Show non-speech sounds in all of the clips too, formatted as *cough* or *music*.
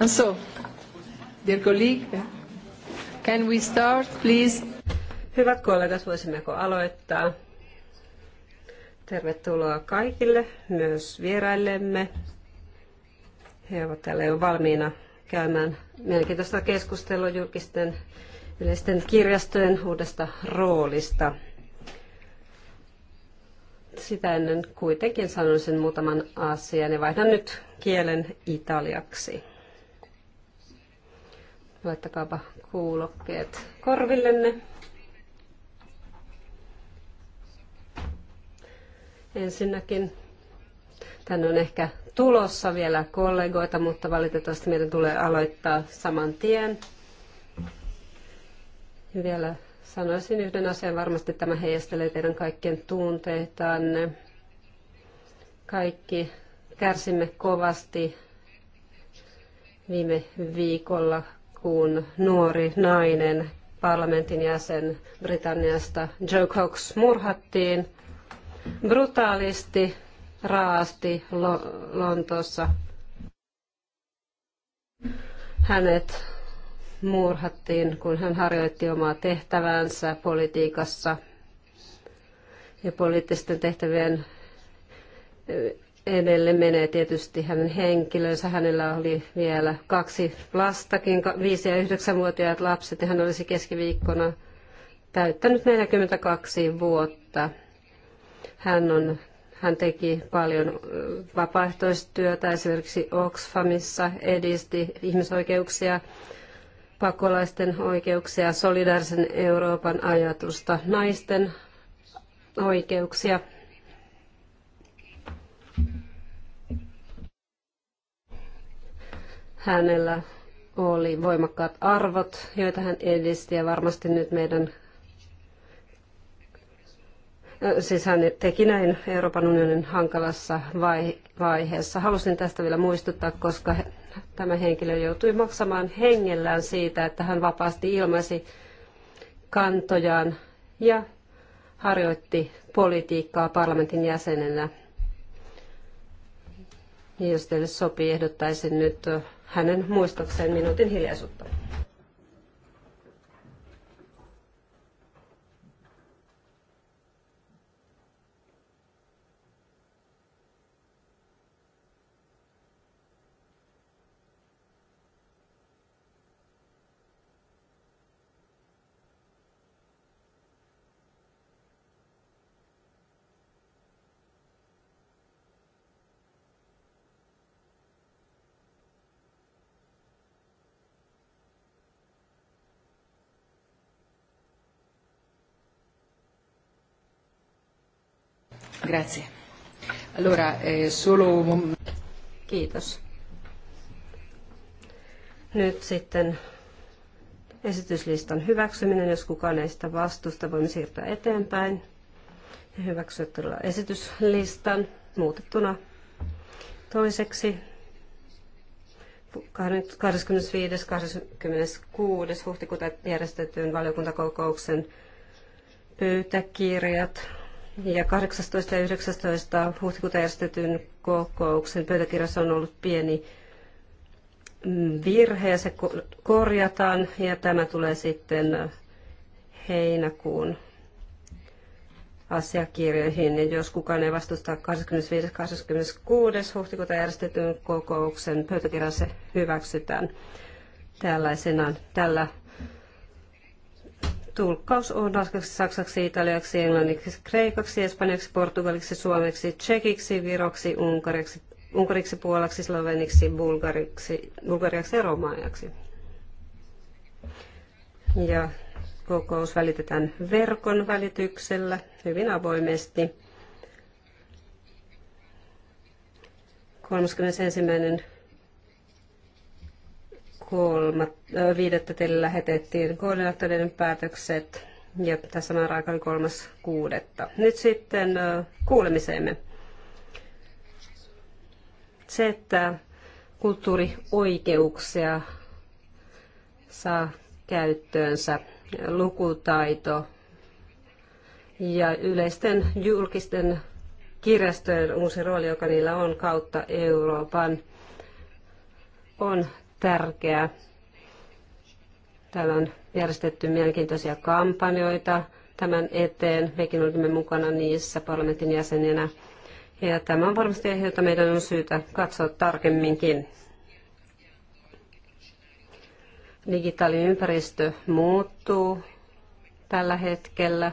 And so, dear colleague, can we start, please? Hyvät kollegat, voisimmeko aloittaa? Tervetuloa kaikille, myös vieraillemme. He ovat täällä jo valmiina käymään mielenkiintoista keskustelua julkisten yleisten kirjastojen uudesta roolista – sitä ennen kuitenkin sanoisin muutaman asian ja vaihdan nyt kielen italiaksi. Laittakaapa kuulokkeet korvillenne. Ensinnäkin tänne on ehkä tulossa vielä kollegoita, mutta valitettavasti meidän tulee aloittaa saman tien. Vielä Sanoisin yhden asian, varmasti tämä heijastelee teidän kaikkien tunteitanne. Kaikki kärsimme kovasti viime viikolla, kun nuori nainen, parlamentin jäsen Britanniasta Joe Cox murhattiin brutaalisti, raasti Lontoossa. Hänet murhattiin, kun hän harjoitti omaa tehtäväänsä politiikassa ja poliittisten tehtävien edelle menee tietysti hänen henkilönsä. Hänellä oli vielä kaksi lastakin, viisi ja yhdeksänvuotiaat lapset, ja hän olisi keskiviikkona täyttänyt 42 vuotta. Hän, on, hän teki paljon vapaaehtoistyötä esimerkiksi Oxfamissa, edisti ihmisoikeuksia pakolaisten oikeuksia, solidaarisen Euroopan ajatusta, naisten oikeuksia. Hänellä oli voimakkaat arvot, joita hän edisti ja varmasti nyt meidän Siis hän teki näin Euroopan unionin hankalassa vaiheessa. Halusin tästä vielä muistuttaa, koska tämä henkilö joutui maksamaan hengellään siitä, että hän vapaasti ilmaisi kantojaan ja harjoitti politiikkaa parlamentin jäsenenä. Ja jos teille sopii, ehdottaisin nyt hänen muistokseen minuutin hiljaisuutta. Grazie. Allora, eh, solo... Kiitos. Nyt sitten esityslistan hyväksyminen. Jos kukaan ei sitä vastusta, voimme siirtyä eteenpäin ja hyväksyä todella esityslistan muutettuna toiseksi 25.–26. huhtikuuta järjestetyn valiokuntakokouksen pöytäkirjat ja 18. ja 19. huhtikuuta järjestetyn kokouksen pöytäkirjassa on ollut pieni mm, virhe ja se korjataan ja tämä tulee sitten heinäkuun asiakirjoihin. Ja jos kukaan ei vastusta 25.–26. huhtikuuta järjestetyn kokouksen pöytäkirjassa se hyväksytään tällaisenaan. Tällä Tulkkaus on ranskaksi, saksaksi, italiaksi, englanniksi, kreikaksi, espanjaksi, portugaliksi, suomeksi, tsekiksi, viroksi, unkariksi, unkariksi puolaksi, sloveniksi, bulgariksi, bulgariaksi ja romaajaksi. Ja kokous välitetään verkon välityksellä hyvin avoimesti. 31 viidettä teille lähetettiin koordinaattoreiden päätökset ja tässä määräaika oli kolmas kuudetta. Nyt sitten kuulemiseemme. Se, että kulttuurioikeuksia saa käyttöönsä lukutaito ja yleisten julkisten kirjastojen uusi rooli, joka niillä on kautta Euroopan, on tärkeä. Täällä on järjestetty mielenkiintoisia kampanjoita tämän eteen. Mekin olimme mukana niissä parlamentin jäseninä. Ja tämä on varmasti aihe, jota meidän on syytä katsoa tarkemminkin. Digitaalinen ympäristö muuttuu tällä hetkellä,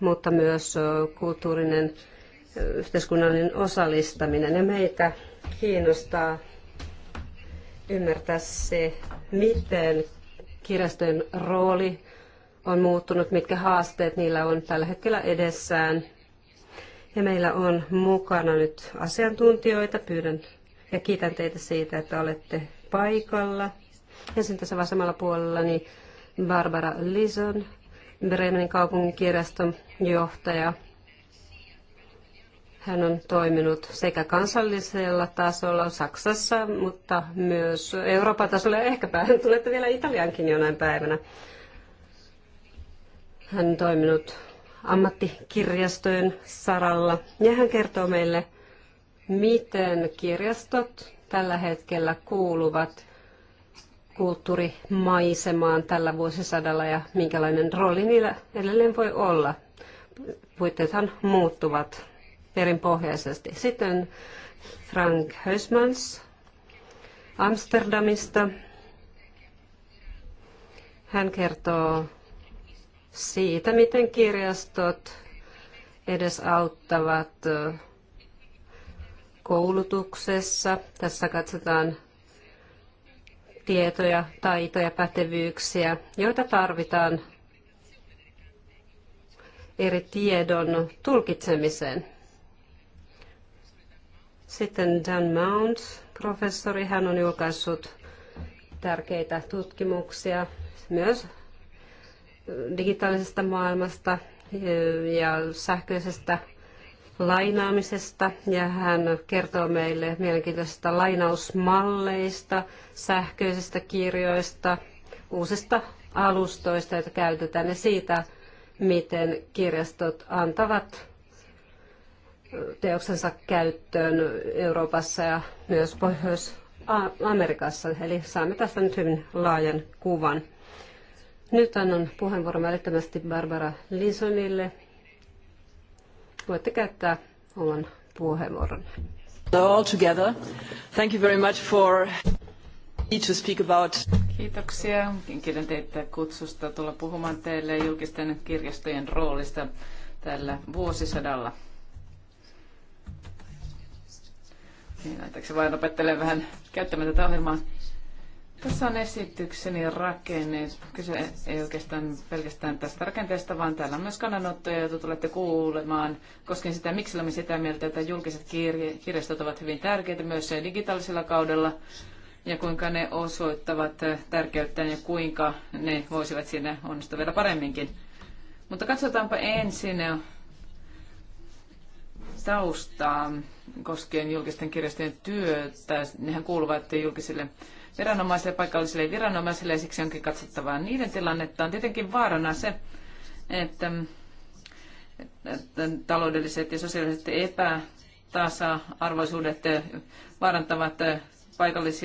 mutta myös kulttuurinen yhteiskunnallinen osallistaminen ja meitä kiinnostaa ymmärtää se, miten kirjastojen rooli on muuttunut, mitkä haasteet niillä on tällä hetkellä edessään. Ja meillä on mukana nyt asiantuntijoita. Pyydän ja kiitän teitä siitä, että olette paikalla. Ja sitten tässä vasemmalla puolella niin Barbara Lison, Bremenin kirjaston johtaja, hän on toiminut sekä kansallisella tasolla Saksassa, mutta myös Euroopan tasolla ja ehkäpä tulette vielä Italiankin jonain päivänä. Hän on toiminut ammattikirjastojen saralla ja hän kertoo meille, miten kirjastot tällä hetkellä kuuluvat kulttuurimaisemaan tällä vuosisadalla ja minkälainen rooli niillä edelleen voi olla. Puitteethan muuttuvat perinpohjaisesti. Sitten Frank Hösmans Amsterdamista. Hän kertoo siitä, miten kirjastot edesauttavat koulutuksessa. Tässä katsotaan tietoja, taitoja, pätevyyksiä, joita tarvitaan eri tiedon tulkitsemiseen. Sitten Dan Mount, professori, hän on julkaissut tärkeitä tutkimuksia myös digitaalisesta maailmasta eh, ja sähköisestä lainaamisesta ja hän kertoo meille mielenkiintoisista lainausmalleista, sähköisistä kirjoista, uusista alustoista, joita käytetään ja siitä, miten kirjastot antavat teoksensa käyttöön Euroopassa ja myös Pohjois-Amerikassa. Eli saamme tästä nyt hyvin laajan kuvan. Nyt annan puheenvuoron välittömästi Barbara Lisonille. Voitte käyttää oman puheenvuoron. Hello all together. Thank you very much for to speak about. Kiitoksia. Kiitän teitä kutsusta tulla puhumaan teille julkisten kirjastojen roolista tällä vuosisadalla. Niin, anteeksi, vain lopettelen vähän käyttämään tätä ohjelmaa. Tässä on esitykseni rakenne. Kyse ei oikeastaan pelkästään tästä rakenteesta, vaan täällä on myös kannanottoja, joita tulette kuulemaan. Koskien sitä, miksi olemme sitä mieltä, että julkiset kirje- kirjastot ovat hyvin tärkeitä myös digitaalisella kaudella ja kuinka ne osoittavat tärkeyttään ja kuinka ne voisivat siinä onnistua vielä paremminkin. Mutta katsotaanpa ensin taustaa koskien julkisten kirjastojen työtä. Nehän kuuluvat julkisille viranomaisille, paikallisille viranomaisille ja siksi onkin katsottava niiden tilannetta. On tietenkin vaarana se, että taloudelliset ja sosiaaliset epätasa-arvoisuudet vaarantavat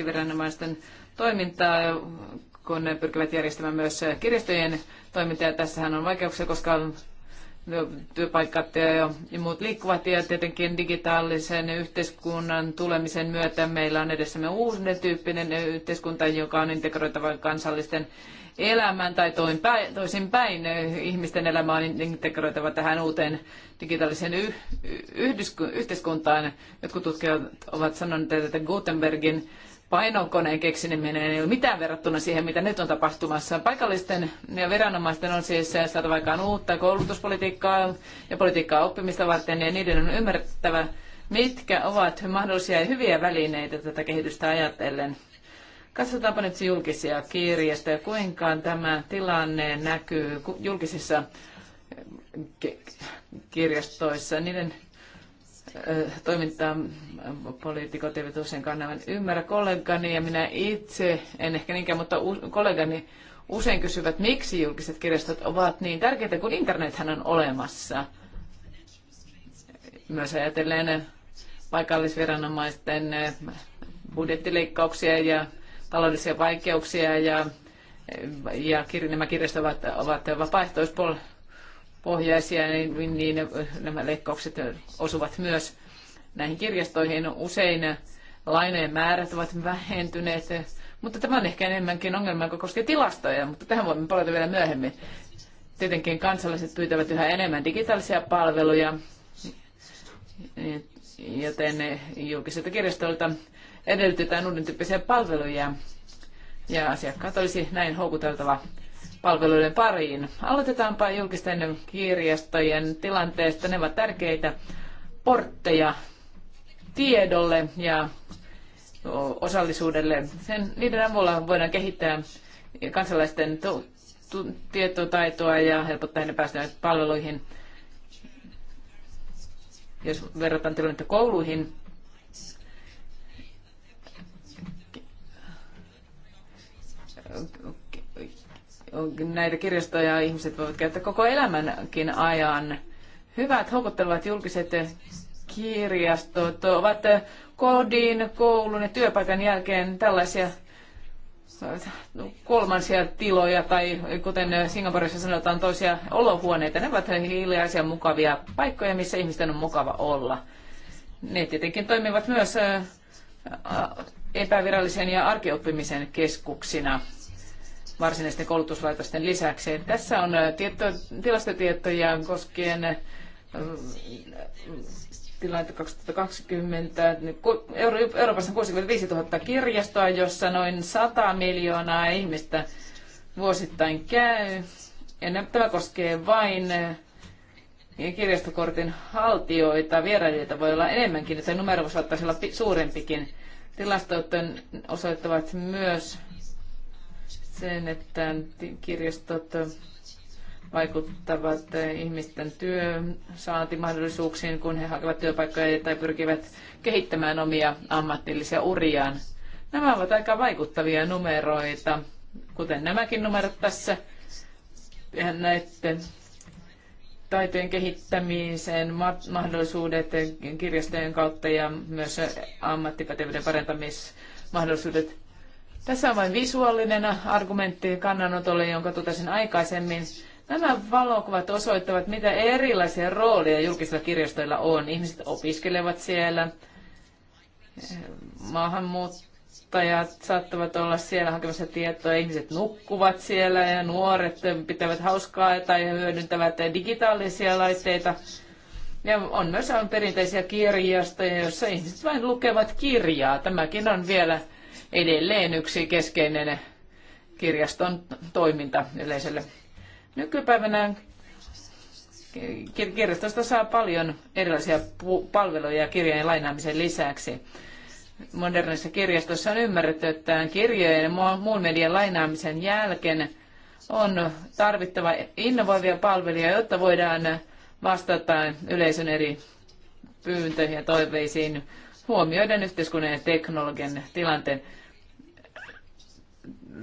viranomaisten toimintaa, kun ne pyrkivät järjestämään myös kirjastojen toimintaa. Tässähän on vaikeuksia, koska työpaikat ja muut liikkuvat ja tietenkin digitaalisen yhteiskunnan tulemisen myötä meillä on edessämme uusi tyyppinen yhteiskunta, joka on integroitava kansallisten elämän tai toisinpäin. Ihmisten elämä on integroitava tähän uuteen digitaaliseen yhteiskuntaan. Jotkut tutkijat ovat sanoneet, että Gutenbergin painonkoneen keksiminen ei ole mitään verrattuna siihen, mitä nyt on tapahtumassa. Paikallisten ja viranomaisten on siis saatava aikaan uutta koulutuspolitiikkaa ja politiikkaa oppimista varten, ja niiden on ymmärrettävä, mitkä ovat mahdollisia ja hyviä välineitä tätä kehitystä ajatellen. Katsotaanpa nyt julkisia kirjastoja, kuinka tämä tilanne näkyy julkisissa kirjastoissa. Niiden toimintaa poliitikot eivät useinkaan aivan ymmärrä. Kollegani ja minä itse, en ehkä niinkään, mutta kollegani usein kysyvät, miksi julkiset kirjastot ovat niin tärkeitä, kun internethän on olemassa. Myös ajatellen paikallisviranomaisten budjettileikkauksia ja taloudellisia vaikeuksia ja, ja nämä kirjastot ovat, ovat vapaaehtoispuolella pohjaisia, niin, niin nämä leikkaukset osuvat myös näihin kirjastoihin. Usein lainojen määrät ovat vähentyneet, mutta tämä on ehkä enemmänkin ongelma, joka koskee tilastoja, mutta tähän voimme palata vielä myöhemmin. Tietenkin kansalaiset pyytävät yhä enemmän digitaalisia palveluja, joten julkiselta kirjastolta edellytetään uuden tyyppisiä palveluja ja asiakkaat olisi näin houkuteltava palveluiden pariin. Aloitetaanpa julkisten kirjastojen tilanteesta. Ne ovat tärkeitä portteja tiedolle ja osallisuudelle. Sen, niiden avulla voidaan kehittää kansalaisten tu- tu- tietotaitoa ja helpottaa heidän päästä palveluihin. Jos verrataan tilannetta kouluihin, näitä kirjastoja ihmiset voivat käyttää koko elämänkin ajan. Hyvät houkuttelevat julkiset kirjastot ovat kodin, koulun ja työpaikan jälkeen tällaisia kolmansia tiloja tai kuten Singaporessa sanotaan toisia olohuoneita. Ne ovat hiljaisia mukavia paikkoja, missä ihmisten on mukava olla. Ne tietenkin toimivat myös epävirallisen ja arkioppimisen keskuksina varsinaisten koulutuslaitosten lisäksi. Tässä on äh, tieto, tilastotietoja koskien äh, tilannetta 2020. Euroopassa on 65 000 kirjastoa, jossa noin 100 miljoonaa ihmistä vuosittain käy. Ja tämä koskee vain äh, kirjastokortin haltijoita. Vierailijoita voi olla enemmänkin, että numero saattaisi olla suurempikin. Tilastot osoittavat myös sen, että kirjastot vaikuttavat ihmisten työsaantimahdollisuuksiin, kun he hakevat työpaikkoja tai pyrkivät kehittämään omia ammatillisia uriaan. Nämä ovat aika vaikuttavia numeroita, kuten nämäkin numerot tässä. ja näiden taiteen kehittämiseen mahdollisuudet kirjastojen kautta ja myös ammattipätevyyden parantamismahdollisuudet tässä on vain visuaalinen argumentti kannanotolle, jonka totesin aikaisemmin. Nämä valokuvat osoittavat, mitä erilaisia rooleja julkisilla kirjastoilla on. Ihmiset opiskelevat siellä, maahanmuuttajat saattavat olla siellä hakemassa tietoa, ihmiset nukkuvat siellä ja nuoret pitävät hauskaa tai hyödyntävät digitaalisia laitteita. Ja on myös on perinteisiä kirjastoja, joissa ihmiset vain lukevat kirjaa. Tämäkin on vielä edelleen yksi keskeinen kirjaston toiminta yleisölle. Nykypäivänä kirjastosta saa paljon erilaisia palveluja kirjojen lainaamisen lisäksi. Modernissa kirjastossa on ymmärretty, että kirjojen ja muun median lainaamisen jälkeen on tarvittava innovoivia palveluja, jotta voidaan vastata yleisön eri pyyntöihin ja toiveisiin huomioiden yhteiskunnan ja teknologian tilanteen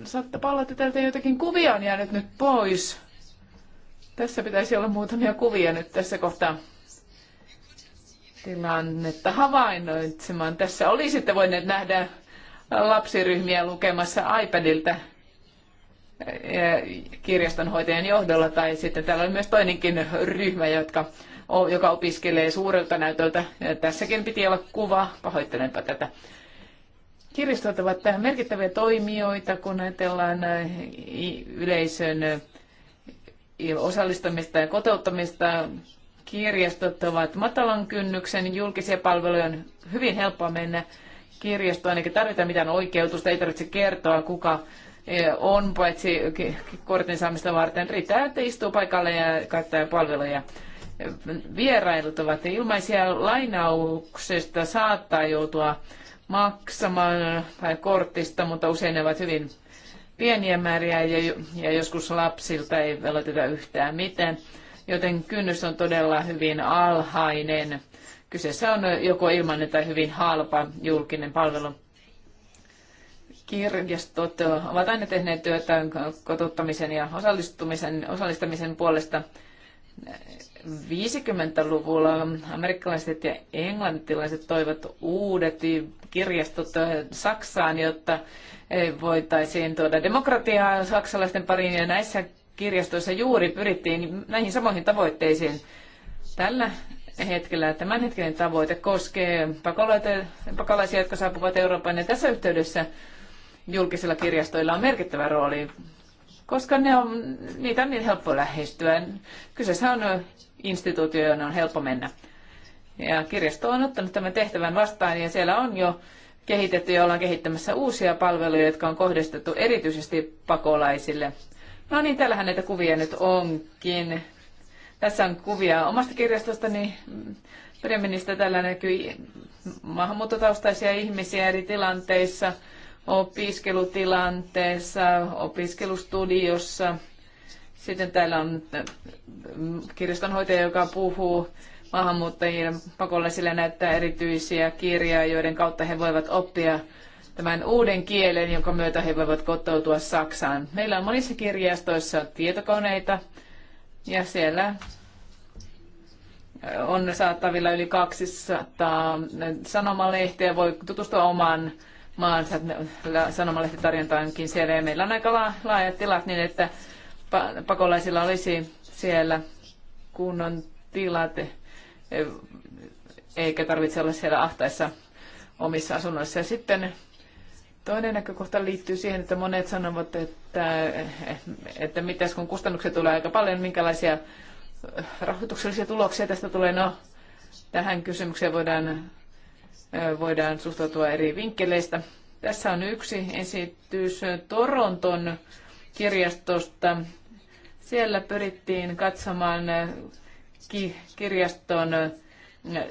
saattaa palata että täältä jotakin kuvia on jäänyt nyt pois. Tässä pitäisi olla muutamia kuvia nyt tässä kohtaa tilannetta havainnoitsemaan. Tässä olisitte voineet nähdä lapsiryhmiä lukemassa iPadilta kirjastonhoitajan johdolla, tai sitten täällä on myös toinenkin ryhmä, jotka, joka opiskelee suurelta näytöltä. Tässäkin piti olla kuva, pahoittelenpa tätä. Kirjastot ovat tähän merkittäviä toimijoita, kun ajatellaan äh, yleisön äh, osallistumista ja kotouttamista. Kirjastot ovat matalan kynnyksen, julkisia palveluja on hyvin helppoa mennä kirjastoon, eikä tarvita mitään oikeutusta, ei tarvitse kertoa kuka äh, on, paitsi kortin saamista varten. Riittää, että istuu paikalle ja käyttää palveluja. Vierailut ovat ilmaisia lainauksesta saattaa joutua maksamaan tai kortista, mutta usein ne ovat hyvin pieniä määriä ja, ja joskus lapsilta ei veloteta yhtään mitään, joten kynnys on todella hyvin alhainen. Kyseessä on joko ilmainen tai hyvin halpa julkinen palvelu. Kirjastot ovat aina tehneet työtä kotouttamisen ja osallistumisen, osallistamisen puolesta 50-luvulla amerikkalaiset ja englantilaiset toivat uudet kirjastot Saksaan, jotta voitaisiin tuoda demokratiaa saksalaisten pariin. Ja näissä kirjastoissa juuri pyrittiin näihin samoihin tavoitteisiin. Tällä hetkellä tämänhetkinen tavoite koskee pakolaisia, jotka saapuvat Euroopan. Ja tässä yhteydessä julkisilla kirjastoilla on merkittävä rooli koska ne on, niitä on niin helppo lähestyä. Kyseessä on instituutio, jonne on helppo mennä. Ja kirjasto on ottanut tämän tehtävän vastaan ja siellä on jo kehitetty ja ollaan kehittämässä uusia palveluja, jotka on kohdistettu erityisesti pakolaisille. No niin, täällähän näitä kuvia nyt onkin. Tässä on kuvia omasta kirjastostani Bremenistä. Täällä näkyy maahanmuuttotaustaisia ihmisiä eri tilanteissa, opiskelutilanteessa, opiskelustudiossa – sitten täällä on äh, kirjastonhoitaja, joka puhuu maahanmuuttajien pakolaisille näyttää erityisiä kirjoja, joiden kautta he voivat oppia tämän uuden kielen, jonka myötä he voivat kotoutua Saksaan. Meillä on monissa kirjastoissa tietokoneita ja siellä on saatavilla yli 200 sanomalehtiä. Voi tutustua omaan maansa sanomalehtitarjontaankin siellä ja meillä on aika laajat tilat niin, että pakolaisilla olisi siellä kunnon tilat, eh, eikä tarvitse olla siellä ahtaissa omissa asunnoissa. Ja sitten toinen näkökohta liittyy siihen, että monet sanovat, että, eh, että mitäs kun kustannuksia tulee aika paljon, minkälaisia eh, rahoituksellisia tuloksia tästä tulee. No, tähän kysymykseen voidaan, voidaan suhtautua eri vinkkeleistä. Tässä on yksi esitys Toronton kirjastosta. Siellä pyrittiin katsomaan eh, kirjaston eh,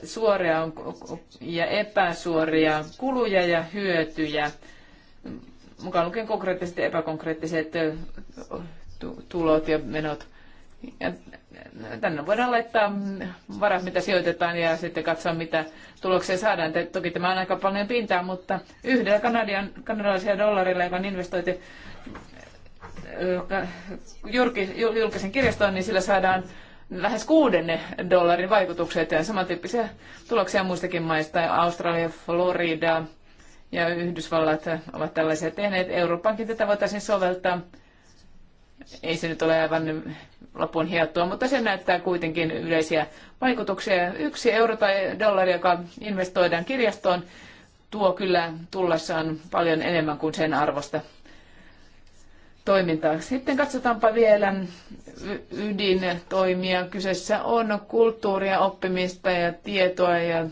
suoria ja epäsuoria kuluja ja hyötyjä, mukaan lukien konkreettiset ja epäkonkreettiset eh, tulot ja menot. Ja tänne voidaan laittaa varat, mitä sijoitetaan ja sitten katsoa, mitä tuloksia saadaan. Toki tämä on aika paljon pintaa, mutta yhdellä kanadian, kanadalaisella dollarilla, joka on investoitu julkisen kirjastoon, niin sillä saadaan lähes kuudenne dollarin vaikutukset ja samantyyppisiä tuloksia muistakin maista. Australia, Florida ja Yhdysvallat ovat tällaisia tehneet. Euroopankin, tätä voitaisiin soveltaa. Ei se nyt ole aivan lopun hiottua, mutta se näyttää kuitenkin yleisiä vaikutuksia. Yksi euro tai dollari, joka investoidaan kirjastoon, tuo kyllä tullessaan paljon enemmän kuin sen arvosta toimintaa. Sitten katsotaanpa vielä ydintoimia. Kyseessä on kulttuuria, oppimista ja tietoa ja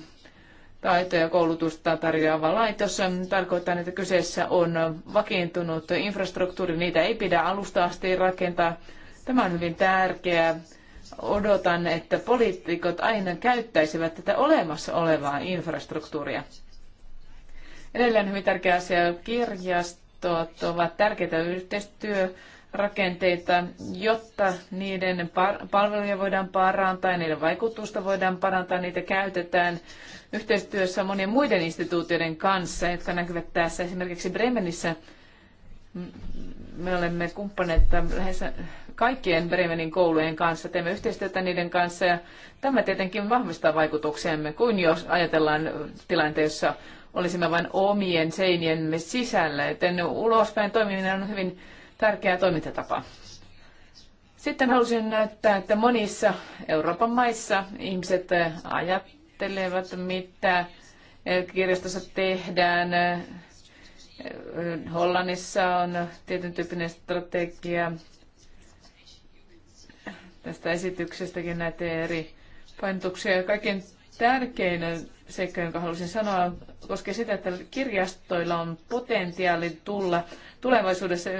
taitoja ja koulutusta tarjoava laitos. Tarkoittaa, että kyseessä on vakiintunut infrastruktuuri. Niitä ei pidä alusta asti rakentaa. Tämä on hyvin tärkeää. Odotan, että poliitikot aina käyttäisivät tätä olemassa olevaa infrastruktuuria. Edelleen hyvin tärkeä asia kirjasta virastot ovat tärkeitä yhteistyörakenteita, jotta niiden palveluja voidaan parantaa, ja niiden vaikutusta voidaan parantaa, niitä käytetään yhteistyössä monien muiden instituutioiden kanssa, jotka näkyvät tässä esimerkiksi Bremenissä. Me olemme kumppaneita lähes kaikkien Bremenin koulujen kanssa, teemme yhteistyötä niiden kanssa ja tämä tietenkin vahvistaa vaikutuksiamme, kuin jos ajatellaan tilanteessa, jossa olisimme vain omien seiniemme sisällä, joten ulospäin toimiminen on hyvin tärkeä toimintatapa. Sitten halusin näyttää, että monissa Euroopan maissa ihmiset ajattelevat, mitä kirjastossa tehdään. Hollannissa on tietyn tyyppinen strategia. Tästä esityksestäkin näitä eri painotuksia. Kaikkein tärkein seikka, jonka halusin sanoa, koskee sitä, että kirjastoilla on potentiaali tulla tulevaisuudessa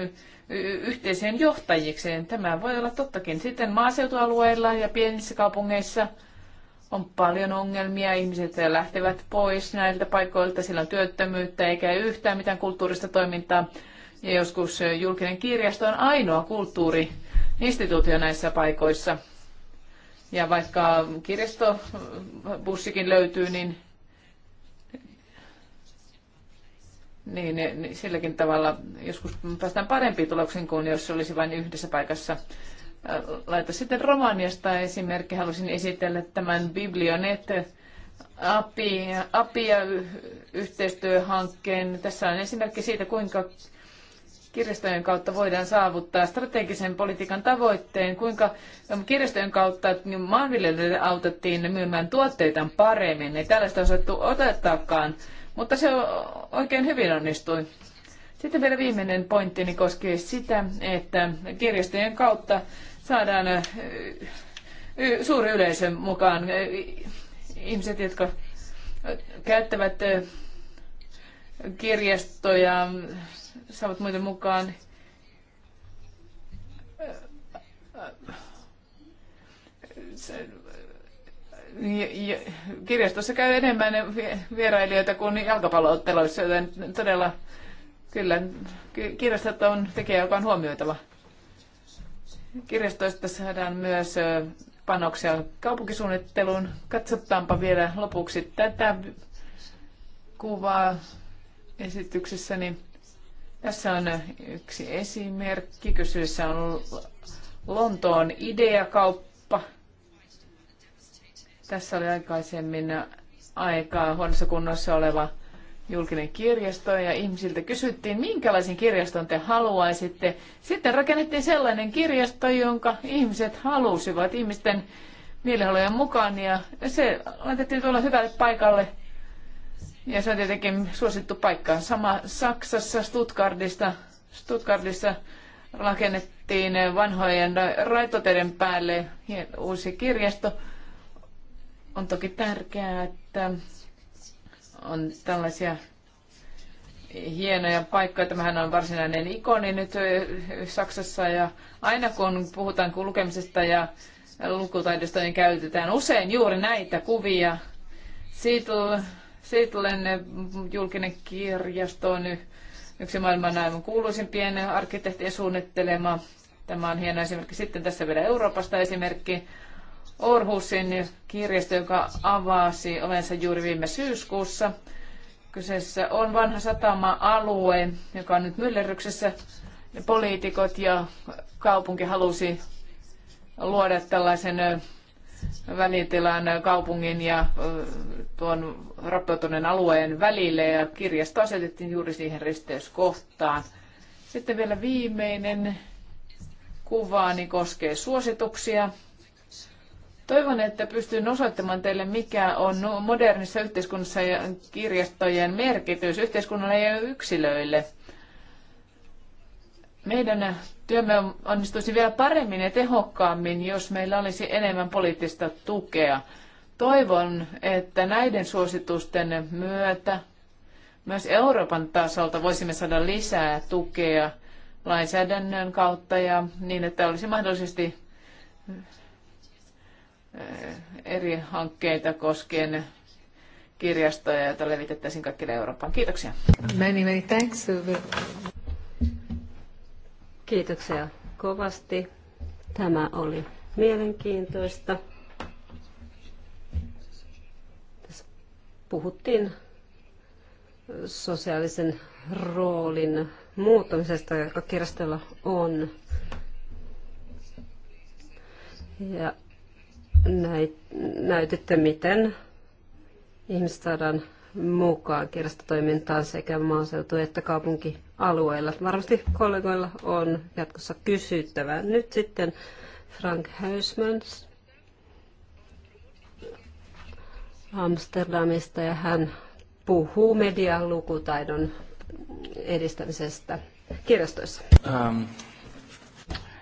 yhteiseen johtajikseen, Tämä voi olla tottakin. Sitten maaseutualueilla ja pienissä kaupungeissa on paljon ongelmia. Ihmiset lähtevät pois näiltä paikoilta. Sillä on työttömyyttä eikä yhtään mitään kulttuurista toimintaa. Ja joskus julkinen kirjasto on ainoa kulttuuriinstituutio näissä paikoissa. Ja vaikka kirjastobussikin löytyy, niin, niin, niin silläkin tavalla joskus päästään parempiin tuloksiin kuin jos se olisi vain yhdessä paikassa. Laita sitten Romaniasta esimerkki. Halusin esitellä tämän Biblionet API, API-yhteistyöhankkeen. Tässä on esimerkki siitä, kuinka kirjastojen kautta voidaan saavuttaa strategisen politiikan tavoitteen, kuinka ähm, kirjastojen kautta niin maanviljelijöille autettiin myymään tuotteitaan paremmin. Ei tällaista osattu otettaakaan, mutta se oikein hyvin onnistui. Sitten vielä viimeinen pointtini koskee sitä, että kirjastojen kautta saadaan äh, suuri yleisö mukaan. Äh, ihmiset, jotka äh, käyttävät kirjastoja, saavat muiden mukaan kirjastossa käy enemmän vierailijoita kuin jalkapallootteluissa, joten todella kyllä kirjastot on tekijä, joka on huomioitava. Kirjastoista saadaan myös panoksia kaupunkisuunnitteluun. Katsotaanpa vielä lopuksi tätä kuvaa esityksessäni. Niin tässä on yksi esimerkki. Kysyessä on Lontoon ideakauppa. Tässä oli aikaisemmin aikaa huonossa kunnossa oleva julkinen kirjasto ja ihmisiltä kysyttiin, minkälaisen kirjaston te haluaisitte. Sitten rakennettiin sellainen kirjasto, jonka ihmiset halusivat ihmisten mielihalujen mukaan ja se laitettiin tuolla hyvälle paikalle – ja se on tietenkin suosittu paikka. Sama Saksassa Stuttgartista, Stuttgartissa rakennettiin vanhojen raitoteiden päälle uusi kirjasto. On toki tärkeää, että on tällaisia hienoja paikkoja. Tämähän on varsinainen ikoni nyt Saksassa ja aina kun puhutaan lukemisesta ja lukutaidosta, niin käytetään usein juuri näitä kuvia. Siitä Siitlen julkinen kirjasto on yksi maailman aivan kuuluisimpien arkkitehtien suunnittelema. Tämä on hieno esimerkki. Sitten tässä vielä Euroopasta esimerkki. Orhusin kirjasto, joka avasi ovensa juuri viime syyskuussa. Kyseessä on vanha satama-alue, joka on nyt myllerryksessä. Poliitikot ja kaupunki halusi luoda tällaisen välitilan kaupungin ja tuon rappeutuneen alueen välille ja kirjasto asetettiin juuri siihen risteyskohtaan. Sitten vielä viimeinen kuvaani koskee suosituksia. Toivon, että pystyn osoittamaan teille, mikä on modernissa yhteiskunnassa ja kirjastojen merkitys yhteiskunnalle ja yksilöille. Meidän Työmme onnistuisi vielä paremmin ja tehokkaammin, jos meillä olisi enemmän poliittista tukea. Toivon, että näiden suositusten myötä myös Euroopan tasolta voisimme saada lisää tukea lainsäädännön kautta ja niin, että olisi mahdollisesti eh, eri hankkeita koskien kirjastoja, joita levitettäisiin kaikille Eurooppaan. Kiitoksia. Many, many thanks. Kiitoksia kovasti. Tämä oli mielenkiintoista. Tässä puhuttiin sosiaalisen roolin muuttamisesta, joka kirjastolla on. Ja näytitte, miten ihmiset saadaan mukaan kirjastotoimintaan sekä maaseutu- että kaupunki alueilla. Varmasti kollegoilla on jatkossa kysyttävää. Nyt sitten Frank Heusmans Amsterdamista ja hän puhuu median lukutaidon edistämisestä kirjastoissa. Um.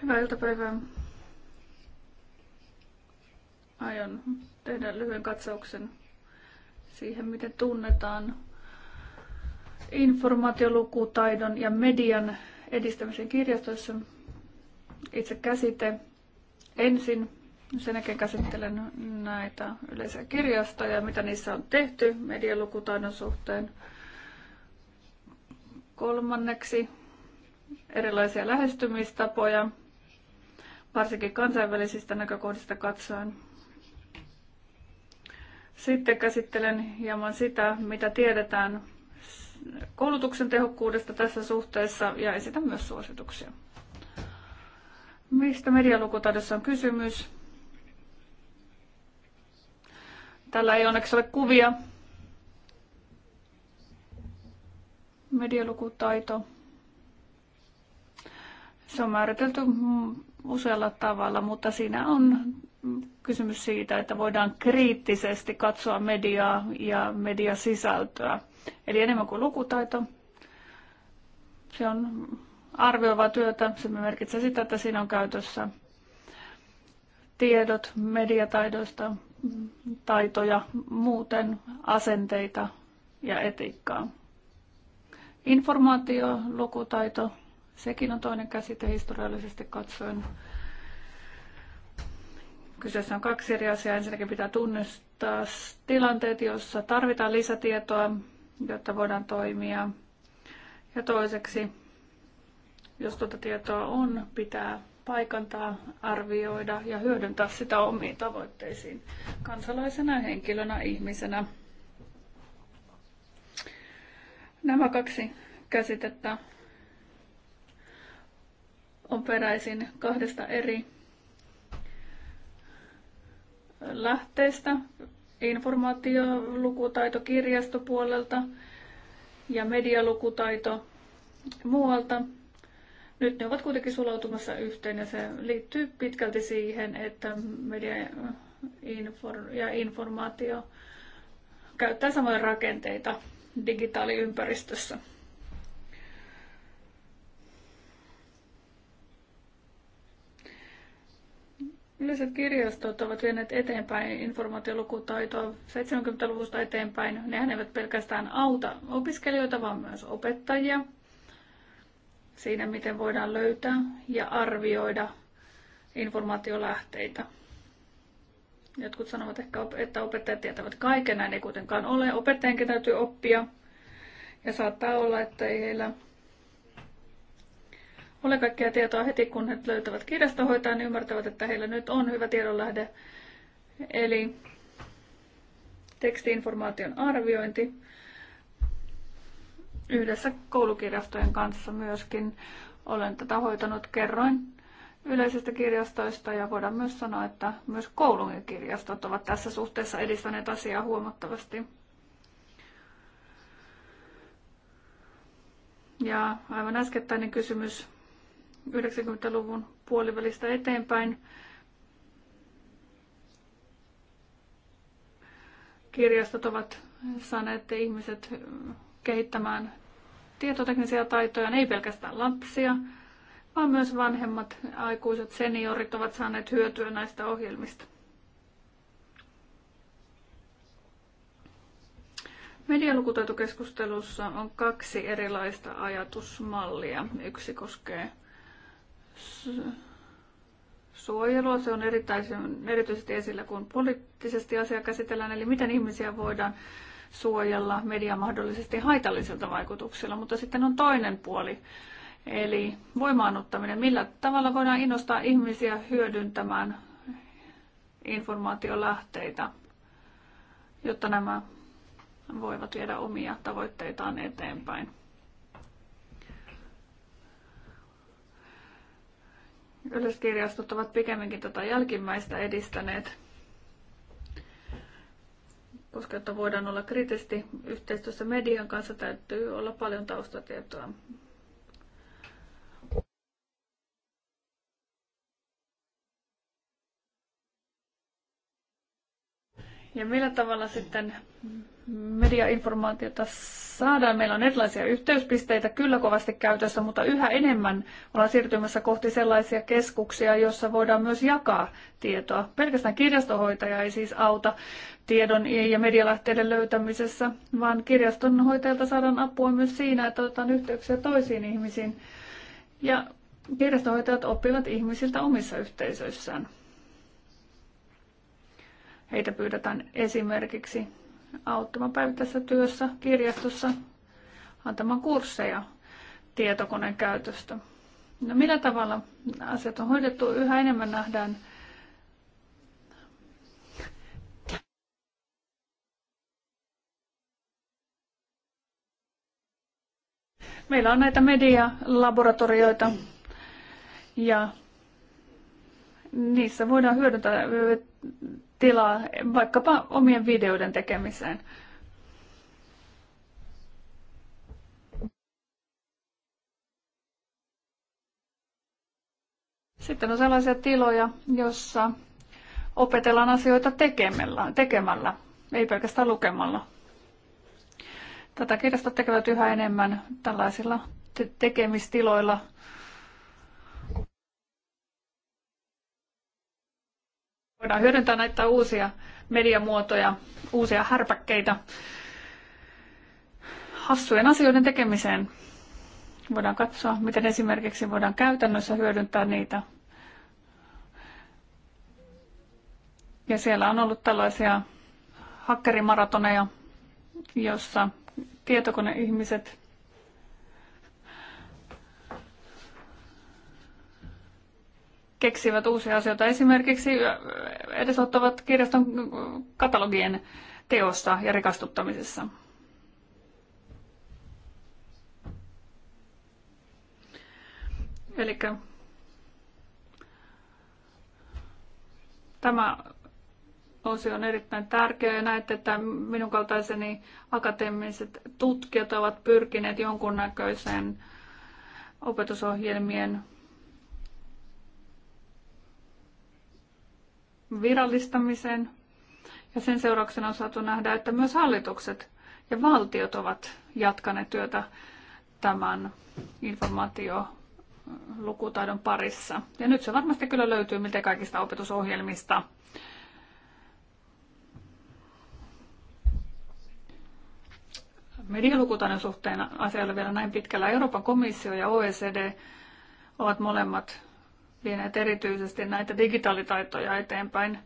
Hyvää iltapäivää. Aion tehdä lyhyen katsauksen siihen, miten tunnetaan informaatiolukutaidon ja median edistämisen kirjastoissa itse käsite ensin. Sen jälkeen käsittelen näitä yleisiä kirjastoja, mitä niissä on tehty medialukutaidon suhteen. Kolmanneksi erilaisia lähestymistapoja, varsinkin kansainvälisistä näkökohdista katsoen. Sitten käsittelen hieman sitä, mitä tiedetään koulutuksen tehokkuudesta tässä suhteessa ja esitän myös suosituksia. Mistä medialukutaidossa on kysymys? Täällä ei onneksi ole kuvia. Medialukutaito. Se on määritelty usealla tavalla, mutta siinä on kysymys siitä, että voidaan kriittisesti katsoa mediaa ja mediasisältöä. Eli enemmän kuin lukutaito. Se on arvioivaa työtä. Se merkitsee sitä, että siinä on käytössä tiedot mediataidoista, taitoja, muuten asenteita ja etiikkaa. Informaatio, lukutaito, sekin on toinen käsite historiallisesti katsoen. Kyseessä on kaksi eri asiaa. Ensinnäkin pitää tunnistaa tilanteet, joissa tarvitaan lisätietoa jotta voidaan toimia. Ja toiseksi, jos tuota tietoa on, pitää paikantaa, arvioida ja hyödyntää sitä omiin tavoitteisiin kansalaisena, henkilönä, ihmisenä. Nämä kaksi käsitettä on peräisin kahdesta eri lähteestä, informaatiolukutaito kirjastopuolelta ja medialukutaito muualta. Nyt ne ovat kuitenkin sulautumassa yhteen ja se liittyy pitkälti siihen, että media ja informaatio käyttää samoja rakenteita digitaaliympäristössä. Yleiset kirjastot ovat vieneet eteenpäin informaatiolukutaitoa 70-luvusta eteenpäin. Nehän eivät pelkästään auta opiskelijoita, vaan myös opettajia siinä, miten voidaan löytää ja arvioida informaatiolähteitä. Jotkut sanovat ehkä, että opettajat tietävät kaiken, näin ei kuitenkaan ole. Opettajienkin täytyy oppia ja saattaa olla, että ei heillä ole kaikkea tietoa heti, kun he löytävät kirjastohoitajan, niin ymmärtävät, että heillä nyt on hyvä tiedonlähde. Eli tekstiinformaation arviointi yhdessä koulukirjastojen kanssa myöskin. Olen tätä hoitanut kerroin yleisistä kirjastoista ja voidaan myös sanoa, että myös koulun kirjastot ovat tässä suhteessa edistäneet asiaa huomattavasti. Ja aivan äskettäinen kysymys 90-luvun puolivälistä eteenpäin. Kirjastot ovat saaneet ihmiset kehittämään tietoteknisiä taitoja, ei pelkästään lapsia, vaan myös vanhemmat aikuiset seniorit ovat saaneet hyötyä näistä ohjelmista. Medialukutaitokeskustelussa on kaksi erilaista ajatusmallia. Yksi koskee suojelua. Se on erityisesti esillä, kun poliittisesti asia käsitellään, eli miten ihmisiä voidaan suojella media mahdollisesti haitallisilta vaikutuksilla, Mutta sitten on toinen puoli, eli voimaanottaminen. Millä tavalla voidaan innostaa ihmisiä hyödyntämään informaatiolähteitä, jotta nämä voivat viedä omia tavoitteitaan eteenpäin. Yleiskirjastot ovat pikemminkin tätä jälkimmäistä edistäneet, koska että voidaan olla kriittisesti yhteistyössä median kanssa, täytyy olla paljon taustatietoa. Ja millä tavalla sitten mediainformaatiota saadaan. Meillä on erilaisia yhteyspisteitä kyllä kovasti käytössä, mutta yhä enemmän ollaan siirtymässä kohti sellaisia keskuksia, joissa voidaan myös jakaa tietoa. Pelkästään kirjastohoitaja ei siis auta tiedon ja medialähteiden löytämisessä, vaan kirjastonhoitajalta saadaan apua myös siinä, että otetaan yhteyksiä toisiin ihmisiin. Ja kirjastonhoitajat oppivat ihmisiltä omissa yhteisöissään. Heitä pyydetään esimerkiksi auttamaan päivittäisessä työssä kirjastossa antamaan kursseja tietokoneen käytöstä. No millä tavalla asiat on hoidettu? Yhä enemmän nähdään Meillä on näitä medialaboratorioita ja niissä voidaan hyödyntää tilaa vaikkapa omien videoiden tekemiseen. Sitten on sellaisia tiloja, joissa opetellaan asioita tekemällä, tekemällä ei pelkästään lukemalla. Tätä kirjastot tekevät yhä enemmän tällaisilla te- tekemistiloilla, voidaan hyödyntää näitä uusia mediamuotoja, uusia härpäkkeitä hassujen asioiden tekemiseen. Voidaan katsoa, miten esimerkiksi voidaan käytännössä hyödyntää niitä. Ja siellä on ollut tällaisia hakkerimaratoneja, jossa tietokoneihmiset keksivät uusia asioita. Esimerkiksi edesottavat kirjaston katalogien teossa ja rikastuttamisessa. Eli tämä osio on erittäin tärkeä ja näette, että minun kaltaiseni akateemiset tutkijat ovat pyrkineet jonkunnäköiseen opetusohjelmien virallistamiseen. Ja sen seurauksena on saatu nähdä, että myös hallitukset ja valtiot ovat jatkaneet työtä tämän informaatiolukutaidon parissa. Ja nyt se varmasti kyllä löytyy miltä kaikista opetusohjelmista. medialukutaidon suhteen asia ei ole vielä näin pitkällä. Euroopan komissio ja OECD ovat molemmat vieneet erityisesti näitä digitaalitaitoja eteenpäin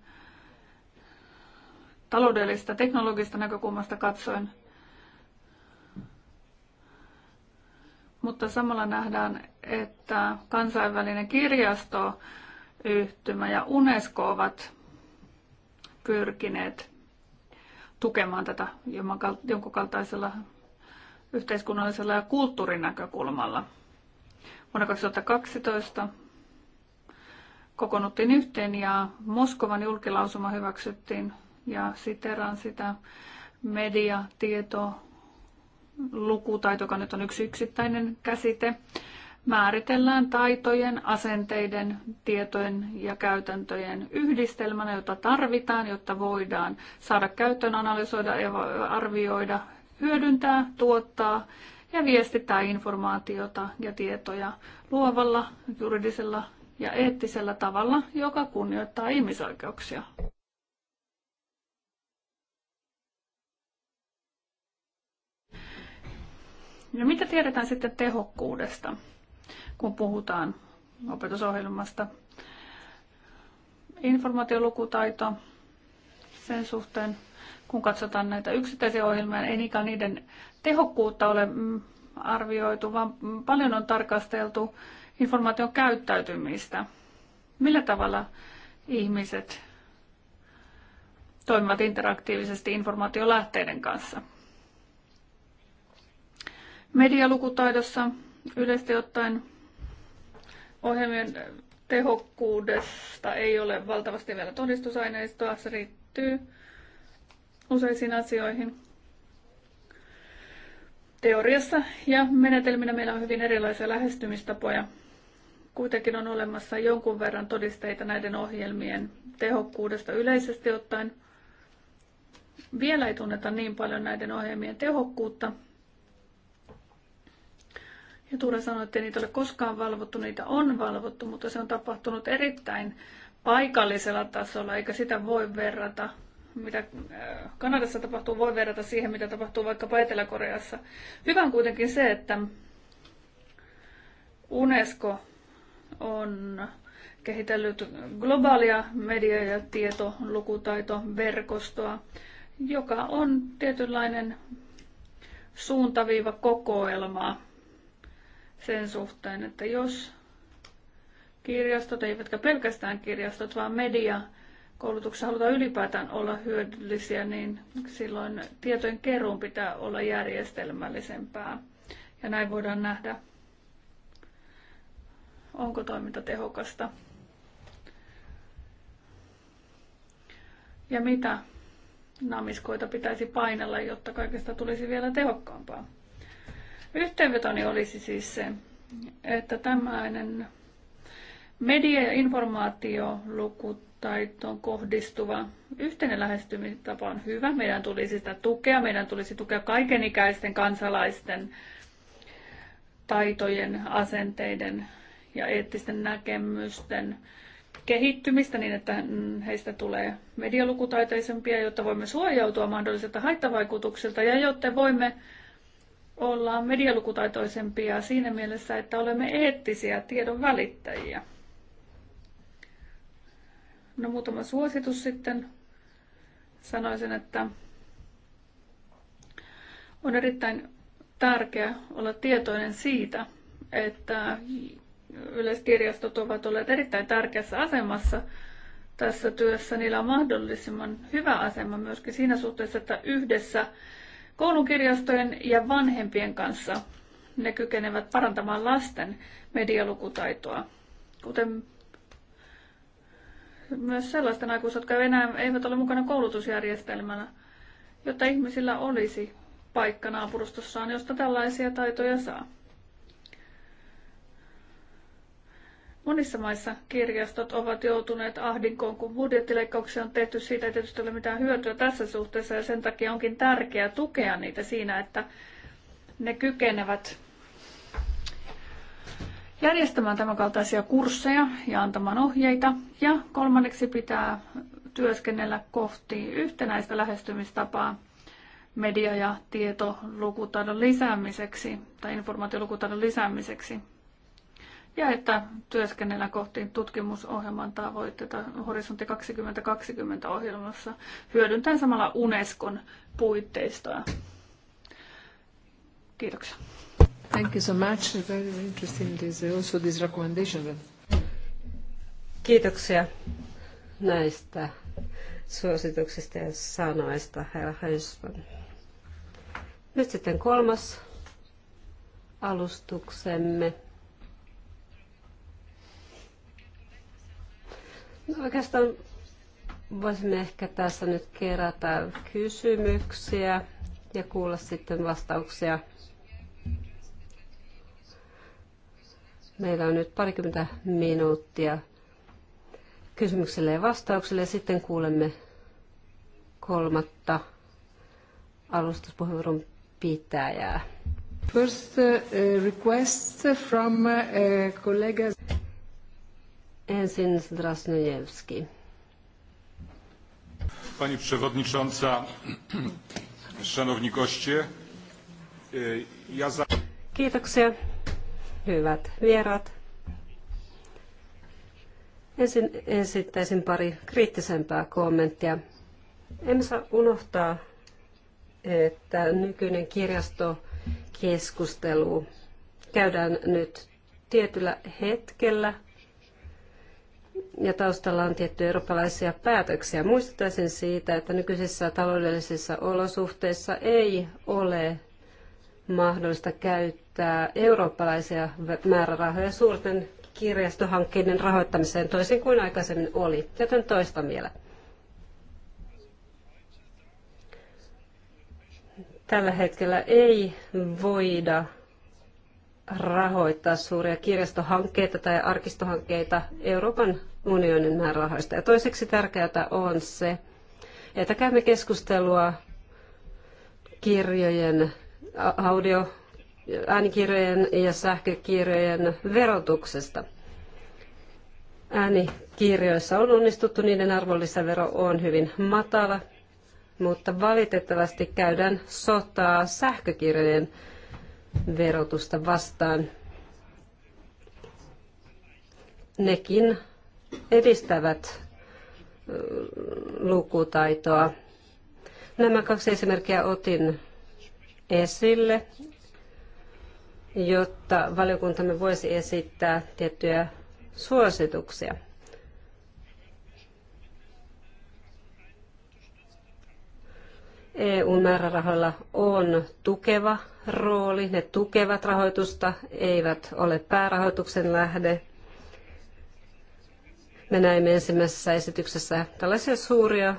taloudellista teknologista näkökulmasta katsoen. Mutta samalla nähdään, että kansainvälinen kirjastoyhtymä ja UNESCO ovat pyrkineet tukemaan tätä jonkun kaltaisella yhteiskunnallisella ja kulttuurinäkökulmalla. Vuonna 2012 kokoonnuttiin yhteen ja Moskovan julkilausuma hyväksyttiin ja siteran sitä mediatieto lukutaito, joka nyt on yksi yksittäinen käsite, määritellään taitojen, asenteiden, tietojen ja käytäntöjen yhdistelmänä, jota tarvitaan, jotta voidaan saada käyttöön, analysoida, arvioida, hyödyntää, tuottaa ja viestittää informaatiota ja tietoja luovalla juridisella ja eettisellä tavalla, joka kunnioittaa ihmisoikeuksia. No mitä tiedetään sitten tehokkuudesta, kun puhutaan opetusohjelmasta? Informaatiolukutaito sen suhteen, kun katsotaan näitä yksittäisiä ohjelmia, ei niinkään niiden tehokkuutta ole mm, arvioitu, vaan paljon on tarkasteltu informaation käyttäytymistä. Millä tavalla ihmiset toimivat interaktiivisesti informaatiolähteiden kanssa? Medialukutaidossa yleisesti ottaen ohjelmien tehokkuudesta ei ole valtavasti vielä todistusaineistoa. Se riittyy useisiin asioihin. Teoriassa ja menetelminä meillä on hyvin erilaisia lähestymistapoja Kuitenkin on olemassa jonkun verran todisteita näiden ohjelmien tehokkuudesta yleisesti ottaen. Vielä ei tunneta niin paljon näiden ohjelmien tehokkuutta. Ja Tuula sanoi, että niitä ei ole koskaan valvottu, niitä on valvottu, mutta se on tapahtunut erittäin paikallisella tasolla, eikä sitä voi verrata mitä äh, Kanadassa tapahtuu, voi verrata siihen, mitä tapahtuu vaikka Etelä-Koreassa. Hyvä on kuitenkin se, että UNESCO on kehitellyt globaalia media- ja tietolukutaitoverkostoa, joka on tietynlainen suuntaviiva kokoelma sen suhteen, että jos kirjastot, eivätkä pelkästään kirjastot, vaan media koulutuksessa halutaan ylipäätään olla hyödyllisiä, niin silloin tietojen keruun pitää olla järjestelmällisempää. Ja näin voidaan nähdä onko toiminta tehokasta ja mitä namiskoita pitäisi painella, jotta kaikesta tulisi vielä tehokkaampaa. Yhteenvetoni olisi siis se, että tämmöinen media- ja informaatiolukutaitoon kohdistuva yhteinen lähestymistapa on hyvä. Meidän tulisi sitä tukea, meidän tulisi tukea kaikenikäisten kansalaisten taitojen, asenteiden ja eettisten näkemysten kehittymistä niin, että heistä tulee medialukutaiteisempia, jotta voimme suojautua mahdollisilta haittavaikutuksilta ja jotta voimme olla medialukutaitoisempia siinä mielessä, että olemme eettisiä tiedon välittäjiä. No muutama suositus sitten. Sanoisin, että on erittäin tärkeää olla tietoinen siitä, että yleiskirjastot ovat olleet erittäin tärkeässä asemassa tässä työssä. Niillä on mahdollisimman hyvä asema myöskin siinä suhteessa, että yhdessä koulukirjastojen ja vanhempien kanssa ne kykenevät parantamaan lasten medialukutaitoa, kuten myös sellaisten aikuisten, jotka enää eivät ole mukana koulutusjärjestelmänä, jotta ihmisillä olisi paikka naapurustossaan, josta tällaisia taitoja saa. Monissa maissa kirjastot ovat joutuneet ahdinkoon, kun budjettileikkauksia on tehty. Siitä ei tietysti ole mitään hyötyä tässä suhteessa ja sen takia onkin tärkeää tukea niitä siinä, että ne kykenevät järjestämään tämänkaltaisia kursseja ja antamaan ohjeita. Ja kolmanneksi pitää työskennellä kohti yhtenäistä lähestymistapaa media- ja tietolukutaidon lisäämiseksi tai informaatiolukutaidon lisäämiseksi ja että työskennellään kohti tutkimusohjelman tavoitteita Horisontti 2020 ohjelmassa hyödyntäen samalla Unescon puitteistoa. Kiitoksia. Thank you so much. Very interesting this, uh, also this recommendation. Kiitoksia näistä suosituksista ja sanoista, herra Hönsman. Nyt sitten kolmas alustuksemme. No, oikeastaan voisimme ehkä tässä nyt kerätä kysymyksiä ja kuulla sitten vastauksia. Meillä on nyt parikymmentä minuuttia kysymyksille ja vastauksille ja sitten kuulemme kolmatta alustuspuheenvuoron pitäjää. First uh, request from uh, colleagues. Ensin Zdrasnojevski. Pani przewodnicząca, szanowni goście, ja za... Kiitoksia, hyvät vieraat. Ensin esittäisin pari kriittisempää kommenttia. Emme saa unohtaa, että nykyinen kirjastokeskustelu käydään nyt tietyllä hetkellä – ja taustalla on tiettyjä eurooppalaisia päätöksiä. Muistuttaisin siitä, että nykyisissä taloudellisissa olosuhteissa ei ole mahdollista käyttää eurooppalaisia määrärahoja suurten kirjastohankkeiden rahoittamiseen toisin kuin aikaisemmin oli, joten toista vielä. Tällä hetkellä ei voida rahoittaa suuria kirjastohankkeita tai arkistohankkeita Euroopan unionin määrärahoista. Ja toiseksi tärkeää on se, että käymme keskustelua kirjojen, audio, äänikirjojen ja sähkökirjojen verotuksesta. Äänikirjoissa on onnistuttu, niiden arvonlisävero on hyvin matala, mutta valitettavasti käydään sotaa sähkökirjojen verotusta vastaan. Nekin edistävät lukutaitoa. Nämä kaksi esimerkkiä otin esille, jotta valiokuntamme voisi esittää tiettyjä suosituksia. EU-määrärahoilla on tukeva rooli. Ne tukevat rahoitusta, eivät ole päärahoituksen lähde. Me näimme ensimmäisessä esityksessä tällaisia suuria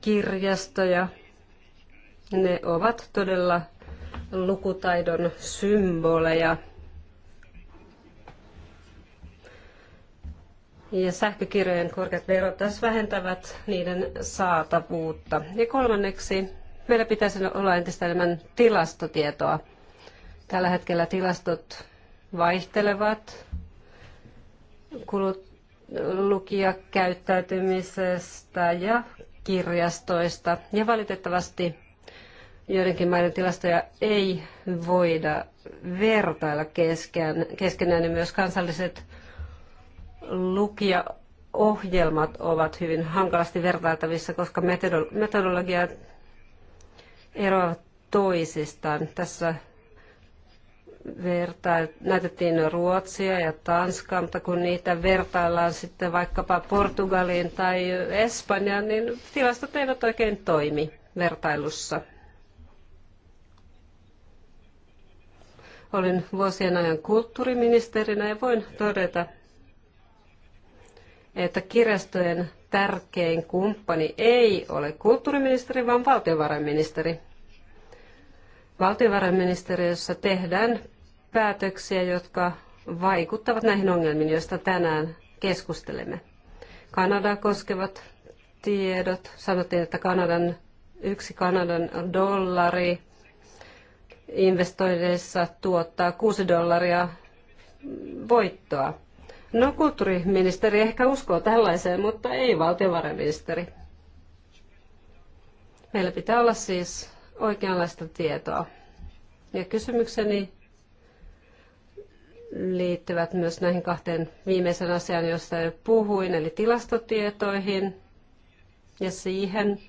kirjastoja. Ne ovat todella lukutaidon symboleja. Ja sähkökirjojen korkeat verot taas vähentävät niiden saatavuutta. Ja kolmanneksi, meillä pitäisi olla entistä enemmän tilastotietoa. Tällä hetkellä tilastot vaihtelevat kulut, lukijakäyttäytymisestä ja kirjastoista. Ja valitettavasti joidenkin maiden tilastoja ei voida vertailla keskenään, keskenään myös kansalliset lukijaohjelmat ovat hyvin hankalasti vertailtavissa, koska metodologiat eroavat toisistaan. Tässä vertail, näytettiin Ruotsia ja Tanskaa, mutta kun niitä vertaillaan sitten vaikkapa Portugaliin tai Espanjaan, niin tilastot eivät oikein toimi vertailussa. Olin vuosien ajan kulttuuriministerinä ja voin todeta, että kirjastojen tärkein kumppani ei ole kulttuuriministeri, vaan valtiovarainministeri. Valtiovarainministeriössä tehdään päätöksiä, jotka vaikuttavat näihin ongelmiin, joista tänään keskustelemme. Kanadaa koskevat tiedot. Sanottiin, että Kanadan, yksi Kanadan dollari investoinneissa tuottaa 6 dollaria voittoa. No kulttuuriministeri ehkä uskoo tällaiseen, mutta ei valtiovarainministeri. Meillä pitää olla siis oikeanlaista tietoa. Ja kysymykseni liittyvät myös näihin kahteen viimeisen asiaan, josta jo puhuin, eli tilastotietoihin ja siihen,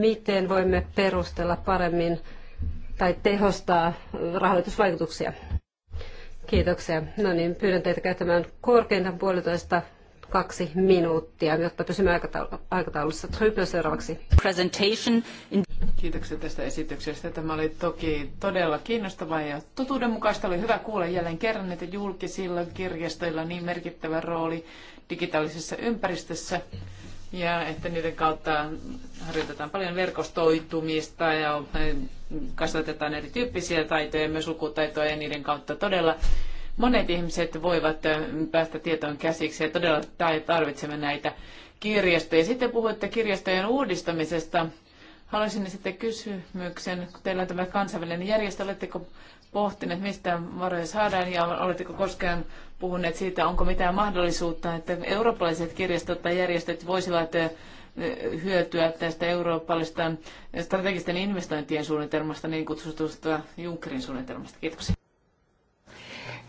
miten voimme perustella paremmin tai tehostaa rahoitusvaikutuksia. Kiitoksia. No niin, pyydän teitä käyttämään korkeintaan puolitoista kaksi minuuttia, jotta pysymme aikataulussa. Trypio seuraavaksi. Presentation in... Kiitoksia tästä esityksestä. Tämä oli toki todella kiinnostavaa ja totuudenmukaista. Oli hyvä kuulla jälleen kerran, että julkisilla kirjastoilla on niin merkittävä rooli digitaalisessa ympäristössä ja että niiden kautta harjoitetaan paljon verkostoitumista ja kasvatetaan erityyppisiä taitoja, myös lukutaitoja ja niiden kautta todella monet ihmiset voivat päästä tietoon käsiksi ja todella tarvitsemme näitä kirjastoja. Sitten puhuitte kirjastojen uudistamisesta Haluaisin sitten kysymyksen, kun teillä on tämä kansainvälinen järjestö, oletteko pohtineet, mistä varoja saadaan ja oletteko koskaan puhuneet siitä, onko mitään mahdollisuutta, että eurooppalaiset kirjastot tai järjestöt voisivat hyötyä tästä eurooppalaisesta strategisten investointien suunnitelmasta, niin kutsutusta Junckerin suunnitelmasta. Kiitoksia.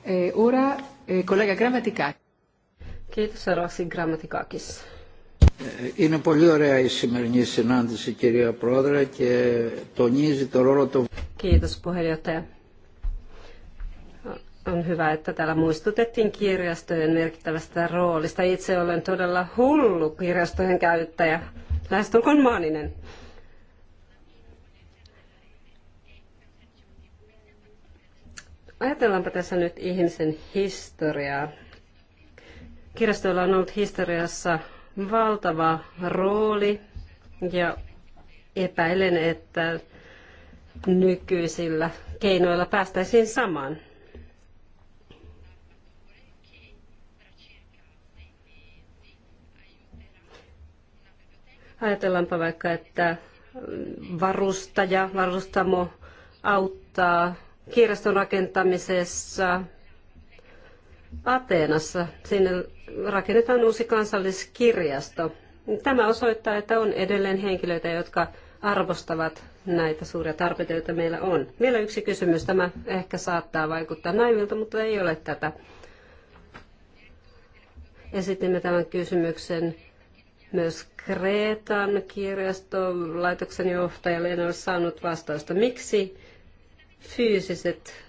Eh, ora, kollega eh, Grammatikakis. Kiitos, Rossi Grammatikakis. Είναι πολύ ωραία η σημερινή συνάντηση, κυρία Πρόεδρε, και τονίζει το ρόλο του... Κύριε Πρόεδρε, On hyvä, että täällä muistutettiin kirjastojen merkittävästä roolista. Itse olen todella hullu kirjastojen käyttäjä, lähestulkoon maaninen. Ajatellaanpa tässä nyt ihmisen historiaa. Kirjastoilla on ollut historiassa valtava rooli ja epäilen, että nykyisillä keinoilla päästäisiin samaan. Ajatellaanpa vaikka, että varustaja, varustamo auttaa kirjaston rakentamisessa Ateenassa. Sinne rakennetaan uusi kansalliskirjasto. Tämä osoittaa, että on edelleen henkilöitä, jotka arvostavat näitä suuria tarpeita, joita meillä on. Vielä yksi kysymys. Tämä ehkä saattaa vaikuttaa naivilta, mutta ei ole tätä. Esitimme tämän kysymyksen myös Kreetan kirjastolaitoksen johtajalle. En ole saanut vastausta. Miksi fyysiset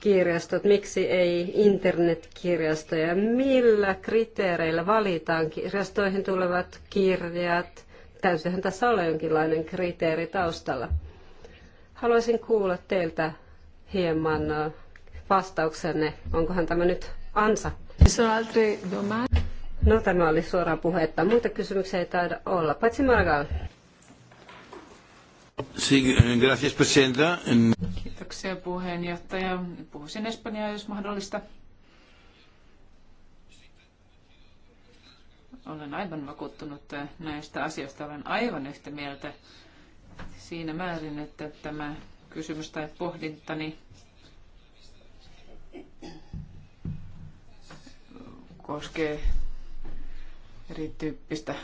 kirjastot, miksi ei internetkirjastoja, millä kriteereillä valitaan kirjastoihin tulevat kirjat. Täytyyhän tässä olla jonkinlainen kriteeri taustalla. Haluaisin kuulla teiltä hieman vastauksenne. Onkohan tämä nyt ansa? No tämä oli suoraan puhetta. Muita kysymyksiä ei taida olla, paitsi Margal. Gracias, presidenta. Kiitoksia puheenjohtaja. Puhuisin Espanjaa, jos mahdollista. Olen aivan vakuuttunut näistä asioista. Olen aivan yhtä mieltä siinä määrin, että tämä kysymys tai pohdintani koskee erityyppistä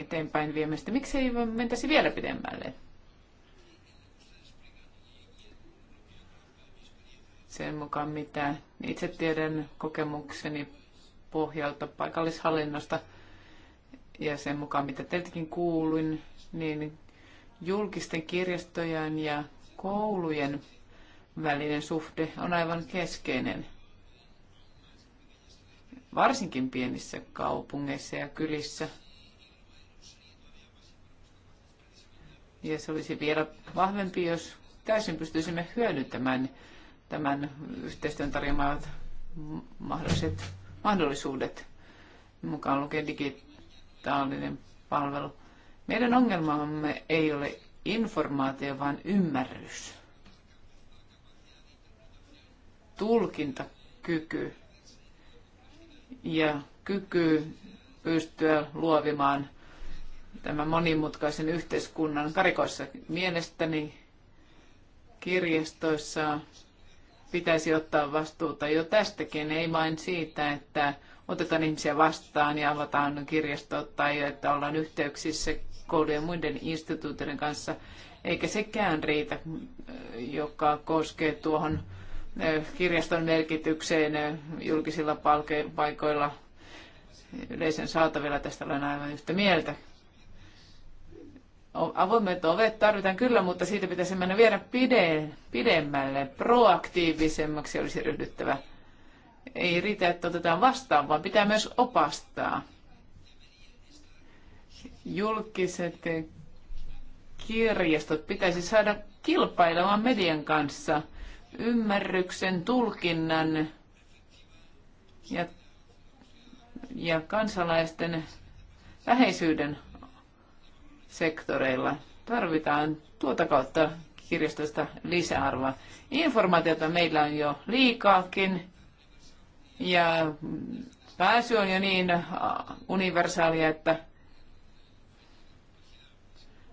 eteenpäin viemistä. Miksi ei mentäisi vielä pidemmälle? sen mukaan, mitä itse tiedän kokemukseni pohjalta paikallishallinnosta ja sen mukaan, mitä teiltäkin kuuluin, niin julkisten kirjastojen ja koulujen välinen suhde on aivan keskeinen. Varsinkin pienissä kaupungeissa ja kylissä. Ja se olisi vielä vahvempi, jos täysin pystyisimme hyödyntämään tämän yhteistyön tarjoamat mahdolliset mahdollisuudet, mukaan lukee digitaalinen palvelu. Meidän ongelmamme ei ole informaatio, vaan ymmärrys, tulkintakyky ja kyky pystyä luovimaan tämän monimutkaisen yhteiskunnan karikoissa mielestäni kirjastoissa pitäisi ottaa vastuuta jo tästäkin, ei vain siitä, että otetaan ihmisiä vastaan ja avataan kirjastot tai että ollaan yhteyksissä koulujen muiden instituutioiden kanssa, eikä sekään riitä, joka koskee tuohon kirjaston merkitykseen julkisilla paikoilla yleisen saatavilla. Tästä olen aivan yhtä mieltä Avoimet ovet tarvitaan kyllä, mutta siitä pitäisi mennä vielä pidemmälle. Proaktiivisemmaksi olisi ryhdyttävä. Ei riitä, että otetaan vastaan, vaan pitää myös opastaa. Julkiset kirjastot pitäisi saada kilpailemaan median kanssa ymmärryksen, tulkinnan ja, ja kansalaisten läheisyyden sektoreilla. Tarvitaan tuota kautta kirjastosta lisäarvoa. Informaatiota meillä on jo liikaakin ja pääsy on jo niin äh, universaalia, että,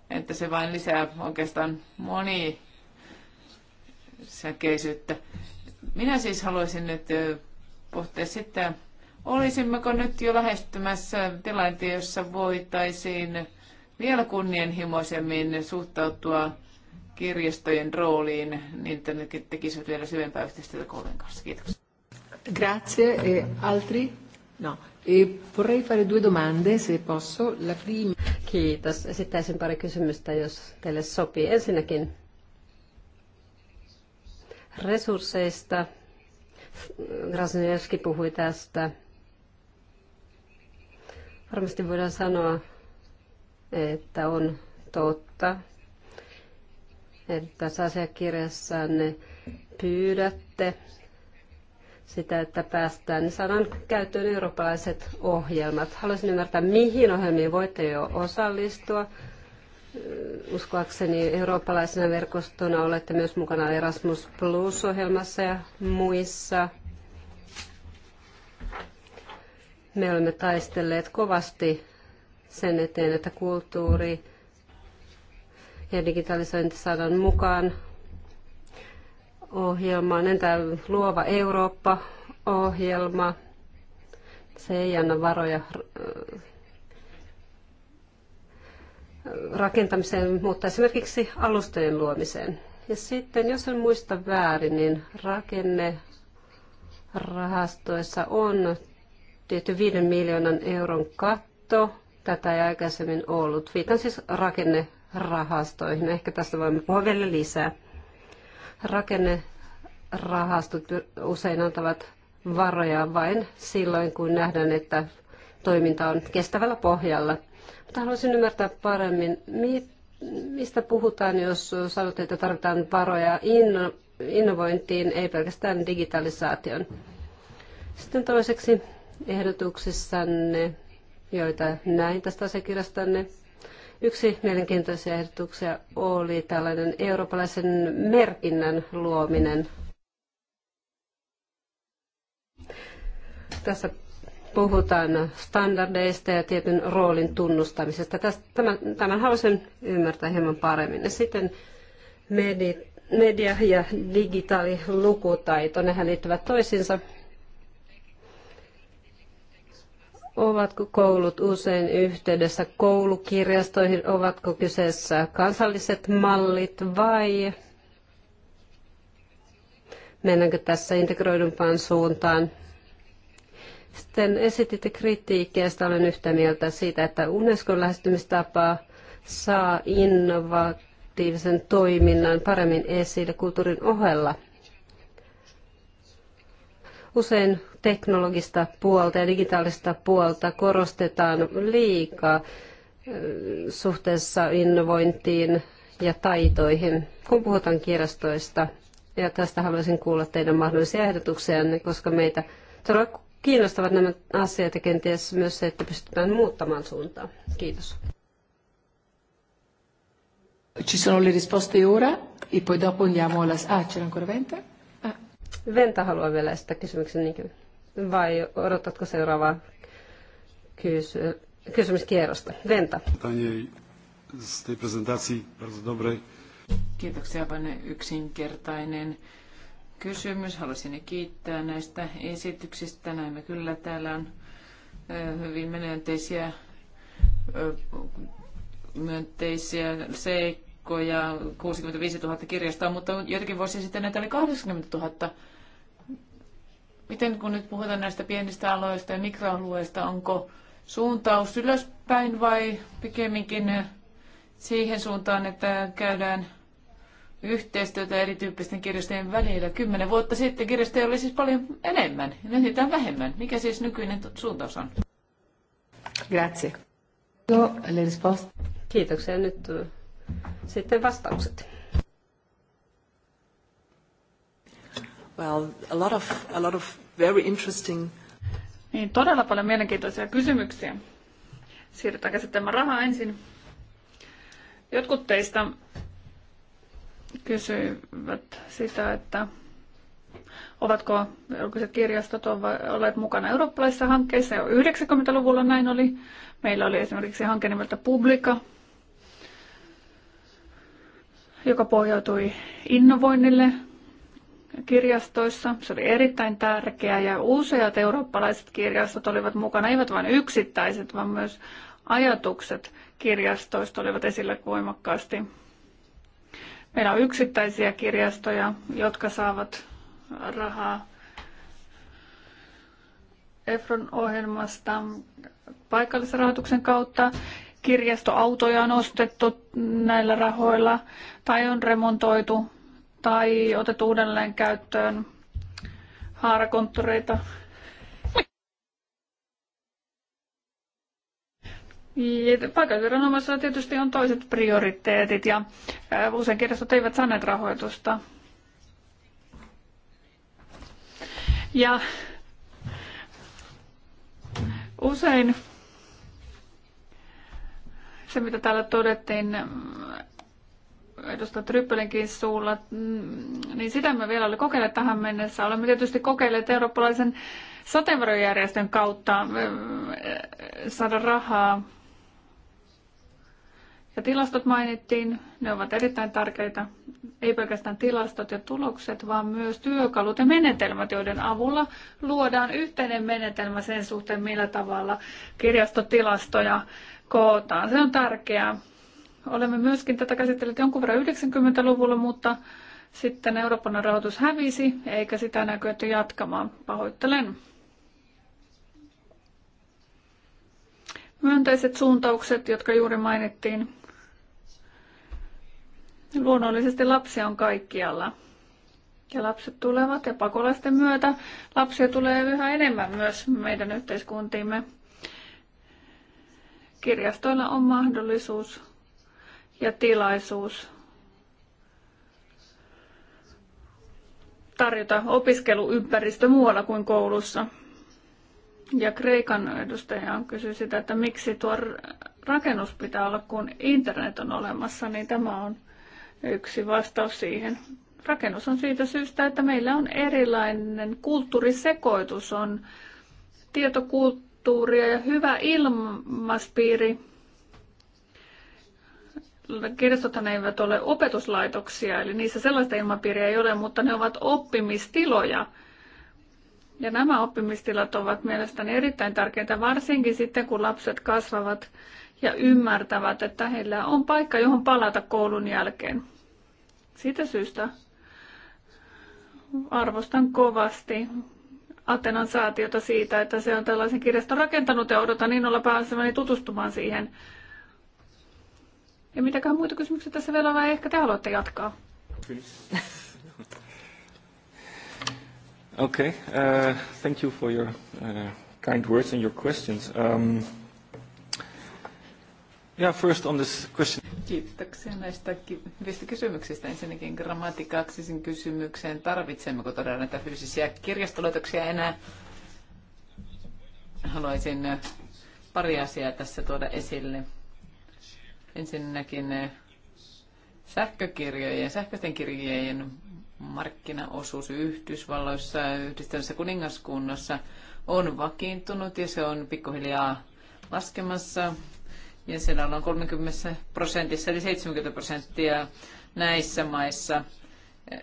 että se vain lisää oikeastaan moni säkeisyyttä. Minä siis haluaisin nyt äh, pohtia sitä, olisimmeko nyt jo lähestymässä tilanteessa, jossa voitaisiin vielä kunnianhimoisemmin suhtautua kirjastojen rooliin, niin että ne tekisivät vielä syvempää yhteistyötä koulujen kanssa. Kiitoksia. Grazie. E altri? No. E vorrei fare due domande, se posso. La prima... Kiitos. Esittäisin pari kysymystä, jos teille sopii. Ensinnäkin resursseista. Krasnojevski puhui tästä. Varmasti voidaan sanoa, että on totta, että tässä asiakirjassanne pyydätte sitä, että päästään, niin saadaan käyttöön eurooppalaiset ohjelmat. Haluaisin ymmärtää, mihin ohjelmiin voitte jo osallistua. Uskoakseni eurooppalaisena verkostona olette myös mukana Erasmus Plus-ohjelmassa ja muissa. Me olemme taistelleet kovasti sen eteen, että kulttuuri ja digitalisointi saadaan mukaan ohjelmaan. Entä Luova Eurooppa-ohjelma? Se ei anna varoja äh, rakentamiseen, mutta esimerkiksi alustojen luomiseen. Ja sitten, jos en muista väärin, niin rakennerahastoissa on tietty 5 miljoonan euron katto Tätä ei aikaisemmin ollut. Viitan siis rakennerahastoihin. Ehkä tästä voimme puhua vielä lisää. Rakennerahastot usein antavat varoja vain silloin, kun nähdään, että toiminta on kestävällä pohjalla. Mutta haluaisin ymmärtää paremmin, mistä puhutaan, jos sanot, että tarvitaan varoja inno, innovointiin, ei pelkästään digitalisaation. Sitten toiseksi ehdotuksissanne joita näin tästä asiakirjastanne. Yksi mielenkiintoisia ehdotuksia oli tällainen eurooppalaisen merkinnän luominen. Tässä puhutaan standardeista ja tietyn roolin tunnustamisesta. Tämän, tämän ymmärtää hieman paremmin. sitten media ja digitaalilukutaito, nehän liittyvät toisiinsa. Ovatko koulut usein yhteydessä koulukirjastoihin? Ovatko kyseessä kansalliset mallit vai mennäänkö tässä integroidumpaan suuntaan? Sitten esititte kritiikkiä, ja olen yhtä mieltä siitä, että Unescon lähestymistapa saa innovatiivisen toiminnan paremmin esille kulttuurin ohella – Usein teknologista puolta ja digitaalista puolta korostetaan liikaa suhteessa innovointiin ja taitoihin, kun puhutaan kirjastoista. Ja tästä haluaisin kuulla teidän mahdollisia ehdotuksianne, koska meitä todella kiinnostavat nämä asiat ja kenties myös se, että pystytään muuttamaan suuntaa. Kiitos. Ci sono le risposte ora e poi dopo andiamo alla... Ah, c'era ancora 20? Venta haluaa vielä esittää kysymyksen, niin vai odotatko seuraavaa kysy- kysymyskierrosta? Venta. Kiitoksia, vain yksinkertainen kysymys. Haluaisin kiittää näistä esityksistä. Näemme kyllä täällä on hyvin menenteisiä myönteisiä seikkoja ja 65 000 kirjastoa, mutta joitakin vuosia sitten näitä oli 80 000. Miten kun nyt puhutaan näistä pienistä aloista ja mikroalueista, onko suuntaus ylöspäin vai pikemminkin siihen suuntaan, että käydään yhteistyötä erityyppisten kirjastojen välillä. Kymmenen vuotta sitten kirjastoja oli siis paljon enemmän ja nyt niitä on vähemmän. Mikä siis nykyinen suuntaus on? Grazie. No, Kiitoksia. Nyt sitten vastaukset. Well, a lot of, a lot of very interesting... Niin, todella paljon mielenkiintoisia kysymyksiä. Siirrytään käsittelemään rahaa ensin. Jotkut teistä kysyivät sitä, että ovatko julkiset kirjastot olleet mukana eurooppalaisissa hankkeissa. Jo 90-luvulla näin oli. Meillä oli esimerkiksi hanke nimeltä Publika, joka pohjautui innovoinnille kirjastoissa. Se oli erittäin tärkeää ja useat eurooppalaiset kirjastot olivat mukana, eivät vain yksittäiset, vaan myös ajatukset kirjastoista olivat esillä voimakkaasti. Meillä on yksittäisiä kirjastoja, jotka saavat rahaa EFRON ohjelmasta paikallisrahoituksen kautta kirjastoautoja on ostettu näillä rahoilla tai on remontoitu tai otettu uudelleen käyttöön haarakonttoreita. Paikallisviranomaisilla tietysti on toiset prioriteetit ja äh, usein kirjastot eivät saaneet rahoitusta. Ja usein se, mitä täällä todettiin mm, edustaja Tryppelinkin suulla, mm, niin sitä me vielä olemme kokeilleet tähän mennessä. Olemme tietysti kokeilleet eurooppalaisen sateenvarojärjestön kautta mm, saada rahaa. Ja tilastot mainittiin, ne ovat erittäin tärkeitä. Ei pelkästään tilastot ja tulokset, vaan myös työkalut ja menetelmät, joiden avulla luodaan yhteinen menetelmä sen suhteen, millä tavalla kirjastotilastoja kootaan. Se on tärkeää. Olemme myöskin tätä käsitelleet jonkun verran 90-luvulla, mutta sitten Euroopan rahoitus hävisi, eikä sitä näkyy jatkamaan. Pahoittelen. Myönteiset suuntaukset, jotka juuri mainittiin. Luonnollisesti lapsia on kaikkialla. Ja lapset tulevat ja pakolaisten myötä lapsia tulee yhä enemmän myös meidän yhteiskuntiimme kirjastoilla on mahdollisuus ja tilaisuus tarjota opiskeluympäristö muualla kuin koulussa. Ja Kreikan edustaja kysyi sitä, että miksi tuo rakennus pitää olla, kun internet on olemassa, niin tämä on yksi vastaus siihen. Rakennus on siitä syystä, että meillä on erilainen kulttuurisekoitus, on tietokulttuuri, kulttuuria ja hyvä ilmaspiiri. Kirjastothan eivät ole opetuslaitoksia, eli niissä sellaista ilmapiiriä ei ole, mutta ne ovat oppimistiloja. Ja nämä oppimistilat ovat mielestäni erittäin tärkeitä, varsinkin sitten kun lapset kasvavat ja ymmärtävät, että heillä on paikka, johon palata koulun jälkeen. Siitä syystä arvostan kovasti Atenan säätiötä siitä, että se on tällaisen kirjaston rakentanut ja odotan innolla pääsemäni tutustumaan siihen. Ja mitäkään muita kysymyksiä tässä vielä on, vai ehkä te haluatte jatkaa? okay, uh, thank you for your uh, kind words and your questions. Um, Yeah, first on this question. Kiitoksia näistä hyvistä kysymyksistä. Ensinnäkin grammatikaksisin kysymykseen, tarvitsemmeko todella näitä fyysisiä kirjastolaitoksia enää? Haluaisin eh, pari asiaa tässä tuoda esille. Ensinnäkin eh, sähkökirjojen, sähköisten kirjojen markkinaosuus Yhdysvalloissa ja yhdistävässä kuningaskunnassa on vakiintunut ja se on pikkuhiljaa laskemassa ja siellä on 30 prosentissa eli 70 prosenttia näissä maissa eh,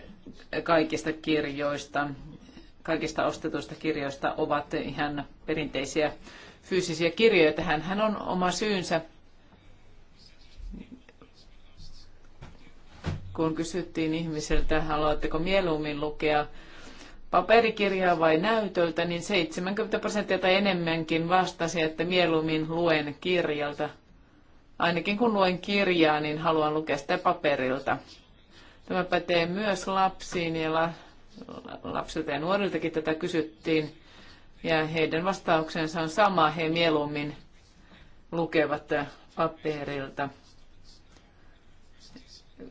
kaikista kirjoista, kaikista ostetuista kirjoista ovat ihan perinteisiä fyysisiä kirjoja. Tähän on oma syynsä. Kun kysyttiin ihmiseltä, haluatteko mieluummin lukea paperikirjaa vai näytöltä, niin 70 prosenttia tai enemmänkin vastasi, että mieluummin luen kirjalta Ainakin kun luen kirjaa, niin haluan lukea sitä paperilta. Tämä pätee myös lapsiin ja la, lapsilta ja nuoriltakin tätä kysyttiin. Ja heidän vastauksensa on sama. He mieluummin lukevat paperilta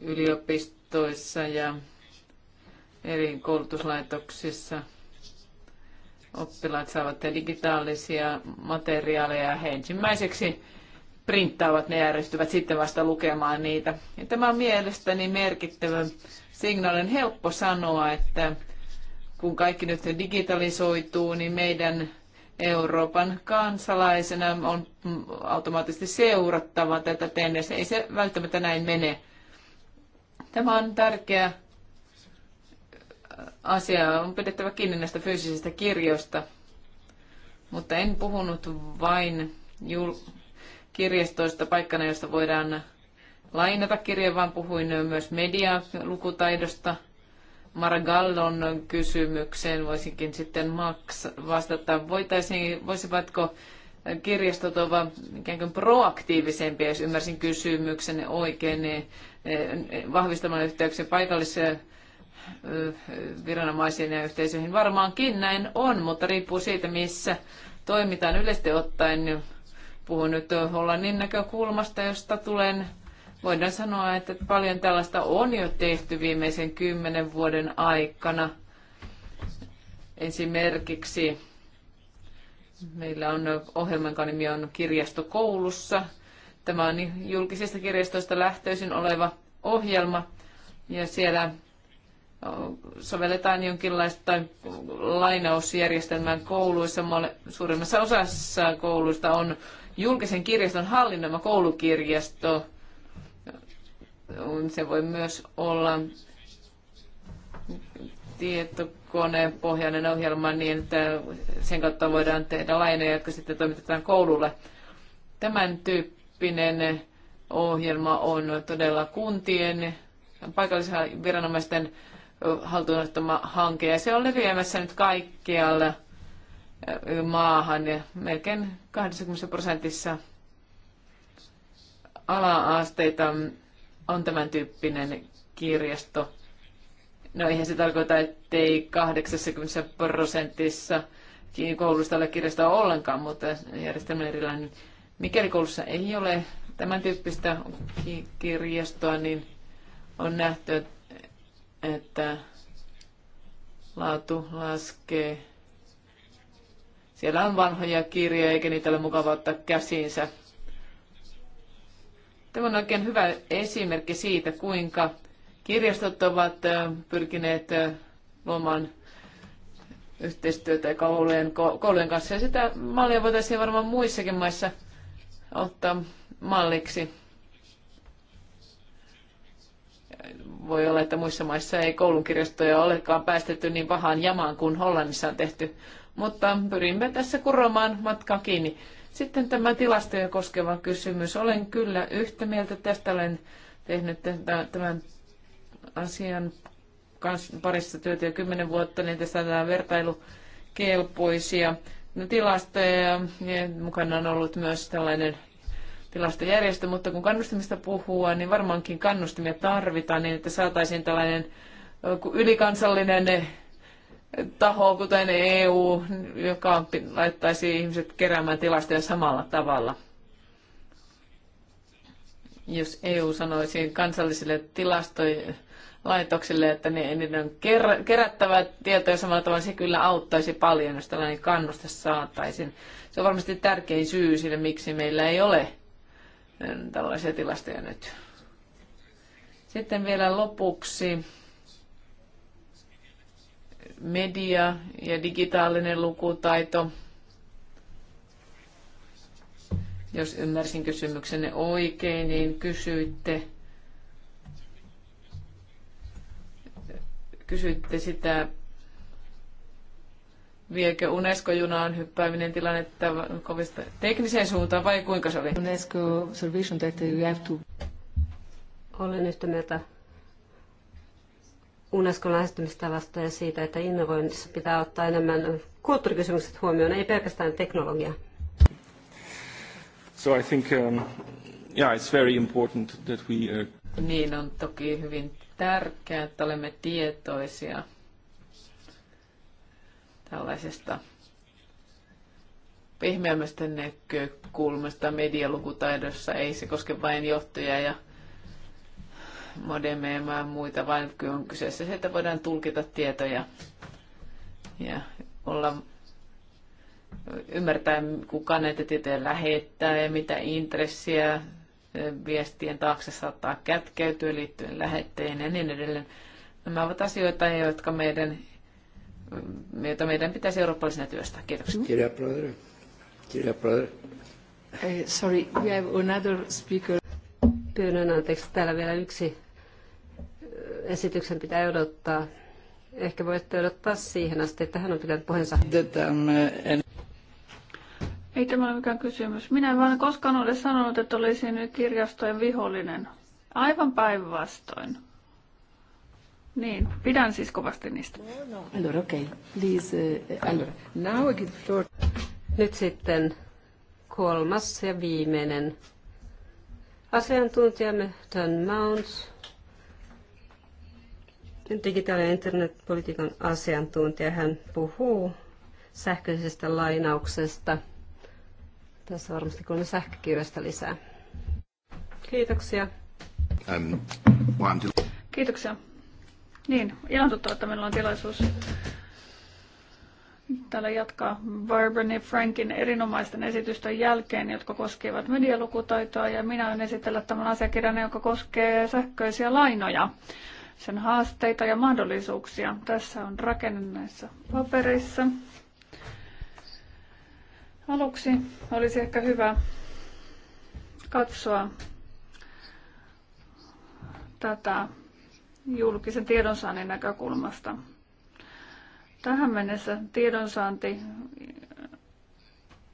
yliopistoissa ja eri koulutuslaitoksissa. Oppilaat saavat digitaalisia materiaaleja. He ensimmäiseksi printtaavat ne järjestyvät sitten vasta lukemaan niitä. Ja tämä on mielestäni merkittävä signaali. On helppo sanoa, että kun kaikki nyt digitalisoituu, niin meidän Euroopan kansalaisena on automaattisesti seurattava tätä tennessä. Ei se välttämättä näin mene. Tämä on tärkeä asia. On pidettävä kiinni näistä fyysisistä kirjoista. Mutta en puhunut vain kirjastoista paikkana, josta voidaan lainata kirjoja, vaan puhuin myös medialukutaidosta. Margallon kysymykseen voisinkin sitten maks vastata. Voitaisiin, voisivatko kirjastot ovat ikään kuin proaktiivisempia, jos ymmärsin kysymyksen oikein, niin eh, vahvistamalla yhteyksiä paikalliseen eh, viranomaisiin ja yhteisöihin. Varmaankin näin on, mutta riippuu siitä, missä toimitaan yleisesti ottaen. Puhun nyt Hollannin näkökulmasta, josta tulen. Voidaan sanoa, että paljon tällaista on jo tehty viimeisen kymmenen vuoden aikana. Esimerkiksi meillä on ohjelman nimi on Kirjasto koulussa. Tämä on julkisista kirjastoista lähtöisin oleva ohjelma ja siellä sovelletaan jonkinlaista lainausjärjestelmää kouluissa. Suurimmassa osassa kouluista on julkisen kirjaston hallinnoima koulukirjasto, se voi myös olla tietokonepohjainen ohjelma niin, että sen kautta voidaan tehdä laineja, jotka sitten toimitetaan koululle. Tämän tyyppinen ohjelma on todella kuntien paikallisen viranomaisten haltuunottama hanke ja se on leviämässä nyt kaikkialla – maahan ja melkein 20 prosentissa ala-asteita on tämän tyyppinen kirjasto. No eihän se tarkoita, ettei 80 prosentissa koulusta ole kirjastoa ollenkaan, mutta järjestelmä on erilainen. Mikäli koulussa ei ole tämän tyyppistä kirjastoa, niin on nähty, että laatu laskee siellä on vanhoja kirjoja, eikä niitä ole mukava ottaa käsiinsä. Tämä on oikein hyvä esimerkki siitä, kuinka kirjastot ovat pyrkineet luomaan yhteistyötä koulujen, koulujen kanssa. Ja sitä mallia voitaisiin varmaan muissakin maissa ottaa malliksi. Voi olla, että muissa maissa ei koulunkirjastoja olekaan päästetty niin pahaan jamaan kuin Hollannissa on tehty mutta pyrimme tässä kuromaan matkaa kiinni. Sitten tämä tilastoja koskeva kysymys. Olen kyllä yhtä mieltä. Tästä olen tehnyt tämän asian parissa työtä jo kymmenen vuotta, niin tässä on vertailukelpoisia tilastoja ja mukana on ollut myös tällainen tilastojärjestö, mutta kun kannustimista puhua, niin varmaankin kannustimia tarvitaan niin, että saataisiin tällainen ylikansallinen taho, kuten EU, joka laittaisi ihmiset keräämään tilastoja samalla tavalla. Jos EU sanoisi kansallisille tilastolaitoksille, että ne, niiden on kerättävä tietoja samalla tavalla, se kyllä auttaisi paljon, jos tällainen kannuste saataisiin. Se on varmasti tärkein syy sille, miksi meillä ei ole eh, tällaisia tilastoja nyt. Sitten vielä lopuksi media ja digitaalinen lukutaito. Jos ymmärsin kysymyksenne oikein, niin kysyitte, kysyitte sitä, viekö Unesco-junaan hyppääminen tilannetta kovista tekniseen suuntaan vai kuinka se oli? Unesco observation that you have to... Olen yhtä mieltä Unescon lähestymistavasta ja siitä, että innovoinnissa pitää ottaa enemmän kulttuurikysymykset huomioon, ei pelkästään teknologia. So I think, um, yeah, it's very important that we... Uh... Niin on toki hyvin tärkeää, että olemme tietoisia tällaisesta pehmeämmästä näkökulmasta medialukutaidossa. Ei se koske vain johtajia ja modemeja ja muita, vaan on kyseessä se, että voidaan tulkita tietoja ja olla ymmärtää, kuka näitä tietoja lähettää ja mitä intressiä viestien taakse saattaa kätkeytyä liittyen lähetteihin ja niin edelleen. Nämä ovat asioita, jotka meidän, joita meidän pitäisi eurooppalaisena työstä Kiitoksia. Kirja Brother. Kirja Brother. Eh, sorry, we have another speaker. Pyydän anteeksi, täällä vielä yksi esityksen pitää odottaa. Ehkä voitte odottaa siihen asti, että hän on pitänyt puheensa. Ei tämä ole mikään kysymys. Minä en vaan koskaan ole sanonut, että olisin kirjastojen vihollinen. Aivan päinvastoin. Niin, pidän siis kovasti niistä. Please, eh, Nyt sitten kolmas ja viimeinen asiantuntijamme Dan Mounts digitaali- ja internetpolitiikan asiantuntija. Hän puhuu sähköisestä lainauksesta. Tässä varmasti kolme sähkökirjasta lisää. Kiitoksia. Um, Kiitoksia. Niin, ilahduttava, että meillä on tilaisuus täällä jatkaa Barbara ja Frankin erinomaisten esitysten jälkeen, jotka koskevat medialukutaitoa, ja minä olen esitellä tämän asiakirjan, joka koskee sähköisiä lainoja sen haasteita ja mahdollisuuksia. Tässä on rakenne näissä paperissa. Aluksi olisi ehkä hyvä katsoa tätä julkisen tiedonsaannin näkökulmasta. Tähän mennessä tiedonsaanti,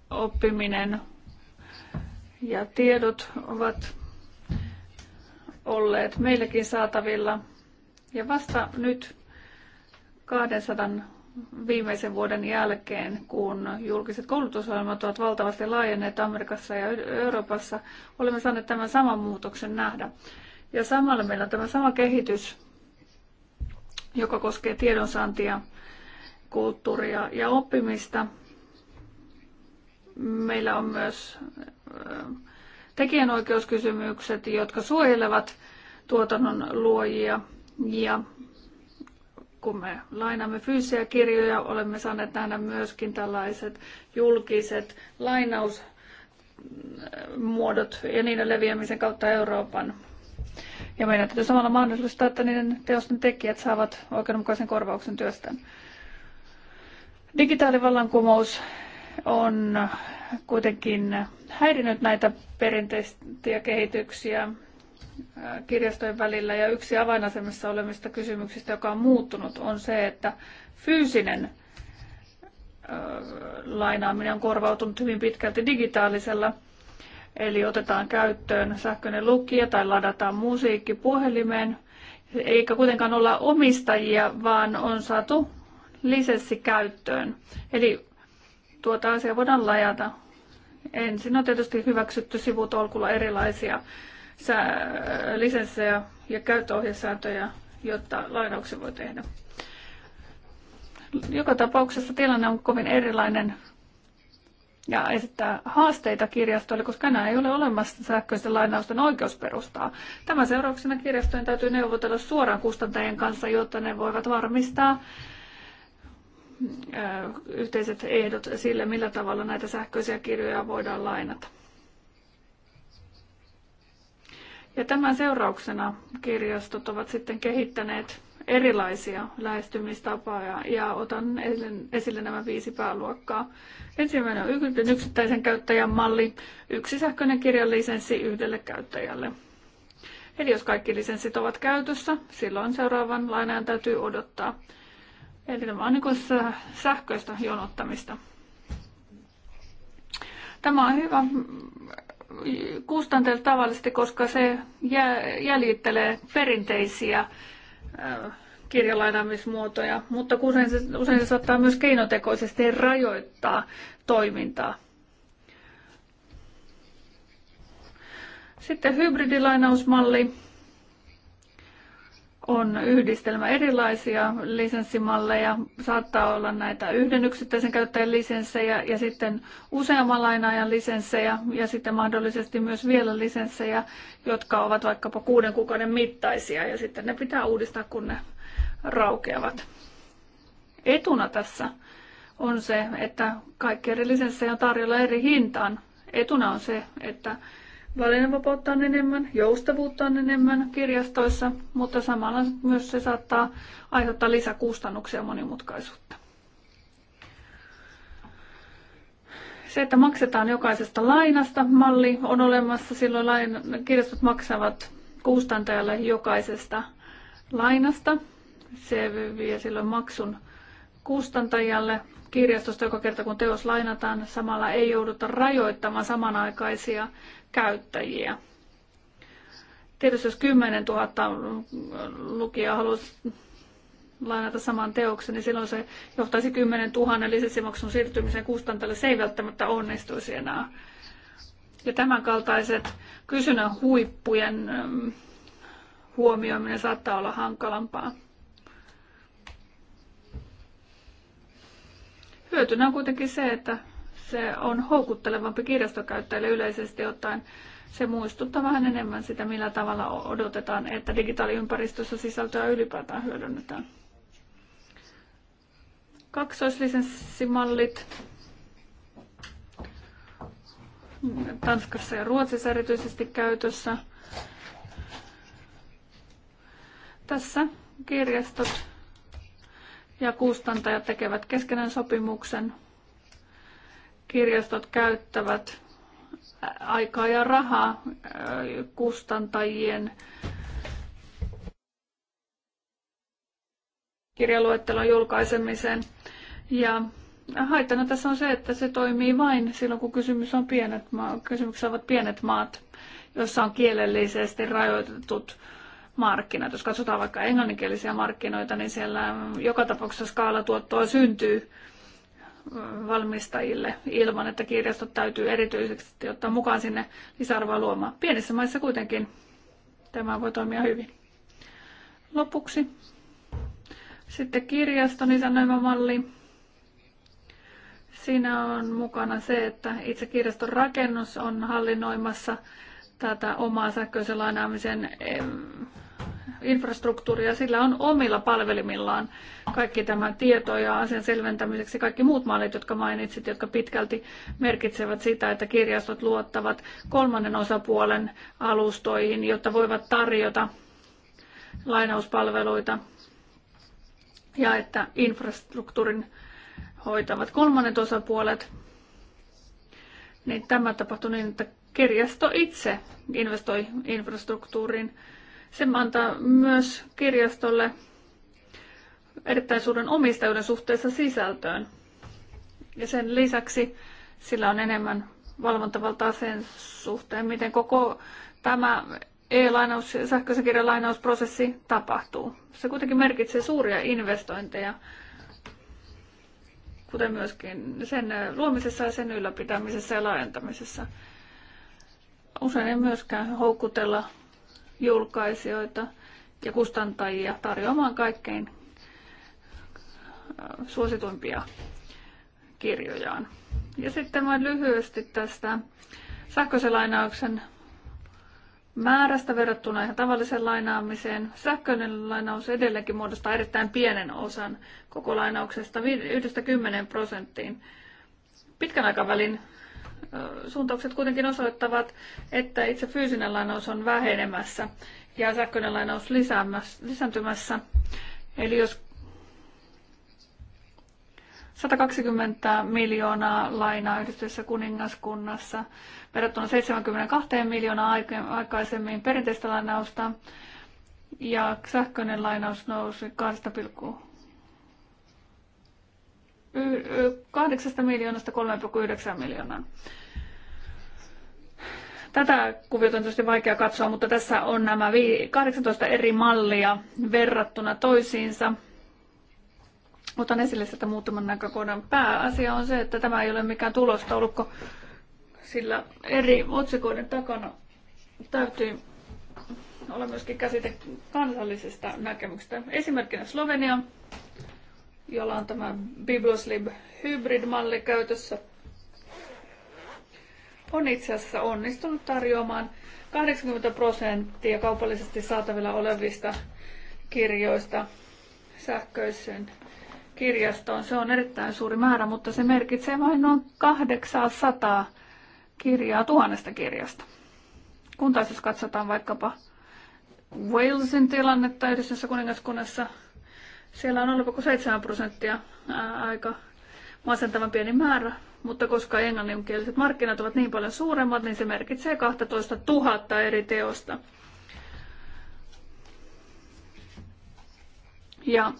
oppiminen ja tiedot ovat olleet meillekin saatavilla – ja vasta nyt 200 viimeisen vuoden jälkeen, kun julkiset koulutusohjelmat ovat valtavasti laajenneet Amerikassa ja Euroopassa, olemme saaneet tämän saman muutoksen nähdä. Ja samalla meillä on tämä sama kehitys, joka koskee tiedonsaantia, kulttuuria ja oppimista. Meillä on myös tekijänoikeuskysymykset, jotka suojelevat tuotannon luojia – ja kun me lainaamme fyysisiä kirjoja, olemme saaneet nähdä myöskin tällaiset julkiset lainausmuodot ja niiden leviämisen kautta Euroopan. Ja meidän täytyy samalla mahdollistaa, että niiden teosten tekijät saavat oikeudenmukaisen korvauksen työstään. Digitaalivallankumous on kuitenkin häirinyt näitä perinteisiä kehityksiä kirjastojen välillä ja yksi avainasemassa olemista kysymyksistä, joka on muuttunut, on se, että fyysinen lainaaminen on korvautunut hyvin pitkälti digitaalisella. Eli otetaan käyttöön sähköinen lukija tai ladataan musiikki puhelimeen. Eikä kuitenkaan olla omistajia, vaan on saatu lisenssi käyttöön. Eli tuota asiaa voidaan lajata. Ensin on tietysti hyväksytty sivutolkulla erilaisia Äh, lisenssejä ja käyttöohjesääntöjä, jotta lainauksen voi tehdä. Joka tapauksessa tilanne on kovin erilainen ja esittää haasteita kirjastoille, koska enää ei ole olemassa sähköisten lainausten oikeusperustaa. Tämän seurauksena kirjastojen täytyy neuvotella suoraan kustantajien kanssa, jotta ne voivat varmistaa äh, yhteiset ehdot sille, millä tavalla näitä sähköisiä kirjoja voidaan lainata. Ja tämän seurauksena kirjastot ovat sitten kehittäneet erilaisia lähestymistapoja ja otan esille nämä viisi pääluokkaa. Ensimmäinen on yksittäisen käyttäjän malli, yksi sähköinen kirjan lisenssi yhdelle käyttäjälle. Eli jos kaikki lisenssit ovat käytössä, silloin seuraavan lainaan täytyy odottaa. Eli tämä on niin sähköistä jonottamista. Tämä on hyvä kustantajilta tavallisesti, koska se jäljittelee perinteisiä äh, kirjalainaamismuotoja, mutta usein se, usein se saattaa myös keinotekoisesti rajoittaa toimintaa. Sitten hybridilainausmalli on yhdistelmä erilaisia lisenssimalleja. Saattaa olla näitä yhden yksittäisen käyttäjän lisenssejä ja sitten useamman lainaajan lisenssejä ja sitten mahdollisesti myös vielä lisenssejä, jotka ovat vaikkapa kuuden kuukauden mittaisia ja sitten ne pitää uudistaa, kun ne raukeavat. Etuna tässä on se, että kaikki eri lisenssejä on tarjolla eri hintaan. Etuna on se, että Valinnanvapautta on enemmän, joustavuutta on enemmän kirjastoissa, mutta samalla myös se saattaa aiheuttaa lisäkustannuksia ja monimutkaisuutta. Se, että maksetaan jokaisesta lainasta, malli on olemassa. Silloin kirjastot maksavat kustantajalle jokaisesta lainasta. Se vie silloin maksun kustantajalle kirjastosta joka kerta kun teos lainataan. Samalla ei jouduta rajoittamaan samanaikaisia käyttäjiä. Tietysti jos 10 000 lukijaa haluaisi lainata saman teoksen, niin silloin se johtaisi 10 000 lisenssimaksun siirtymiseen kustantajalle. Se ei välttämättä onnistuisi enää. Ja tämänkaltaiset kysynnän huippujen ähm, huomioiminen saattaa olla hankalampaa. Hyötynä on kuitenkin se, että se on houkuttelevampi kirjastokäyttäjille yleisesti ottaen. Se muistuttaa vähän enemmän sitä, millä tavalla odotetaan, että digitaaliympäristössä sisältöä ylipäätään hyödynnetään. Kaksoislisenssimallit Tanskassa ja Ruotsissa erityisesti käytössä. Tässä kirjastot ja kustantajat tekevät keskenään sopimuksen kirjastot käyttävät aikaa ja rahaa kustantajien kirjaluettelon julkaisemiseen. Ja haittana tässä on se, että se toimii vain silloin, kun kysymys on pienet kysymyksessä ovat pienet maat, joissa on kielellisesti rajoitetut markkinat. Jos katsotaan vaikka englanninkielisiä markkinoita, niin siellä joka tapauksessa skaalatuottoa syntyy valmistajille ilman, että kirjastot täytyy erityisesti ottaa mukaan sinne lisäarvoa luomaan. Pienissä maissa kuitenkin tämä voi toimia hyvin. Lopuksi sitten kirjaston isännöimä malli. Siinä on mukana se, että itse kirjaston rakennus on hallinnoimassa tätä omaa sähköisen lainaamisen infrastruktuuria. Sillä on omilla palvelimillaan kaikki tämä tieto ja asian selventämiseksi kaikki muut mallit, jotka mainitsit, jotka pitkälti merkitsevät sitä, että kirjastot luottavat kolmannen osapuolen alustoihin, jotta voivat tarjota lainauspalveluita ja että infrastruktuurin hoitavat kolmannet osapuolet, niin tämä tapahtuu niin, että kirjasto itse investoi infrastruktuuriin se antaa myös kirjastolle erittäin suuren omistajuuden suhteessa sisältöön. Ja sen lisäksi sillä on enemmän valvontavaltaa sen suhteen, miten koko tämä e-lainaus, sähköisen kirjan lainausprosessi tapahtuu. Se kuitenkin merkitsee suuria investointeja, kuten myöskin sen luomisessa ja sen ylläpitämisessä ja laajentamisessa. Usein ei myöskään houkutella julkaisijoita ja kustantajia tarjoamaan kaikkein äh, suosituimpia kirjojaan. Ja sitten vain lyhyesti tästä sähköisen lainauksen määrästä verrattuna ihan tavalliseen lainaamiseen. Sähköinen lainaus edelleenkin muodostaa erittäin pienen osan koko lainauksesta, yhdestä kymmenen prosenttiin. Pitkän aikavälin suuntaukset kuitenkin osoittavat, että itse fyysinen lainaus on vähenemässä ja sähköinen lainaus lisääntymässä. Eli jos 120 miljoonaa lainaa yhdistyessä kuningaskunnassa verrattuna 72 miljoonaa aikaisemmin perinteistä lainausta ja sähköinen lainaus nousi 2,6 8 miljoonasta 3,9 miljoonaan. Tätä kuviota on tietysti vaikea katsoa, mutta tässä on nämä 18 eri mallia verrattuna toisiinsa. Otan esille sitä muutaman näkökohdan. Pääasia on se, että tämä ei ole mikään tulostaulukko, sillä eri otsikoiden takana täytyy olla myöskin käsite kansallisesta näkemyksestä. Esimerkkinä Slovenia, jolla on tämä Biblioslib Hybrid-malli käytössä, on itse asiassa onnistunut tarjoamaan 80 prosenttia kaupallisesti saatavilla olevista kirjoista sähköiseen kirjastoon. Se on erittäin suuri määrä, mutta se merkitsee vain noin 800 kirjaa tuhannesta kirjasta. Kun taas jos katsotaan vaikkapa Walesin tilannetta yhdessä kuningaskunnassa, siellä on 0,7 prosenttia aika masentavan pieni määrä, mutta koska englanninkieliset markkinat ovat niin paljon suuremmat, niin se merkitsee 12 000 eri teosta. Ja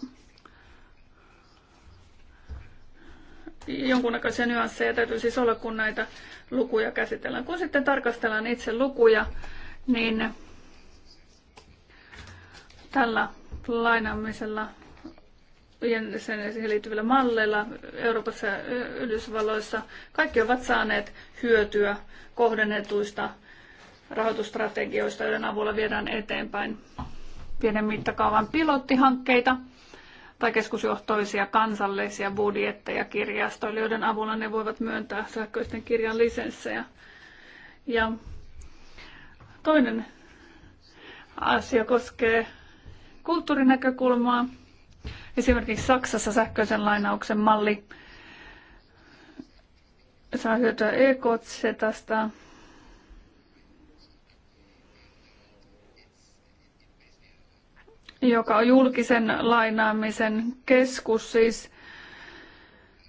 jonkunnäköisiä nyansseja täytyy siis olla, kun näitä lukuja käsitellään. Kun sitten tarkastellaan itse lukuja, niin tällä lainaamisella ja siihen liittyvillä malleilla Euroopassa ja Yhdysvalloissa. Kaikki ovat saaneet hyötyä kohdennetuista rahoitusstrategioista, joiden avulla viedään eteenpäin pienen mittakaavan pilottihankkeita tai keskusjohtoisia kansallisia budjetteja kirjastoille, joiden avulla ne voivat myöntää sähköisten kirjan lisenssejä. Ja toinen asia koskee kulttuurinäkökulmaa. Esimerkiksi Saksassa sähköisen lainauksen malli saa hyötyä EKZ-tästä. joka on julkisen lainaamisen keskus siis.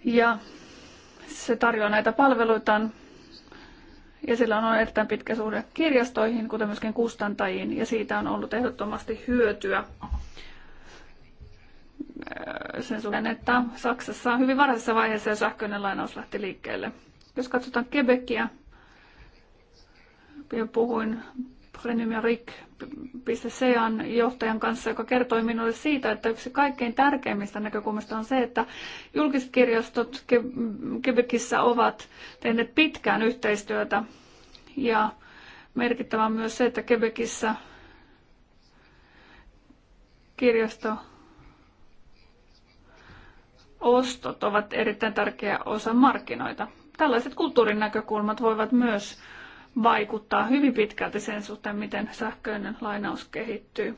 Ja se tarjoaa näitä palveluitaan ja sillä on erittäin pitkä suhde kirjastoihin, kuten myöskin kustantajiin, ja siitä on ollut ehdottomasti hyötyä Äh, sen suhteen, että Saksassa hyvin varhaisessa vaiheessa ja sähköinen lainaus lähti liikkeelle. Jos katsotaan Quebecia, jo puhuin Prenumeric.sean johtajan kanssa, joka kertoi minulle siitä, että yksi kaikkein tärkeimmistä näkökulmista on se, että julkiset kirjastot Quebecissä ovat tehneet pitkään yhteistyötä ja merkittävä on myös se, että Quebecissä kirjasto ostot ovat erittäin tärkeä osa markkinoita. Tällaiset kulttuurin näkökulmat voivat myös vaikuttaa hyvin pitkälti sen suhteen, miten sähköinen lainaus kehittyy.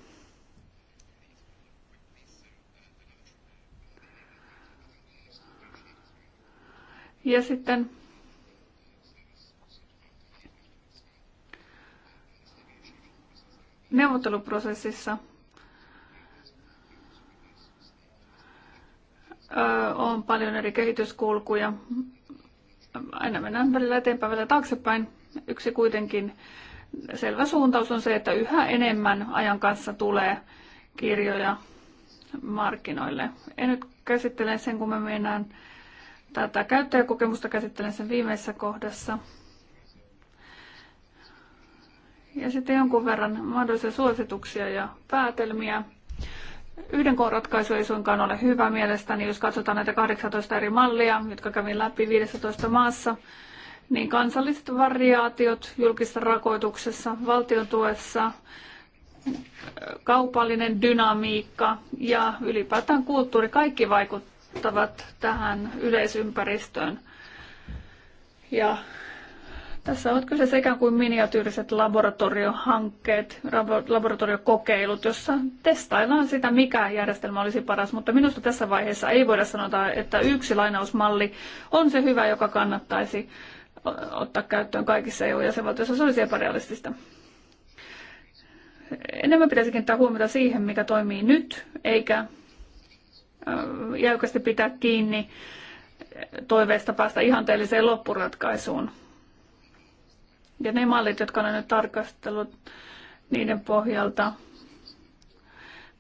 Ja sitten neuvotteluprosessissa on paljon eri kehityskulkuja. Aina mennään välillä eteenpäin, välillä taaksepäin. Yksi kuitenkin selvä suuntaus on se, että yhä enemmän ajan kanssa tulee kirjoja markkinoille. En nyt käsittele sen, kun me mennään tätä käyttäjäkokemusta, käsittelen sen viimeisessä kohdassa. Ja sitten jonkun verran mahdollisia suosituksia ja päätelmiä. Yhden koon ratkaisu ei suinkaan ole hyvä mielestäni, jos katsotaan näitä 18 eri mallia, jotka kävin läpi 15 maassa, niin kansalliset variaatiot julkisessa rakoituksessa, valtion tuessa, kaupallinen dynamiikka ja ylipäätään kulttuuri, kaikki vaikuttavat tähän yleisympäristöön. Ja tässä ovat kyseessä ikään kuin miniatyyriset laboratoriohankkeet, laboratoriokokeilut, jossa testaillaan sitä, mikä järjestelmä olisi paras. Mutta minusta tässä vaiheessa ei voida sanota, että yksi lainausmalli on se hyvä, joka kannattaisi ottaa käyttöön kaikissa EU-jäsenvaltioissa. Se olisi epärealistista. Enemmän pitäisi kiinnittää huomiota siihen, mikä toimii nyt, eikä äh, jäykästi pitää kiinni toiveesta päästä ihanteelliseen loppuratkaisuun ja ne mallit, jotka olen nyt tarkastellut niiden pohjalta,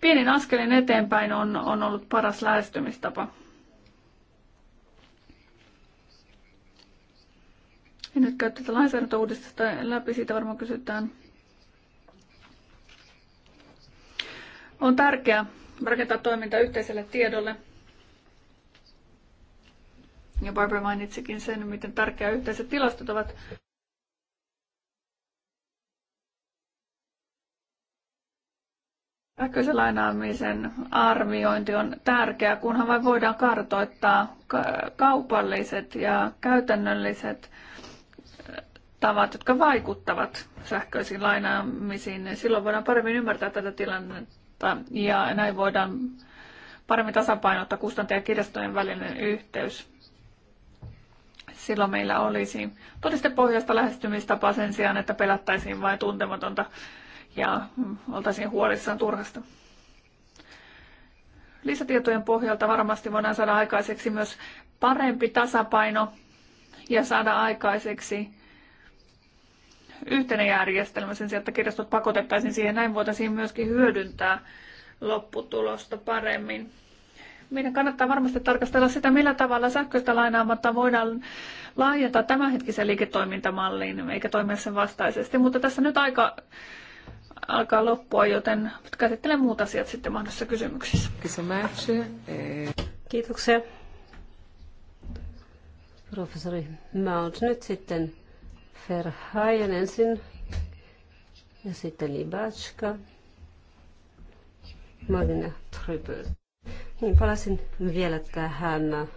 pienin askelin eteenpäin on, on ollut paras lähestymistapa. En nyt käy tätä lainsäädäntöuudistusta läpi, siitä varmaan kysytään. On tärkeää rakentaa toiminta yhteiselle tiedolle. Ja Barbara mainitsikin sen, miten tärkeää yhteiset tilastot ovat. Sähköisen lainaamisen arviointi on tärkeää, kunhan vain voidaan kartoittaa kaupalliset ja käytännölliset eh, tavat, jotka vaikuttavat sähköisiin lainaamisiin. Silloin voidaan paremmin ymmärtää tätä tilannetta ja näin voidaan paremmin tasapainottaa kustantajan ja kirjastojen välinen yhteys. Silloin meillä olisi todistepohjaista lähestymistapaa sen sijaan, että pelättäisiin vain tuntematonta ja oltaisiin huolissaan turhasta. Lisätietojen pohjalta varmasti voidaan saada aikaiseksi myös parempi tasapaino ja saada aikaiseksi yhtenä järjestelmä sen sijaan, että kirjastot pakotettaisiin siihen. Näin voitaisiin myöskin hyödyntää lopputulosta paremmin. Meidän kannattaa varmasti tarkastella sitä, millä tavalla sähköistä lainaamatta voidaan laajentaa tämänhetkisen liiketoimintamallin, eikä toimia sen vastaisesti. Mutta tässä nyt aika alkaa loppua, joten käsittelen muut asiat sitten mahdollisissa kysymyksissä. Eh, Kiitoksia. Professori Mount, nyt sitten Verhaajan ensin ja sitten Libatska. Marina Trypöl. Niin, palasin vielä tähän eh,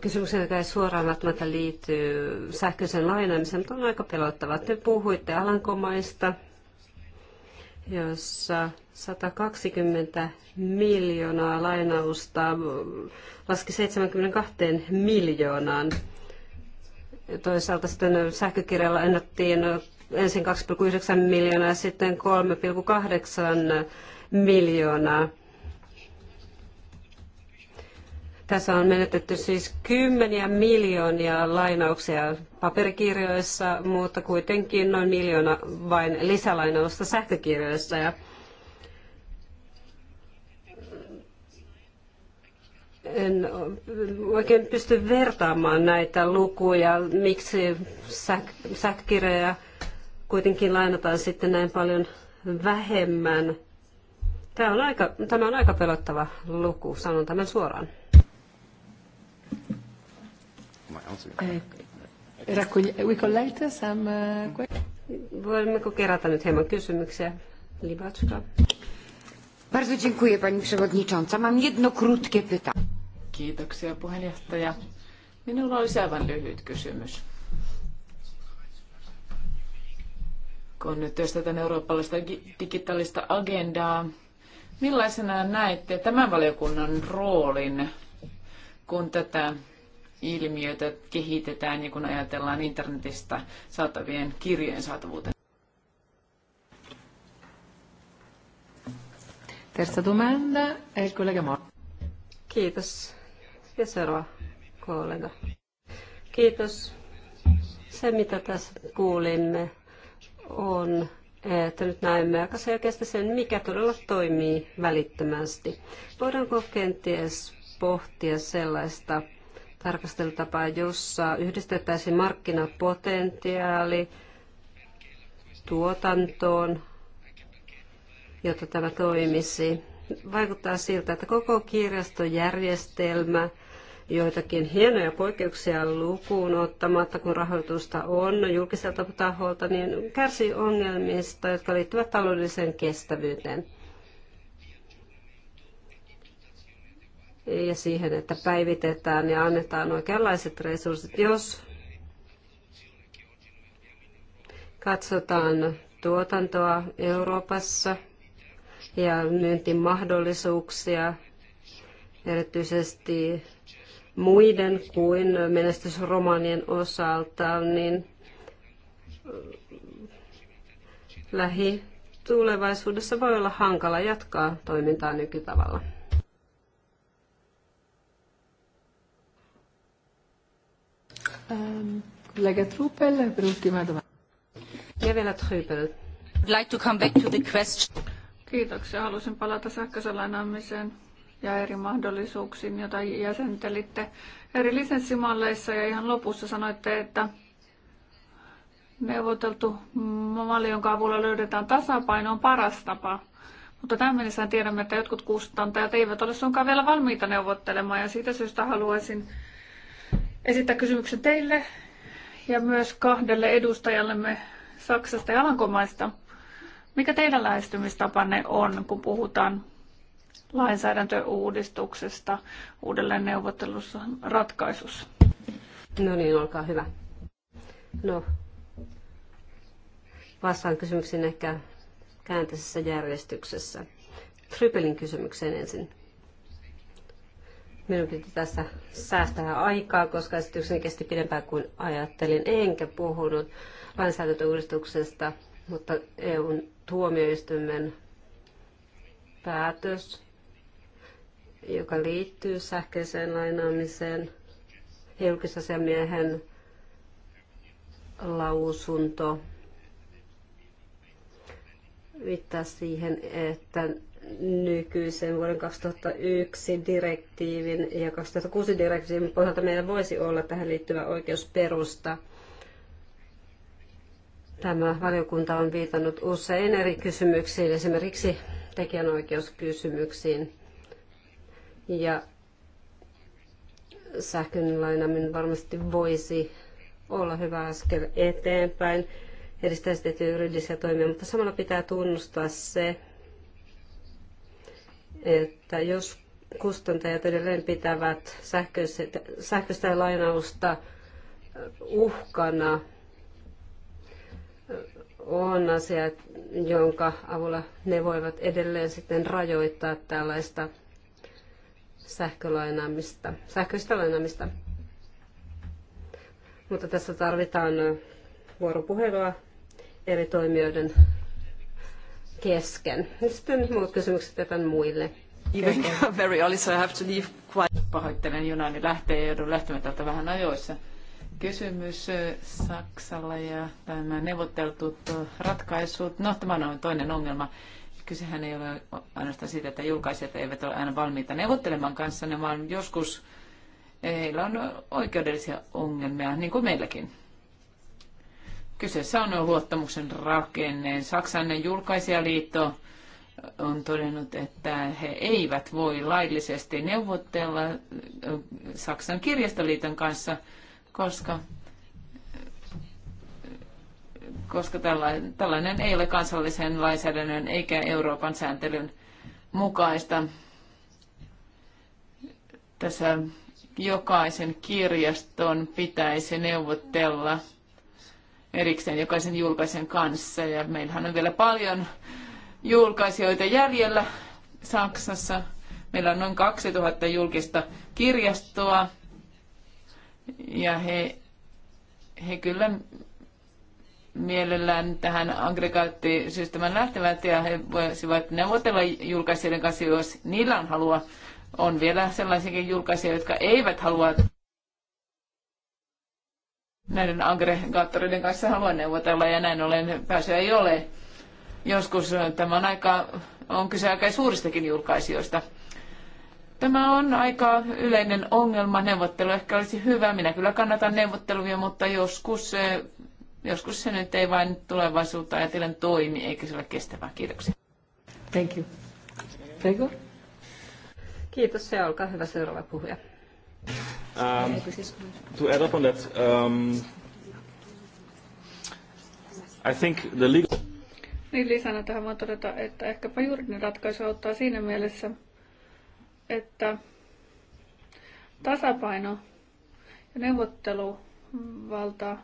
kysymykseen, joka ei suoraan välttämättä liittyy sähköisen lainaamiseen, mutta on aika pelottavaa. Te puhuitte Alankomaista, jossa 120 miljoonaa lainausta laski 72 miljoonaan. Toisaalta sitten sähkökirjalla ennattiin ensin 2,9 miljoonaa ja sitten 3,8 miljoonaa. Tässä on menetetty siis kymmeniä miljoonia lainauksia paperikirjoissa, mutta kuitenkin noin miljoona vain lisälainausta sähkökirjoissa. Ja en oikein pysty vertaamaan näitä lukuja, miksi sähkökirjoja kuitenkin lainataan sitten näin paljon vähemmän. Tämä on aika, tämä on aika pelottava luku, sanon tämän suoraan. Eh, eh, Voimmeko kerätä nyt hieman kysymyksiä? Libatska. Bardzo dziękuję pani przewodnicząca. Mam jedno krótkie pytanie. Kiitoksia puheenjohtaja. Minulla olisi aivan lyhyt kysymys. Kun nyt työstetään eurooppalaista digitaalista agendaa, millaisena näette tämän valiokunnan roolin, kun tätä ilmiötä kehitetään ja kun ajatellaan internetistä saatavien kirjojen saatavuuteen. Terza domanda è eh, il collega Mor. Kiitos. Ja seuraava kollega. Kiitos. Se, mitä tässä kuulimme, on, että nyt näemme aika selkeästi sen, mikä todella toimii välittömästi. Voidaanko kenties pohtia sellaista tarkastelutapa, jossa yhdistettäisiin markkinapotentiaali tuotantoon, jotta tämä toimisi. Vaikuttaa siltä, että koko kirjastojärjestelmä, joitakin hienoja poikkeuksia lukuun ottamatta, kun rahoitusta on julkiselta taholta, niin kärsii ongelmista, jotka liittyvät taloudelliseen kestävyyteen. ja siihen, että päivitetään ja annetaan oikeanlaiset resurssit. Jos katsotaan tuotantoa Euroopassa ja myyntimahdollisuuksia, erityisesti muiden kuin menestysromanien osalta, niin lähi-tulevaisuudessa voi olla hankala jatkaa toimintaa nykytavalla. Kollega Truppel, per ultima domanda. vielä Truppel. Like to come back to the question. Kiitoksia. Halusin palata sähköisen ja eri mahdollisuuksiin, joita jäsentelitte eri lisenssimalleissa. Ja ihan lopussa sanoitte, että neuvoteltu malli, jonka avulla löydetään tasapaino, on paras tapa. Mutta tämän mennessä tiedämme, että jotkut kustantajat eivät ole suinkaan vielä valmiita neuvottelemaan ja siitä syystä haluaisin esittää kysymyksen teille ja myös kahdelle edustajallemme Saksasta ja Alankomaista. Mikä teidän lähestymistapanne on, kun puhutaan lainsäädäntöuudistuksesta uudelleen neuvottelussa ratkaisussa? No niin, olkaa hyvä. No, vastaan kysymyksiin ehkä kääntäisessä järjestyksessä. Trypelin kysymykseen ensin. Minun piti tässä säästää aikaa, koska esityksen kesti pidempään kuin ajattelin. Enkä puhunut lainsäädäntöuudistuksesta, mutta EUn tuomioistuimen päätös, joka liittyy sähköiseen lainaamiseen, julkisasiamiehen lausunto viittaa siihen, että nykyisen vuoden 2001 direktiivin ja 2006 direktiivin pohjalta meillä voisi olla tähän liittyvä oikeusperusta. Tämä valiokunta on viitannut usein eri kysymyksiin, esimerkiksi tekijänoikeuskysymyksiin. Ja sähkön lainaaminen varmasti voisi olla hyvä askel eteenpäin, edistää sitä juridisia toimia, mutta samalla pitää tunnustaa se, että jos kustantajat edelleen pitävät sähköistä lainausta uhkana, on asia, jonka avulla ne voivat edelleen sitten rajoittaa tällaista sähkölainaamista, sähköistä lainaamista. Mutta tässä tarvitaan vuoropuhelua eri toimijoiden kesken. Sitten muut kysymykset jätän muille. Even very early, so I have to leave quite... Pahoittelen, junani lähtee ja joudun lähtemään täältä vähän ajoissa. Kysymys Saksalla ja tämä neuvotteltut ratkaisut. No, tämä on toinen ongelma. Kysehän ei ole ainoastaan siitä, että julkaisijat eivät ole aina valmiita neuvottelemaan kanssa, ne vaan joskus heillä on oikeudellisia ongelmia, niin kuin meilläkin. Kyseessä on luottamuksen rakenne. Saksan julkaisijaliitto on todennut, että he eivät voi laillisesti neuvotella Saksan kirjastoliiton kanssa, koska, koska tällainen ei ole kansallisen lainsäädännön eikä Euroopan sääntelyn mukaista. Tässä jokaisen kirjaston pitäisi neuvotella erikseen jokaisen julkaisen kanssa. Ja meillähän on vielä paljon julkaisijoita jäljellä Saksassa. Meillä on noin 2000 julkista kirjastoa ja he, he kyllä mielellään tähän aggregaattisysteemään lähtevät ja he voisivat neuvotella julkaisijoiden kanssa, jos niillä on halua. On vielä sellaisiakin julkaisijoita, jotka eivät halua näiden aggregaattoreiden kanssa haluan neuvotella ja näin ollen pääsyä ei ole. Joskus tämä on, aika, on kyse aika suuristakin julkaisijoista. Tämä on aika yleinen ongelma. Neuvottelu ehkä olisi hyvä. Minä kyllä kannatan neuvotteluja, mutta joskus, joskus se nyt ei vain tulevaisuutta ajatellen toimi, eikä se ole kestävää. Kiitoksia. Thank you. Prego. Kiitos ja olkaa hyvä seuraava puhuja. Um, to add up on that, um, I think the legal... Niin lisänä no, tähän voin todeta, että ehkäpä juridinen ratkaisu auttaa siinä mielessä, että tasapaino ja neuvotteluvalta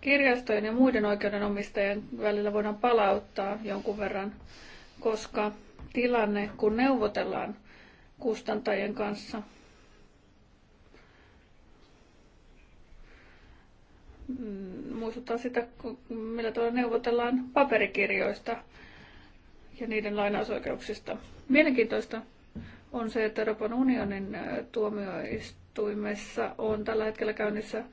kirjastojen ja muiden oikeudenomistajien välillä voidaan palauttaa jonkun verran, koska tilanne, kun neuvotellaan kustantajien kanssa, Mm, muistuttaa sitä, millä tavalla neuvotellaan paperikirjoista ja niiden lainausoikeuksista. Mielenkiintoista on se, että Euroopan unionin tuomioistuimessa on tällä hetkellä käynnissä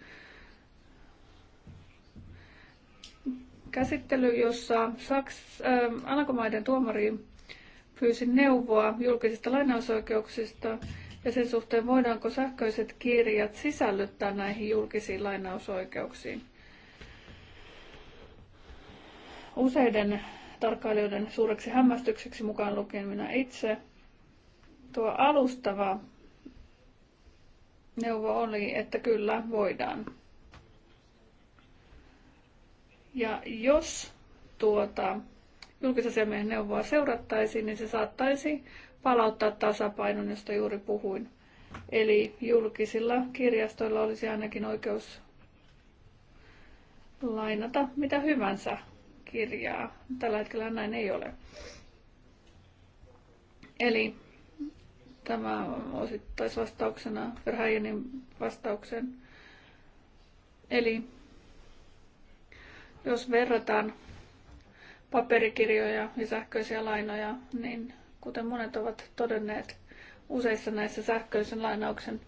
käsittely, jossa Saks, äh, Alankomaiden tuomari pyysi neuvoa julkisista lainausoikeuksista ja sen suhteen, voidaanko sähköiset kirjat sisällyttää näihin julkisiin lainausoikeuksiin. Useiden tarkkailijoiden suureksi hämmästykseksi mukaan lukien minä itse, tuo alustava neuvo oli, että kyllä voidaan. Ja jos tuota julkisasiamiehen neuvoa seurattaisiin, niin se saattaisi palauttaa tasapainon, josta juuri puhuin. Eli julkisilla kirjastoilla olisi ainakin oikeus lainata mitä hyvänsä kirjaa. Tällä hetkellä näin ei ole. Eli tämä vastauksena Verhaajanin vastauksen. Eli jos verrataan paperikirjoja ja sähköisiä lainoja, niin kuten monet ovat todenneet useissa näissä sähköisen lainauksen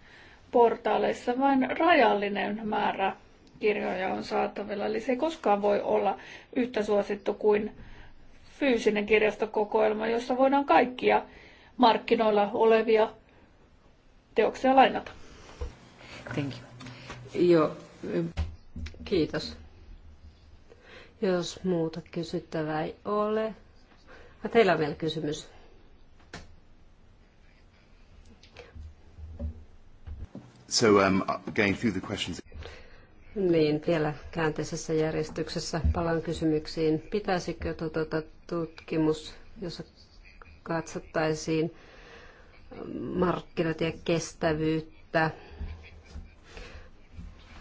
portaaleissa, vain rajallinen määrä kirjoja on saatavilla. Eli se ei koskaan voi olla yhtä suosittu kuin fyysinen kirjastokokoelma, jossa voidaan kaikkia markkinoilla olevia teoksia lainata. Thank you. Joo. Kiitos. Jos muuta kysyttävää ei ole. Ja teillä on vielä kysymys. So, um, going through the questions. Niin, vielä käänteisessä järjestyksessä palaan kysymyksiin. Pitäisikö tuota tutkimus, jossa katsottaisiin markkinat ja kestävyyttä,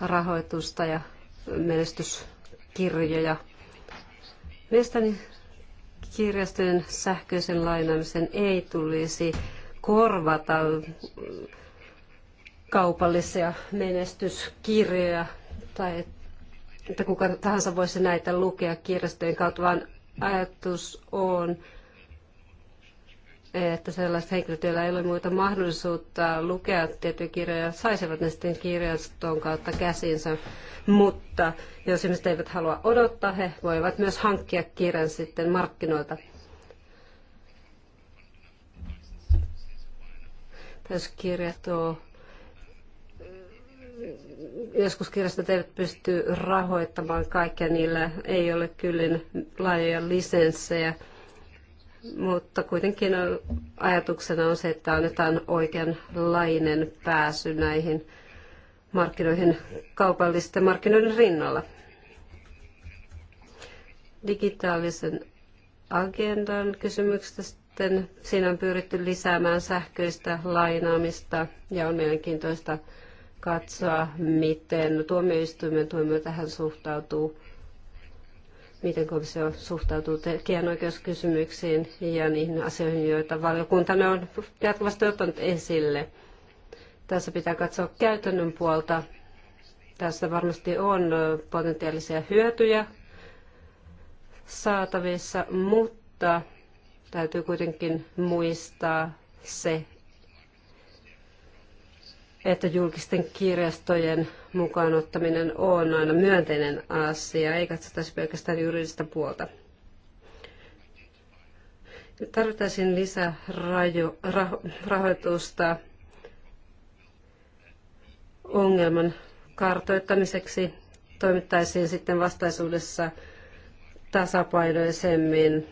rahoitusta ja menestyskirjoja Mielestäni kirjastojen sähköisen lainaamisen ei tulisi korvata kaupallisia menestyskirjoja tai että kuka tahansa voisi näitä lukea kirjastojen kautta, vaan ajatus on, että sellaiset henkilöt, joilla ei ole muuta mahdollisuutta lukea tiettyjä kirjoja, saisivat ne sitten kirjaston kautta käsinsä. Mutta jos ihmiset eivät halua odottaa, he voivat myös hankkia kirjan sitten markkinoilta. Jos kirjasto joskus kirjastot eivät pysty rahoittamaan kaikkea, niillä ei ole kyllin laajoja lisenssejä – mutta kuitenkin ajatuksena on se, että annetaan oikeanlainen pääsy näihin markkinoihin kaupallisten markkinoiden rinnalla. Digitaalisen agendan kysymyksestä sitten siinä on pyritty lisäämään sähköistä lainaamista ja on mielenkiintoista katsoa, miten tuomioistuimen tuomio tähän suhtautuu miten komissio suhtautuu tekijänoikeuskysymyksiin ja niihin asioihin, joita valiokunta ne on jatkuvasti ottanut esille. Tässä pitää katsoa käytännön puolta. Tässä varmasti on potentiaalisia hyötyjä saatavissa, mutta täytyy kuitenkin muistaa se, että julkisten kirjastojen mukaan ottaminen on aina myönteinen asia, ei katsotaisi pelkästään juridista puolta. Tarvittaisiin lisää rajo, rah, rahoitusta ongelman kartoittamiseksi. Toimittaisiin sitten vastaisuudessa tasapainoisemmin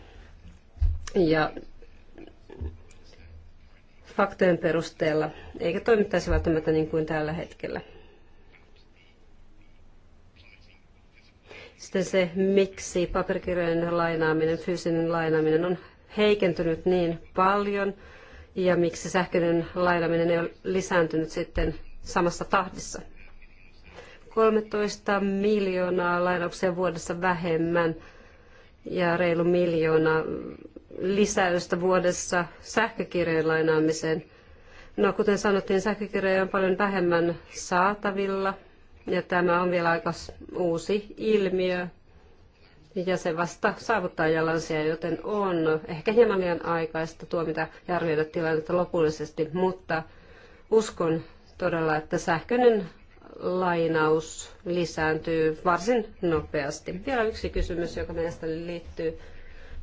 ja faktojen perusteella, eikä toimittaisi välttämättä niin kuin tällä hetkellä. Sitten se, miksi paperikirjojen lainaaminen, fyysinen lainaaminen on heikentynyt niin paljon ja miksi sähköinen lainaaminen ei ole lisääntynyt sitten samassa tahdissa. 13 miljoonaa lainauksia vuodessa vähemmän ja reilu miljoona lisäystä vuodessa sähkökirjojen lainaamiseen. No kuten sanottiin, sähkökirjoja on paljon vähemmän saatavilla ja tämä on vielä aika uusi ilmiö ja se vasta saavuttaa jalansia, joten on ehkä hieman liian aikaista tuomita ja arvioida tilannetta lopullisesti, mutta uskon todella, että sähköinen lainaus lisääntyy varsin nopeasti. Vielä yksi kysymys, joka mielestäni liittyy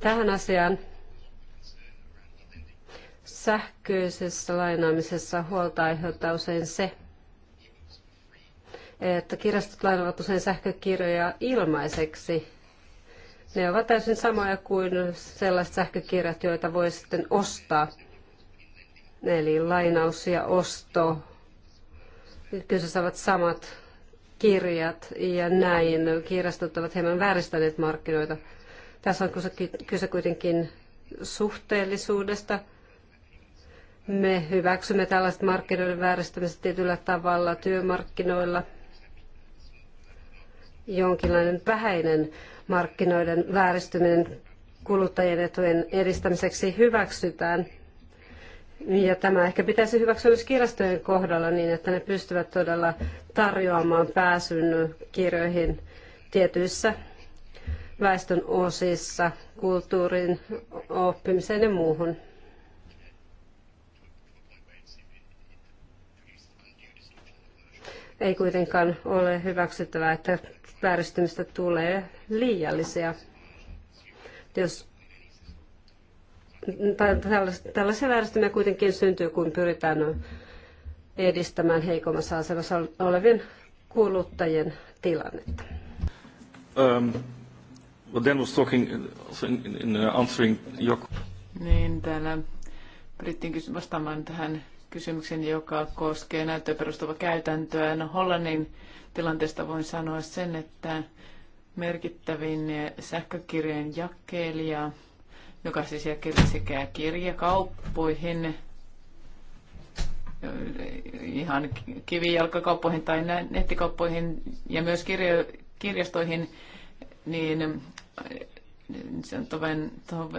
tähän asiaan. Sähköisessä lainaamisessa huolta aiheuttaa usein se, että kirjastot lainaavat usein sähkökirjoja ilmaiseksi. Ne ovat täysin samoja kuin sellaiset sähkökirjat, joita voi sitten ostaa. Eli lainaus ja osto kyseessä ovat samat kirjat ja näin kirjastot ovat hieman vääristäneet markkinoita. Tässä on kyse kuitenkin suhteellisuudesta. Me hyväksymme tällaiset markkinoiden vääristämiset tietyllä tavalla työmarkkinoilla. Jonkinlainen vähäinen markkinoiden vääristyminen kuluttajien etujen edistämiseksi hyväksytään. Ja tämä ehkä pitäisi hyväksyä myös kirjastojen kohdalla niin, että ne pystyvät todella tarjoamaan pääsyn kirjoihin tietyissä väestön osissa, kulttuurin oppimiseen ja muuhun. Ei kuitenkaan ole hyväksyttävää, että vääristymistä tulee liiallisia. Jos Tällaisia vääristymiä kuitenkin syntyy, kun pyritään edistämään heikommassa asemassa olevien kuluttajien tilannetta. Um, well Dan was talking uh, in, in uh, answering your... Niin, täällä pyrittiin vastaamaan tähän kysymykseen, joka koskee näyttöön perustuvaa käytäntöä. No, Hollannin tilanteesta voin sanoa sen, että merkittävin sähkökirjeen jakelija joka sisältää sekä kirjakauppoihin, ihan kivijalkakauppoihin tai nettikauppoihin ja myös kirjo, kirjastoihin, niin, niin se on toven,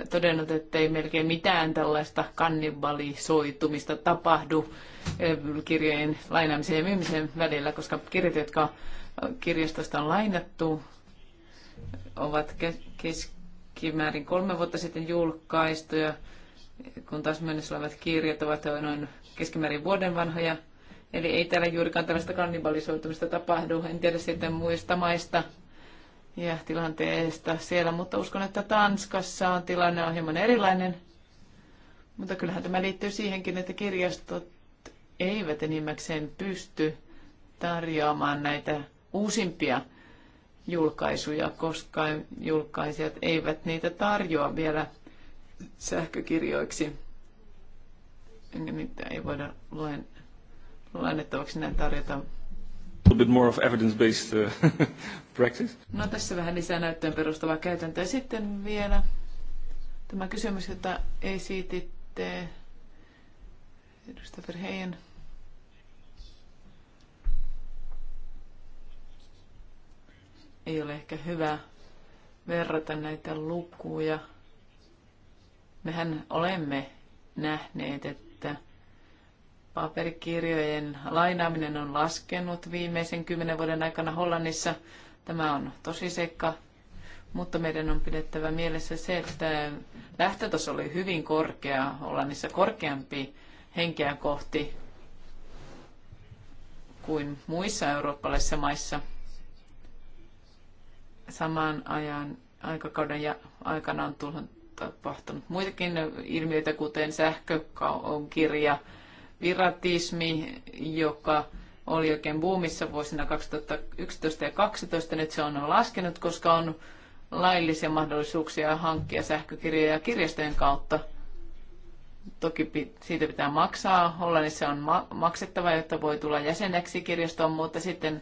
todennut, että ei melkein mitään tällaista kannibalisoitumista tapahdu eh, kirjojen lainaamisen ja myymisen välillä, koska kirjat, jotka kirjastosta on lainattu, ovat kes- keskimäärin kolme vuotta sitten julkaistuja, kun taas myönnössä olevat kirjat ovat noin keskimäärin vuoden vanhoja. Eli ei täällä juurikaan tällaista kannibalisoitumista tapahdu. En tiedä sitten muista maista ja tilanteesta siellä, mutta uskon, että Tanskassa on tilanne on hieman erilainen. Mutta kyllähän tämä liittyy siihenkin, että kirjastot eivät enimmäkseen pysty tarjoamaan näitä uusimpia julkaisuja, koska julkaisijat eivät niitä tarjoa vielä sähkökirjoiksi. Niitä ei voida luen, luennettavaksi näin tarjota. A bit more of evidence-based uh, *laughs* practice. No tässä vähän lisää näyttöön perustuvaa käytäntöä. Sitten vielä tämä kysymys, jota esititte edustaja Verheijen Ei ole ehkä hyvä verrata näitä lukuja. Mehän olemme nähneet, että paperikirjojen lainaaminen on laskenut viimeisen kymmenen vuoden aikana Hollannissa. Tämä on tosi sekka, mutta meidän on pidettävä mielessä se, että lähtötaso oli hyvin korkea Hollannissa, korkeampi henkeä kohti kuin muissa eurooppalaisissa maissa – samaan ajan aikakauden ja aikana on tullut tapahtunut muitakin ilmiöitä, kuten kirja, viratismi, joka oli oikein boomissa vuosina 2011 ja 2012. Nyt se on laskenut, koska on laillisia mahdollisuuksia hankkia sähkökirjoja kirjastojen kautta. Toki siitä pitää maksaa. Hollannissa on maksettava, jotta voi tulla jäseneksi kirjastoon, mutta sitten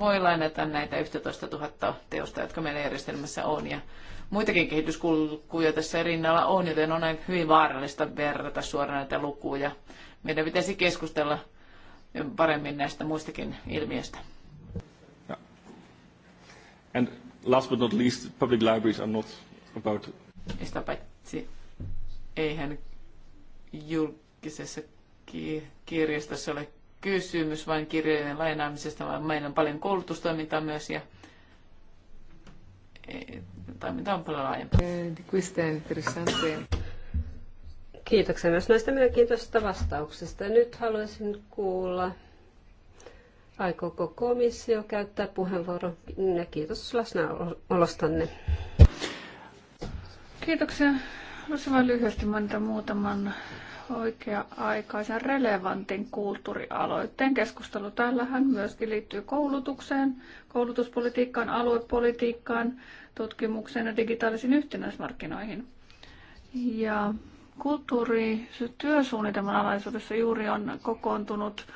voi lainata näitä 11 000 teosta, jotka meidän järjestelmässä on. Ja muitakin kehityskulkuja tässä rinnalla on, joten on aika hyvin vaarallista verrata suoraan näitä lukuja. Meidän pitäisi keskustella paremmin näistä muistakin ilmiöistä. Yeah. And last but not least, public libraries are not about... Sitä paitsi, eihän julkisessa kirjastossa ole kysymys vain kirjojen lainaamisesta, vaan meillä on paljon koulutustoimintaa myös ja e, toiminta on paljon laajempaa. Eh, Kiitoksia myös näistä mielenkiintoisista vastauksista. Nyt haluaisin kuulla, aikooko komissio käyttää puheenvuoron. Ja kiitos läsnäolostanne. Kiitoksia. Olisin vain lyhyesti mainita muutaman oikea-aikaisen relevantin kulttuurialoitteen keskustelu. Täällähän myöskin liittyy koulutukseen, koulutuspolitiikkaan, aluepolitiikkaan, tutkimukseen ja digitaalisiin yhtenäismarkkinoihin. Ja kulttuurityösuunnitelman alaisuudessa juuri on kokoontunut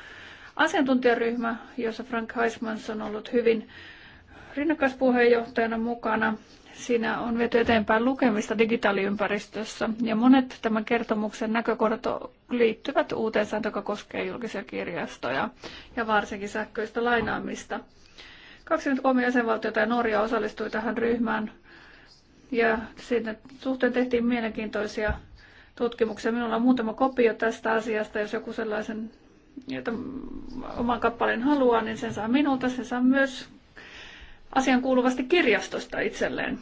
asiantuntijaryhmä, jossa Frank Heismans on ollut hyvin rinnakkaispuheenjohtajana mukana. Siinä on viety eteenpäin lukemista digitaaliympäristössä ja monet tämän kertomuksen näkökohdat liittyvät uuteen sääntöön, joka koskee julkisia kirjastoja ja varsinkin sähköistä lainaamista. 23 jäsenvaltiota ja Norja osallistui tähän ryhmään ja siinä suhteen tehtiin mielenkiintoisia tutkimuksia. Minulla on muutama kopio tästä asiasta, jos joku sellaisen jota oman kappaleen haluaa, niin sen saa minulta. Sen saa myös asian kuuluvasti kirjastosta itselleen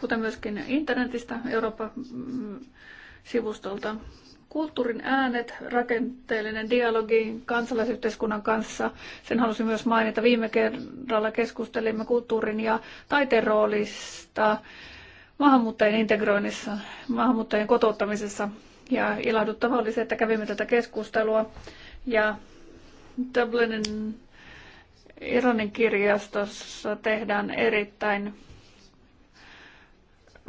kuten myöskin internetistä Euroopan mm, sivustolta. Kulttuurin äänet, rakenteellinen dialogi kansalaisyhteiskunnan kanssa. Sen halusin myös mainita. Viime kerralla keskustelimme kulttuurin ja taiteen roolista maahanmuuttajien integroinnissa, maahanmuuttajien kotouttamisessa. Ja ilahduttava oli se, että kävimme tätä keskustelua. Ja Dublinin Irlannin kirjastossa tehdään erittäin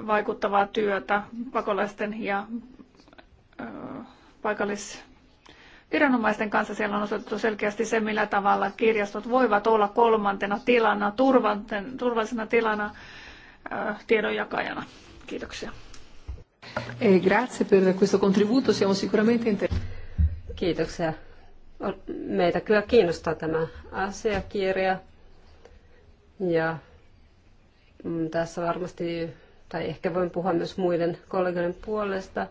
vaikuttavaa työtä pakolaisten ja paikallisviranomaisten kanssa. Siellä on osoitettu selkeästi se, millä tavalla kirjastot voivat olla kolmantena tilana, turvallisena tilana tiedonjakajana. Kiitoksia. Eh, grazie per questo contributo, siamo sicuramente inter... Kiitoksia. Meitä kyllä kiinnostaa tämä asiakirja ja mm, tässä varmasti tai ehkä voin puhua myös muiden kollegoiden puolesta,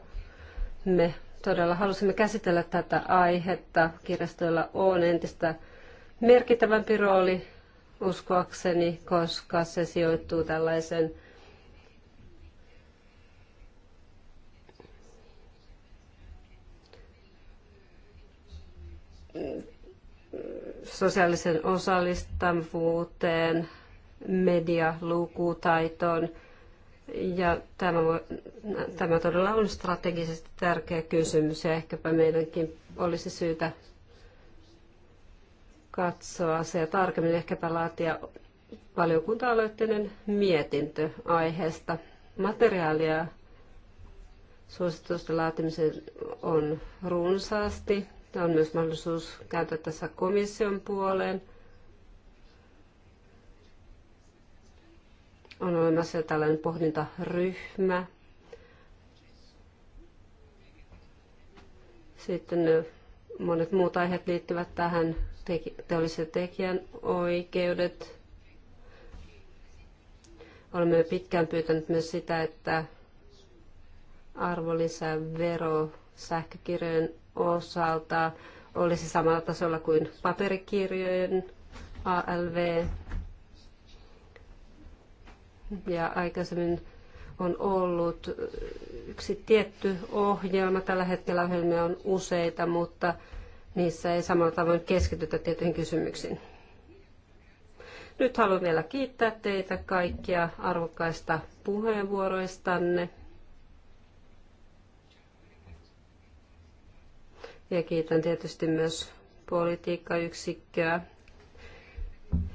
me todella halusimme käsitellä tätä aihetta. Kirjastoilla on entistä merkittävämpi rooli uskoakseni, koska se sijoittuu tällaisen sosiaalisen osallistavuuteen, medialukutaitoon, lukutaitoon ja tämä, tämä todella on strategisesti tärkeä kysymys ja ehkäpä meidänkin olisi syytä katsoa ja tarkemmin, ehkäpä laatia valiokunta-aloitteinen mietintö aiheesta. Materiaalia suositusten laatimiseen on runsaasti. On myös mahdollisuus käyttää tässä komission puoleen – On olemassa tällainen pohdintaryhmä. Sitten monet muut aiheet liittyvät tähän, teollisen tekijän oikeudet. Olemme jo pitkään pyytäneet myös sitä, että arvonlisävero sähkökirjojen osalta olisi samalla tasolla kuin paperikirjojen ALV ja aikaisemmin on ollut yksi tietty ohjelma. Tällä hetkellä ohjelmia on useita, mutta niissä ei samalla tavoin keskitytä tiettyihin kysymyksiin. Nyt haluan vielä kiittää teitä kaikkia arvokkaista puheenvuoroistanne. Ja kiitän tietysti myös politiikkayksikköä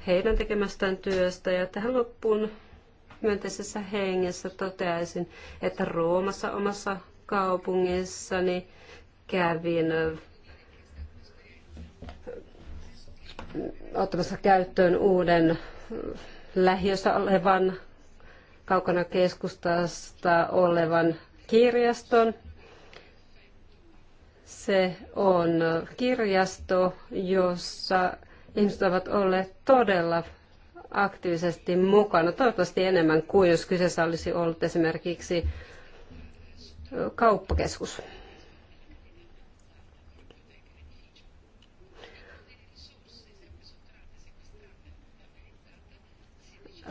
heidän tekemästään työstä. Ja tähän loppuun myönteisessä hengessä toteaisin, että Roomassa omassa kaupungissani kävin ottamassa käyttöön uuden lähiössä olevan kaukana keskustasta olevan kirjaston. Se on kirjasto, jossa ihmiset ovat olleet todella aktiivisesti mukana, toivottavasti enemmän kuin jos kyseessä olisi ollut esimerkiksi kauppakeskus.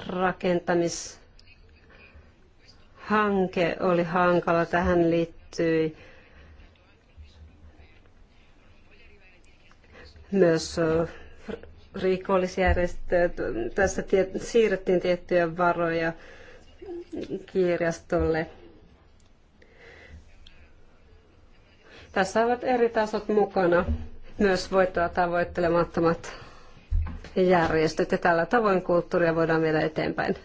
rakentamishanke oli hankala. Tähän liittyi myös rikollisjärjestöt. Tässä tiet siirrettiin tiettyjä varoja kirjastolle. Tässä ovat eri tasot mukana, myös voittoa tavoittelemattomat järjestöt ja tällä tavoin kulttuuria voidaan viedä eteenpäin.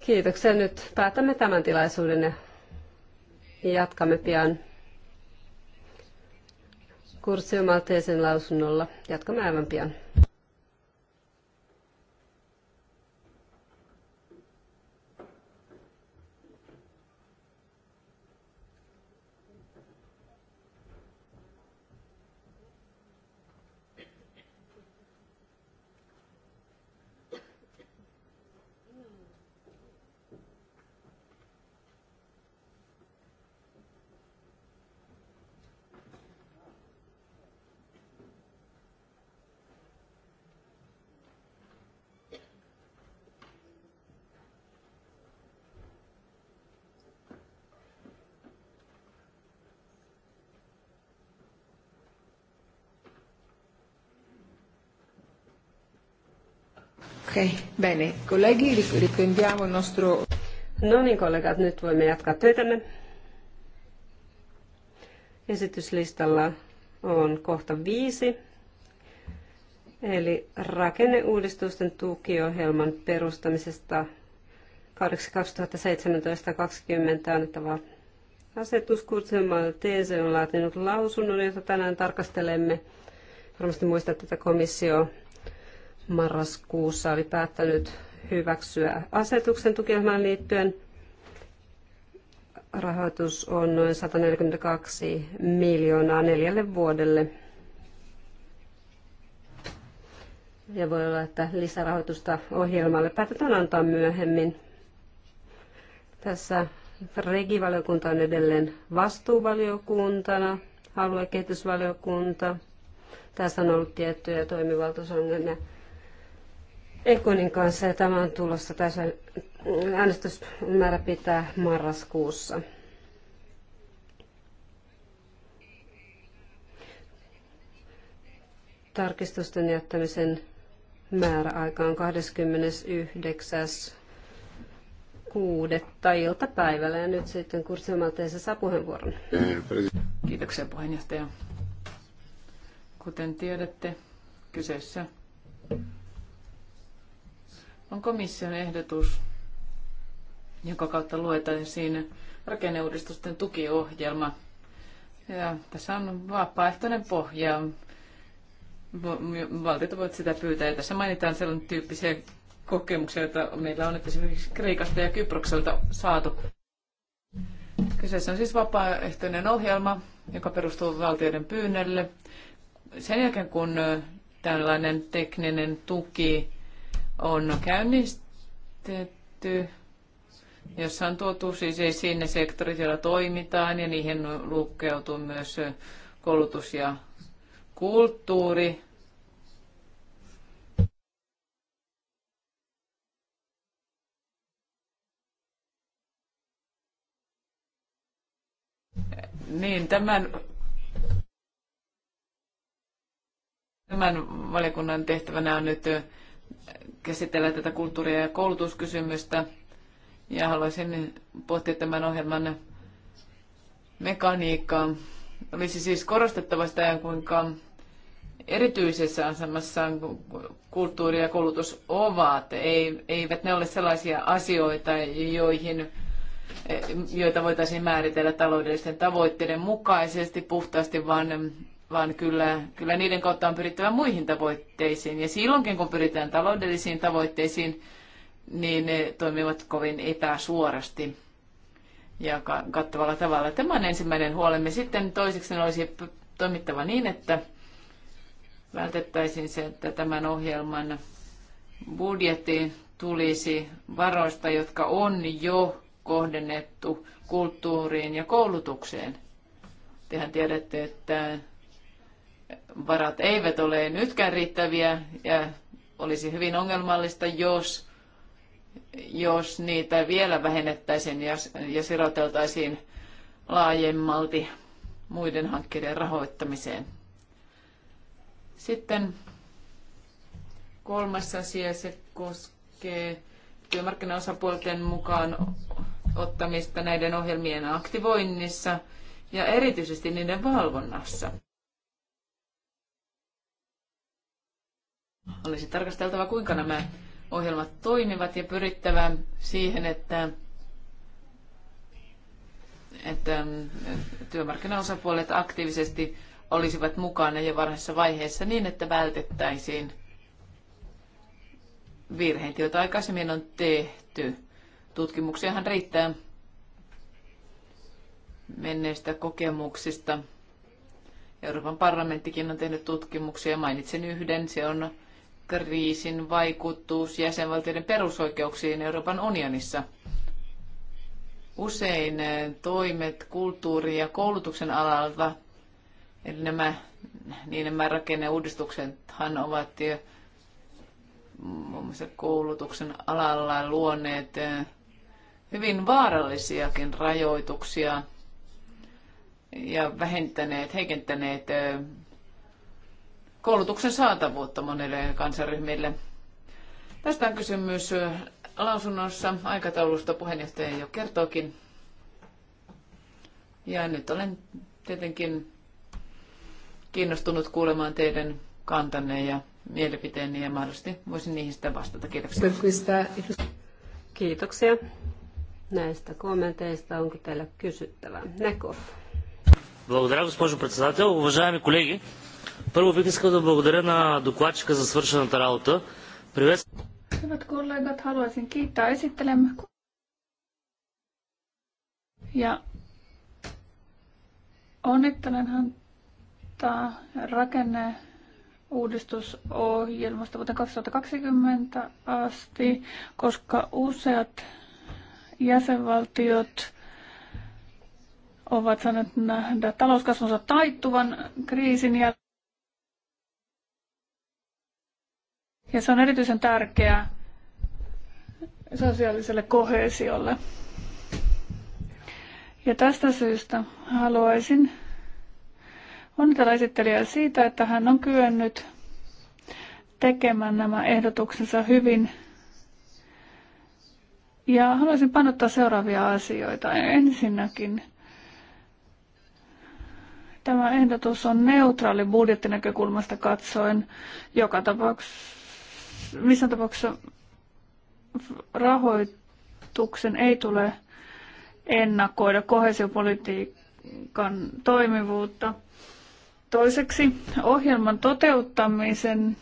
Kiitoksia. Nyt päätämme tämän tilaisuuden ja jatkamme pian kurssi on Malteisen lausunnolla. Jatkamme aivan pian. Okei, okay. bene. Colleghi, riprendiamo il nostro... No niin, kollegat, nyt voimme jatkaa töitämme. Esityslistalla on kohta viisi, eli rakenneuudistusten tukiohjelman perustamisesta 2017-2020 annettava asetus. Kurtsemal Teese on laatinut lausunnon, jota tänään tarkastelemme. Varmasti muistatte, että komissio marraskuussa oli päättänyt hyväksyä asetuksen tukiohjelmaan liittyen. Rahoitus on noin 142 miljoonaa neljälle vuodelle. Ja voi olla, että lisärahoitusta ohjelmalle päätetään antaa myöhemmin. Tässä regivaliokunta on edelleen vastuuvaliokuntana, aluekehitysvaliokunta. Tässä on ollut tiettyjä toimivaltuusongelmia Ekonin kanssa ja tämä on tulossa tässä äänestysmäärä pitää marraskuussa. Tarkistusten jättämisen määräaika on 29.6. iltapäivällä ja nyt sitten Kurtsi Malteessa saa puheenvuoron. Kiitoksia puheenjohtaja. Kuten tiedätte, kyseessä on komission ehdotus, jonka kautta siinä rakenneuudistusten tukiohjelma. Ja tässä on vapaaehtoinen pohja. Valtiot voivat sitä pyytää. Ja tässä mainitaan sellainen tyyppisiä kokemuksia, joita meillä on nyt esimerkiksi Kreikasta ja Kyprokselta saatu. Kyseessä on siis vapaaehtoinen ohjelma, joka perustuu valtioiden pyynnölle. Sen jälkeen, kun tällainen tekninen tuki on käynnistetty, jossa on tuotu siis esiin ne sektorit, joilla toimitaan, ja niihin lukeutuu myös koulutus ja kulttuuri. Niin, tämän, tämän valiokunnan tehtävänä on nyt käsitellä tätä kulttuuria ja koulutuskysymystä. Ja haluaisin pohtia tämän ohjelman mekaniikkaa. Olisi siis korostettava sitä, kuinka erityisessä asemassa kulttuuri ja koulutus ovat. Ei, eivät ne ole sellaisia asioita, joihin, joita voitaisiin määritellä taloudellisten tavoitteiden mukaisesti puhtaasti, vaan vaan kyllä, kyllä niiden kautta on pyrittävä muihin tavoitteisiin. Ja silloinkin, kun pyritään taloudellisiin tavoitteisiin, niin ne toimivat kovin epäsuorasti ja kattavalla tavalla. Tämä on ensimmäinen huolemme. Sitten toiseksi olisi toimittava niin, että vältettäisiin se, että tämän ohjelman budjetti tulisi varoista, jotka on jo kohdennettu kulttuuriin ja koulutukseen. Tehän tiedätte, että varat eivät ole nytkään riittäviä ja olisi hyvin ongelmallista, jos, jos niitä vielä vähennettäisiin ja, ja siroteltaisiin laajemmalti muiden hankkeiden rahoittamiseen. Sitten kolmas asia, se koskee työmarkkinaosapuolten mukaan ottamista näiden ohjelmien aktivoinnissa ja erityisesti niiden valvonnassa. Olisi tarkasteltava, kuinka nämä ohjelmat toimivat ja pyrittävä siihen, että, että mm, työmarkkinaosapuolet aktiivisesti olisivat mukana jo varhaisessa vaiheessa niin, että vältettäisiin virheitä, joita aikaisemmin on tehty. Tutkimuksiahan riittää menneistä kokemuksista. Euroopan parlamenttikin on tehnyt tutkimuksia. Mainitsen yhden. Se on kriisin vaikutus jäsenvaltioiden perusoikeuksiin Euroopan unionissa. Usein eh, toimet kulttuuri- ja koulutuksen alalta, eli nämä, niin nämä rakenneuudistuksethan ovat jo muun muassa koulutuksen alalla luoneet eh, hyvin vaarallisiakin rajoituksia ja vähentäneet, heikentäneet eh, koulutuksen saatavuutta monille kansaryhmille. Tästä on kysymys lausunnossa. Aikataulusta puheenjohtaja jo kertookin. Ja nyt olen tietenkin kiinnostunut kuulemaan teidän kantanne ja mielipiteenne ja mahdollisesti voisin niihin sitä vastata. Kiitoksia. Kiitoksia näistä kommenteista. Onko teillä kysyttävää? Näkö? Благодаря, госпожо председател. Уважаеми колеги, Първо бих искал да благодаря на докладчика за свършената работа. Приветствам. Hyvät kollegat, Ja onnittelen häntä rakenne uudistusohjelmasta vuoteen 2020 asti, koska useat jäsenvaltiot ovat saaneet nähdä talouskasvunsa taittuvan kriisin jälkeen. Ja se on erityisen tärkeää sosiaaliselle kohesiolle. Ja tästä syystä haluaisin onnitella esittelijää siitä, että hän on kyennyt tekemään nämä ehdotuksensa hyvin. Ja haluaisin panottaa seuraavia asioita. Ensinnäkin tämä ehdotus on neutraali budjettinäkökulmasta katsoen. Joka tapauksessa missään tapauksessa rahoituksen ei tule ennakoida kohesiopolitiikan toimivuutta. Toiseksi ohjelman toteuttamisen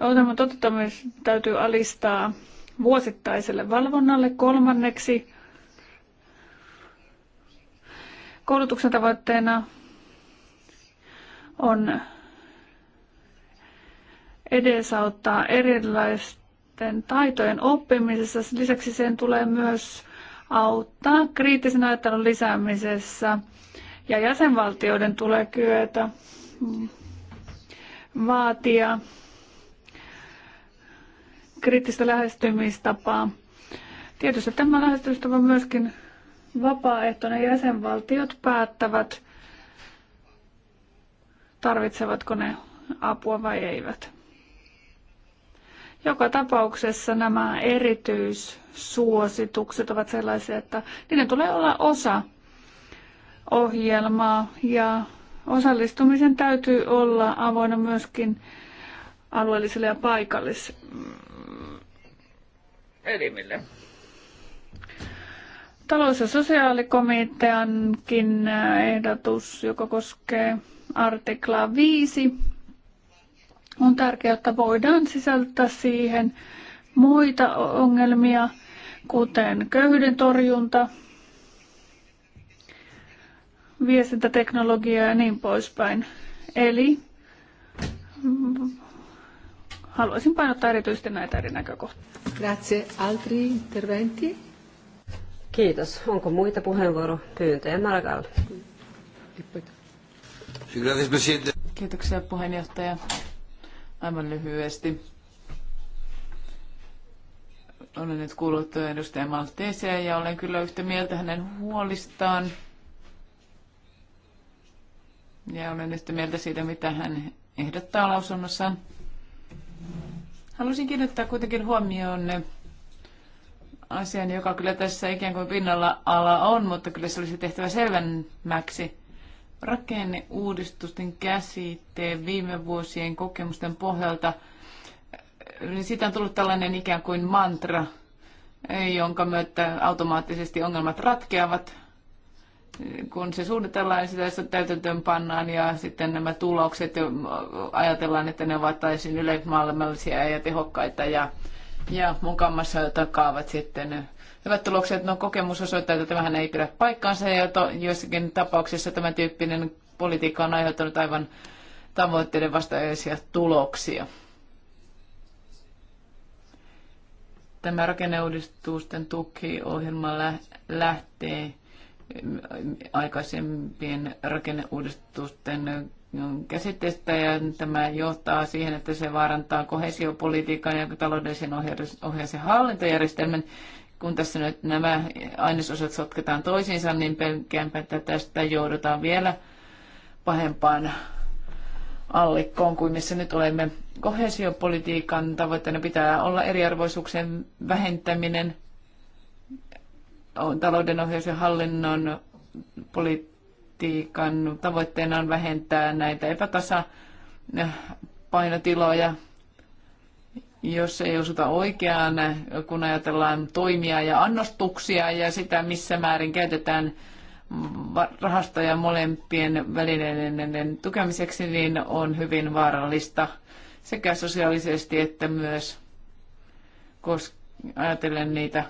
ohjelman toteuttamisen täytyy alistaa vuosittaiselle valvonnalle. Kolmanneksi koulutuksen tavoitteena on edesauttaa erilaisten taitojen oppimisessa. Lisäksi sen tulee myös auttaa kriittisen ajattelun lisäämisessä ja jäsenvaltioiden tulee kyetä vaatia kriittistä lähestymistapaa. Tietysti tämä lähestymistapa myöskin vapaaehtoinen jäsenvaltiot päättävät, tarvitsevatko ne apua vai eivät. Joka tapauksessa nämä erityissuositukset ovat sellaisia, että niiden tulee olla osa ohjelmaa ja osallistumisen täytyy olla avoinna myöskin alueellisille ja paikalliselimille. Talous- ja sosiaalikomiteankin ehdotus, joka koskee artiklaa 5 on tärkeää, että voidaan sisältää siihen muita ongelmia, kuten köyhyyden torjunta, viestintäteknologia ja niin poispäin. Eli haluaisin painottaa erityisesti näitä eri näkökohtia. Grazie. Altri interventi? Kiitos. Onko muita puheenvuoropyyntöjä? Margal. Kiitoksia puheenjohtaja. Aivan lyhyesti. Olen nyt kuullut edustaja Malteeseen ja olen kyllä yhtä mieltä hänen huolistaan. Ja olen yhtä mieltä siitä, mitä hän ehdottaa lausunnossaan. Haluaisin kiinnittää kuitenkin huomioon asian, joka kyllä tässä ikään kuin pinnalla ala on, mutta kyllä se olisi tehtävä selvemmäksi rakenneuudistusten käsitteen viime vuosien kokemusten pohjalta, niin siitä on tullut tällainen ikään kuin mantra, jonka myötä automaattisesti ongelmat ratkeavat, kun se suunnitellaan ja niin sitä täytäntöön pannaan ja sitten nämä tulokset ajatellaan, että ne ovat täysin yleismaailmallisia ja tehokkaita ja, ja mukamassa takaavat sitten hyvät tulokset. No kokemus osoittaa, että tämähän ei pidä paikkaansa ja to, joissakin tapauksissa tämän tyyppinen politiikka on aiheuttanut aivan tavoitteiden vastaisia tuloksia. Tämä rakenneuudistusten tukiohjelma lähtee aikaisempien rakenneuudistusten käsitteestä ja tämä johtaa siihen, että se vaarantaa kohesiopolitiikan ja taloudellisen ohjaus- ja hallintojärjestelmän, kun tässä nyt nämä ainesosat sotketaan toisiinsa, niin pelkäänpä, että tästä joudutaan vielä pahempaan allikkoon kuin missä nyt olemme. Kohesiopolitiikan tavoitteena pitää olla eriarvoisuuksien vähentäminen, talouden ohjaus ja hallinnon politiikan tavoitteena on vähentää näitä epätasa painotiloja jos ei osuta oikeaan, kun ajatellaan toimia ja annostuksia ja sitä, missä määrin käytetään ja molempien välineiden tukemiseksi, niin on hyvin vaarallista sekä sosiaalisesti että myös kos- ajatellen niitä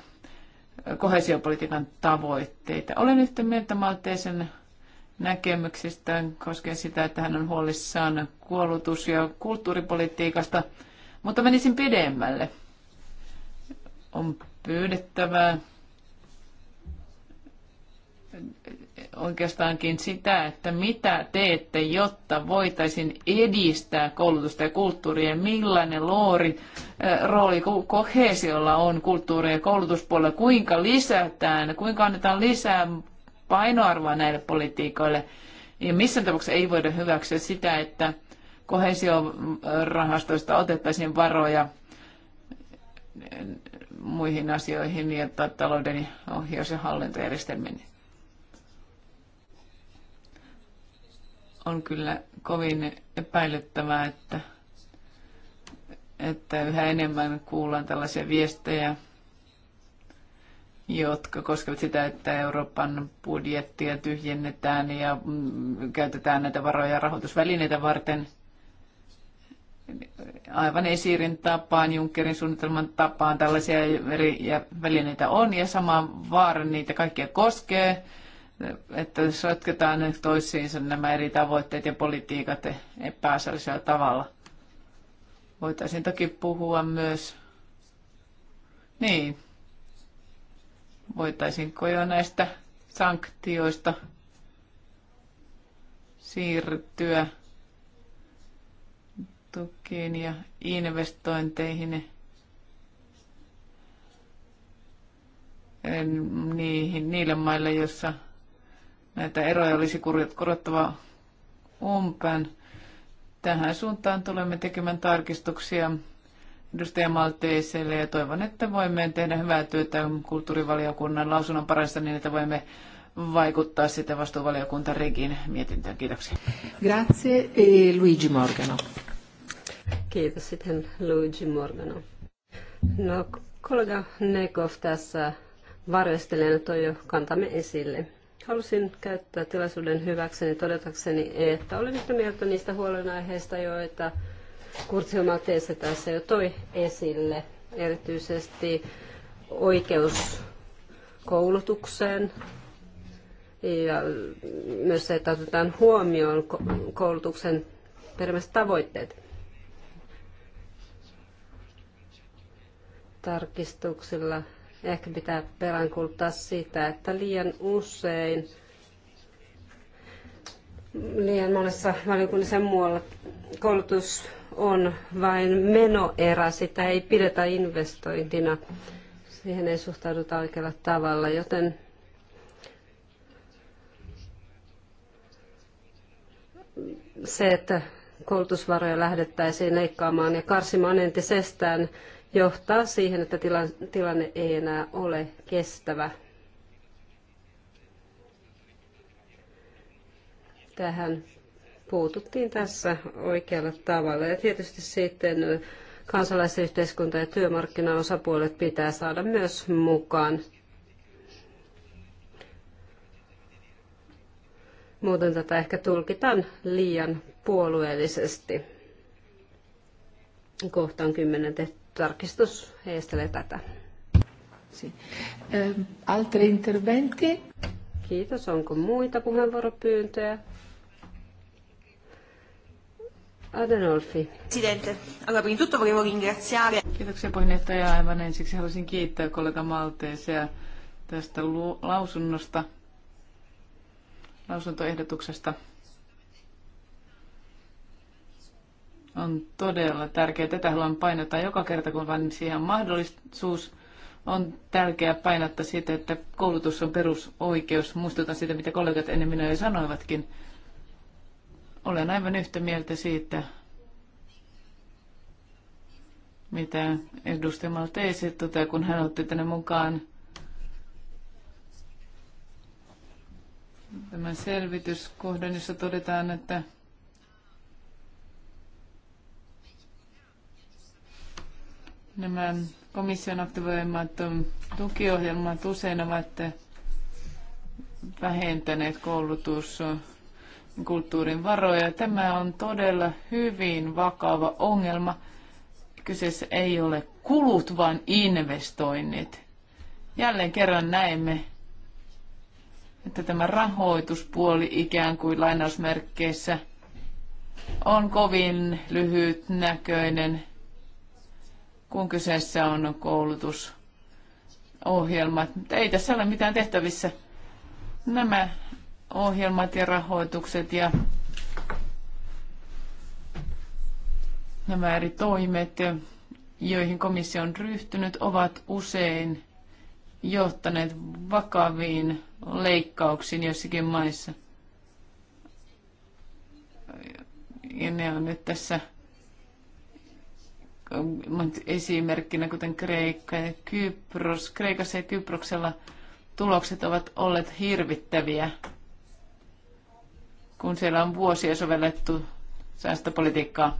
kohesiopolitiikan tavoitteita. Olen yhtä mieltä Malteisen näkemyksistä koskien sitä, että hän on huolissaan koulutus- ja kulttuuripolitiikasta – mutta menisin pidemmälle. On pyydettävää oikeastaankin sitä, että mitä teette, jotta voitaisiin edistää koulutusta ja kulttuuria, millainen loori, rooli kohesiolla on kulttuuri- ja koulutuspuolella, kuinka lisätään, kuinka annetaan lisää painoarvoa näille politiikoille. Ja missään tapauksessa ei voida hyväksyä sitä, että kohesiorahastoista otettaisiin varoja muihin asioihin, jotta talouden ohjaus- ja hallintojärjestelmiin on kyllä kovin epäilyttävää, että, että yhä enemmän kuullaan tällaisia viestejä, jotka koskevat sitä, että Euroopan budjettia tyhjennetään ja mm, käytetään näitä varoja rahoitusvälineitä varten – aivan esiirin tapaan, Junckerin suunnitelman tapaan tällaisia eri välineitä on ja sama vaara niitä kaikkia koskee, että sotketaan nyt toisiinsa nämä eri tavoitteet ja politiikat epäasiallisella tavalla. Voitaisiin toki puhua myös, niin, voitaisiinko jo näistä sanktioista siirtyä tukiin ja investointeihin. Niihin, niille maille, joissa näitä eroja olisi korottava umpään. Tähän suuntaan tulemme tekemään tarkistuksia edustaja Malteiselle ja toivon, että voimme tehdä hyvää työtä kulttuurivaliokunnan lausunnon parissa niin, että voimme vaikuttaa sitten vastuuvaliokunta Regin mietintöön. Kiitoksia. Grazie e Luigi Morgano. Kiitos sitten Luigi Morgano. No, kollega Nekov tässä varjostelijana toi jo kantamme esille. Halusin käyttää tilaisuuden hyväkseni todetakseni, että olen yhtä mieltä niistä huolenaiheista, joita Kurtsio Maltese tässä jo toi esille. Erityisesti oikeus koulutukseen ja myös se, että otetaan huomioon koulutuksen perimmäiset tavoitteet. tarkistuksilla ehkä pitää peräänkuuluttaa sitä, että liian usein, liian monessa valiokunnassa muualla koulutus on vain menoerä, sitä ei pidetä investointina, siihen ei suhtauduta oikealla tavalla, joten se, että koulutusvaroja lähdettäisiin leikkaamaan ja karsimaan entisestään, johtaa siihen, että tilanne ei enää ole kestävä. Tähän puututtiin tässä oikealla tavalla. Ja tietysti sitten kansalaisyhteiskunta ja työmarkkinaosapuolet pitää saada myös mukaan. Muuten tätä ehkä tulkitaan liian puolueellisesti. Kohtaan 10 tarkistus heistelee tätä. Si. Ähm, altre interventi? Kiitos. Onko muita puheenvuoropyyntöjä? Adenolfi. Presidente, allora prima tutto volevo ringraziare. Kiitoksia puheenjohtaja. Aivan ensiksi haluaisin kiittää kollega Malteesia tästä lausunnosta, lausuntoehdotuksesta. on todella tärkeää. Tätä haluan painottaa joka kerta, kun vain siihen on mahdollisuus. On tärkeää painottaa sitä, että koulutus on perusoikeus. Muistutan siitä, mitä kollegat ennen minä jo sanoivatkin. Olen aivan yhtä mieltä siitä, mitä edustaja Malteisi toteaa, kun hän otti tänne mukaan tämän selvityskohdan, jossa todetaan, että Nämä komission aktivoimat um, tukiohjelmat usein ovat eh, vähentäneet koulutus eh, kulttuurin varoja. Tämä on todella hyvin vakava ongelma. Kyseessä ei ole kulut, vaan investoinnit. Jälleen kerran näemme, että tämä rahoituspuoli ikään kuin lainausmerkkeissä on kovin lyhytnäköinen kun kyseessä on koulutusohjelmat. Ei tässä ole mitään tehtävissä. Nämä ohjelmat ja rahoitukset ja nämä eri toimet, joihin komissio on ryhtynyt, ovat usein johtaneet vakaviin leikkauksiin jossakin maissa. Ja ne on nyt tässä esimerkkinä, kuten Kreikka ja Kypros. Kreikassa ja Kyproksella tulokset ovat olleet hirvittäviä, kun siellä on vuosia sovellettu säästöpolitiikkaa.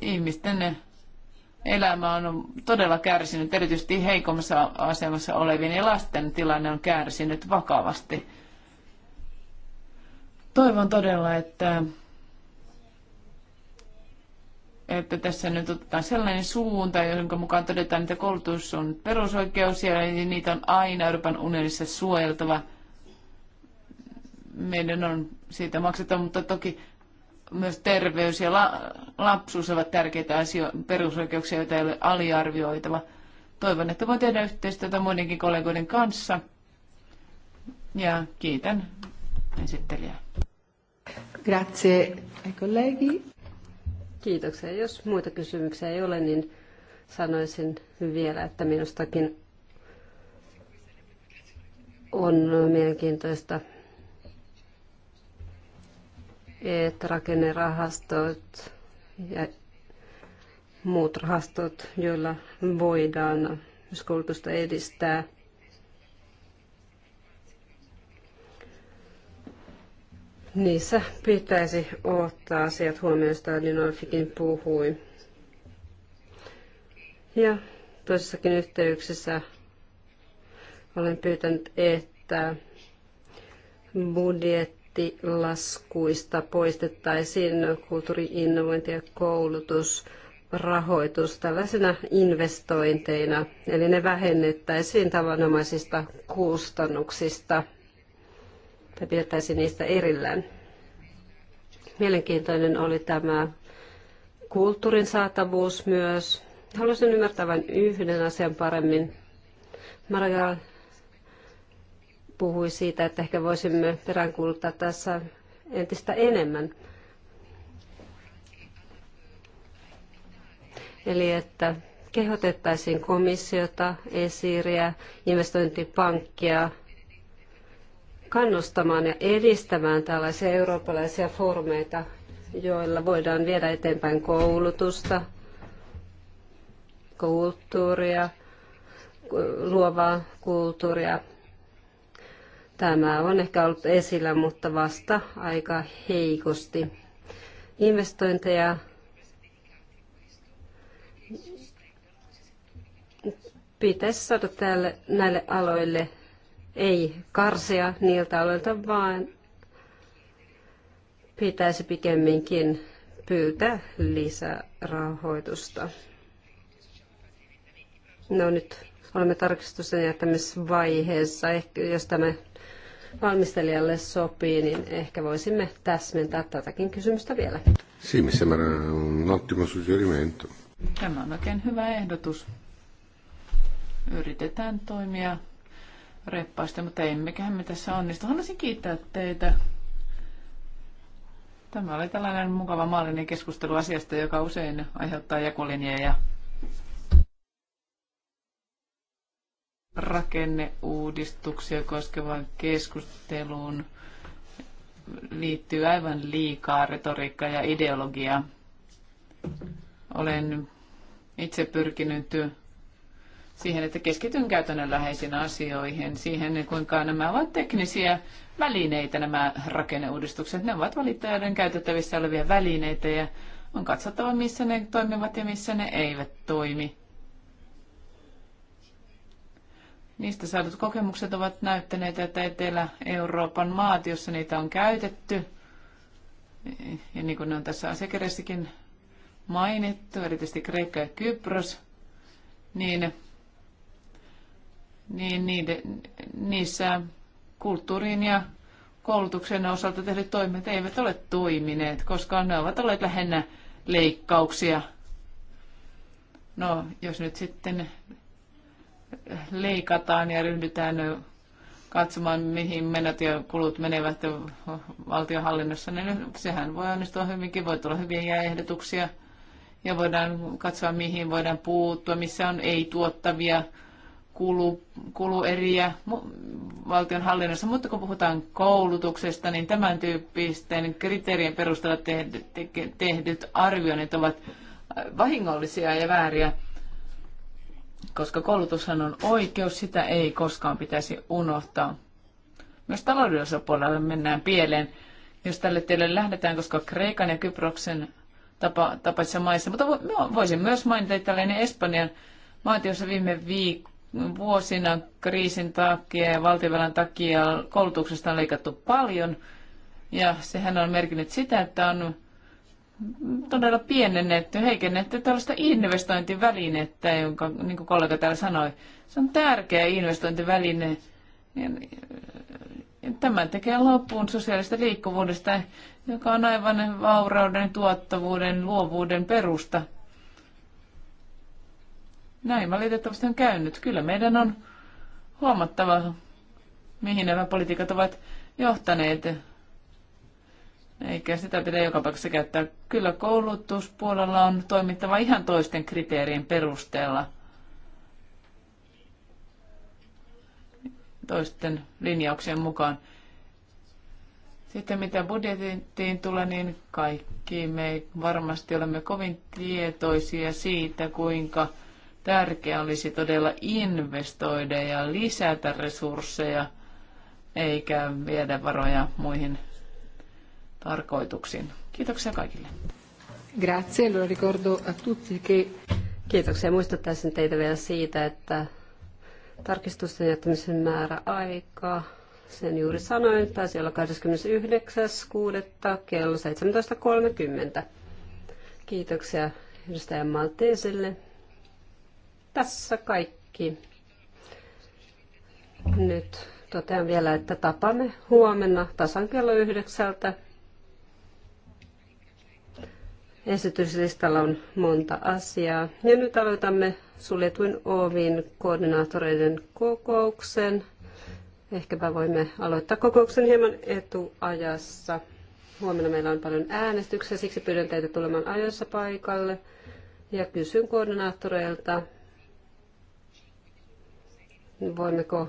Ihmisten elämä on todella kärsinyt, erityisesti heikommassa asemassa olevien ja lasten tilanne on kärsinyt vakavasti. Toivon todella, että että tässä nyt otetaan sellainen suunta, jonka mukaan todetaan, että koulutus on perusoikeus ja niitä on aina Euroopan unionissa suojeltava. Meidän on siitä maksettava, mutta toki myös terveys ja la- lapsuus ovat tärkeitä asioita, perusoikeuksia, joita ei ole aliarvioitava. Toivon, että voin tehdä yhteistyötä muidenkin kollegoiden kanssa. Ja kiitän esittelijää. Grazie ai colleghi. Kiitoksia. Jos muita kysymyksiä ei ole, niin sanoisin vielä, että minustakin on mielenkiintoista, että rakennerahastot ja muut rahastot, joilla voidaan myös koulutusta edistää – Niissä pitäisi ottaa asiat huomioon, sitä Dynolfikin puhui. Ja toisessakin yhteyksessä olen pyytänyt, että budjettilaskuista poistettaisiin kulttuuriinnovointi ja koulutusrahoitus tällaisena investointeina, eli ne vähennettäisiin tavanomaisista kustannuksista tai pidettäisiin niistä erillään. Mielenkiintoinen oli tämä kulttuurin saatavuus myös. Haluaisin ymmärtää vain yhden asian paremmin. Marja puhui siitä, että ehkä voisimme peräänkuuluttaa tässä entistä enemmän. Eli että kehotettaisiin komissiota, esiriä, investointipankkia, kannustamaan ja edistämään tällaisia eurooppalaisia foorumeita, joilla voidaan viedä eteenpäin koulutusta, kulttuuria, luovaa kulttuuria. Tämä on ehkä ollut esillä, mutta vasta aika heikosti. Investointeja pitäisi saada tälle, näille aloille ei karsia niiltä aloilta, vaan pitäisi pikemminkin pyytää lisärahoitusta. No nyt olemme tarkistusten jättämisvaiheessa. Ehkä jos tämä valmistelijalle sopii, niin ehkä voisimme täsmentää tätäkin kysymystä vielä. Tämä on oikein hyvä ehdotus. Yritetään toimia reippaasti, mutta emmeköhän me tässä onnistu. Haluaisin kiittää teitä. Tämä oli tällainen mukava maallinen keskustelu asiasta, joka usein aiheuttaa jakolinjaa rakenneuudistuksia koskevan keskusteluun liittyy aivan liikaa retoriikkaa ja ideologiaa. Olen itse pyrkinyt siihen, että keskityn käytännönläheisiin asioihin, siihen kuinka nämä ovat teknisiä välineitä, nämä rakenneuudistukset. Ne ovat valittajien käytettävissä olevia välineitä ja on katsottava, missä ne toimivat ja missä ne eivät toimi. Niistä saadut kokemukset ovat näyttäneet, että Etelä-Euroopan maat, joissa niitä on käytetty, ja niin kuin ne on tässä asiakirjassakin mainittu, erityisesti Kreikka ja Kypros, niin niin niiden, niissä kulttuurin ja koulutuksen osalta tehdyt toimet eivät ole toimineet, koska ne ovat olleet lähinnä leikkauksia. No, jos nyt sitten leikataan ja ryhdytään katsomaan, mihin menot ja kulut menevät valtionhallinnossa, niin sehän voi onnistua hyvinkin. Voi tulla hyviä ehdotuksia ja voidaan katsoa, mihin voidaan puuttua, missä on ei-tuottavia kulu, kulueriä valtion hallinnossa, mutta kun puhutaan koulutuksesta, niin tämän tyyppisten kriteerien perusteella tehdyt, arvioinnit ovat äh, vahingollisia ja vääriä, koska koulutushan on oikeus, sitä ei koskaan pitäisi unohtaa. Myös taloudellisella puolella mennään pieleen, jos tälle tielle lähdetään, koska Kreikan ja Kyproksen tapa, tapaisissa maissa, mutta voisin myös mainita tällainen Espanjan maat, joissa viime viikko vuosina kriisin takia ja valtiovallan takia koulutuksesta on leikattu paljon. Ja sehän on merkinnyt sitä, että on todella pienennetty, heikennetty tällaista investointivälinettä, jonka niin kuin kollega täällä sanoi. Se on tärkeä investointiväline. Tämän tekee loppuun sosiaalista liikkuvuudesta, joka on aivan vaurauden, tuottavuuden, luovuuden perusta. Näin valitettavasti on käynyt. Kyllä meidän on huomattava, mihin nämä politiikat ovat johtaneet. Eikä sitä pidä joka paikassa käyttää. Kyllä koulutuspuolella on toimittava ihan toisten kriteerien perusteella. Toisten linjauksien mukaan. Sitten mitä budjettiin tulee, niin kaikki me varmasti olemme kovin tietoisia siitä, kuinka – Tärkeää olisi todella investoida ja lisätä resursseja, eikä viedä varoja muihin tarkoituksiin. Kiitoksia kaikille. Grazie, lo ricordo a tutti che... Kiitoksia. Muistuttaisin teitä vielä siitä, että tarkistusten jättämisen määrä aika, sen juuri sanoin, taisi olla 29.6. kello 17.30. Kiitoksia edustaja Malteiselle. Tässä kaikki. Nyt totean vielä, että tapamme huomenna tasan kello yhdeksältä. Esityslistalla on monta asiaa. Ja nyt aloitamme suljetuin ovin koordinaattoreiden kokouksen. Ehkäpä voimme aloittaa kokouksen hieman etuajassa. Huomenna meillä on paljon äänestyksiä, siksi pyydän teitä tulemaan ajoissa paikalle. Ja kysyn koordinaattoreilta, Voimmeko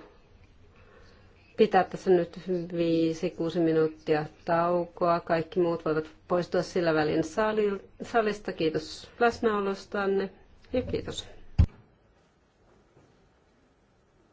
pitää tässä nyt 5-6 minuuttia taukoa. Kaikki muut voivat poistua sillä välin salista. Kiitos läsnäolostanne ja kiitos.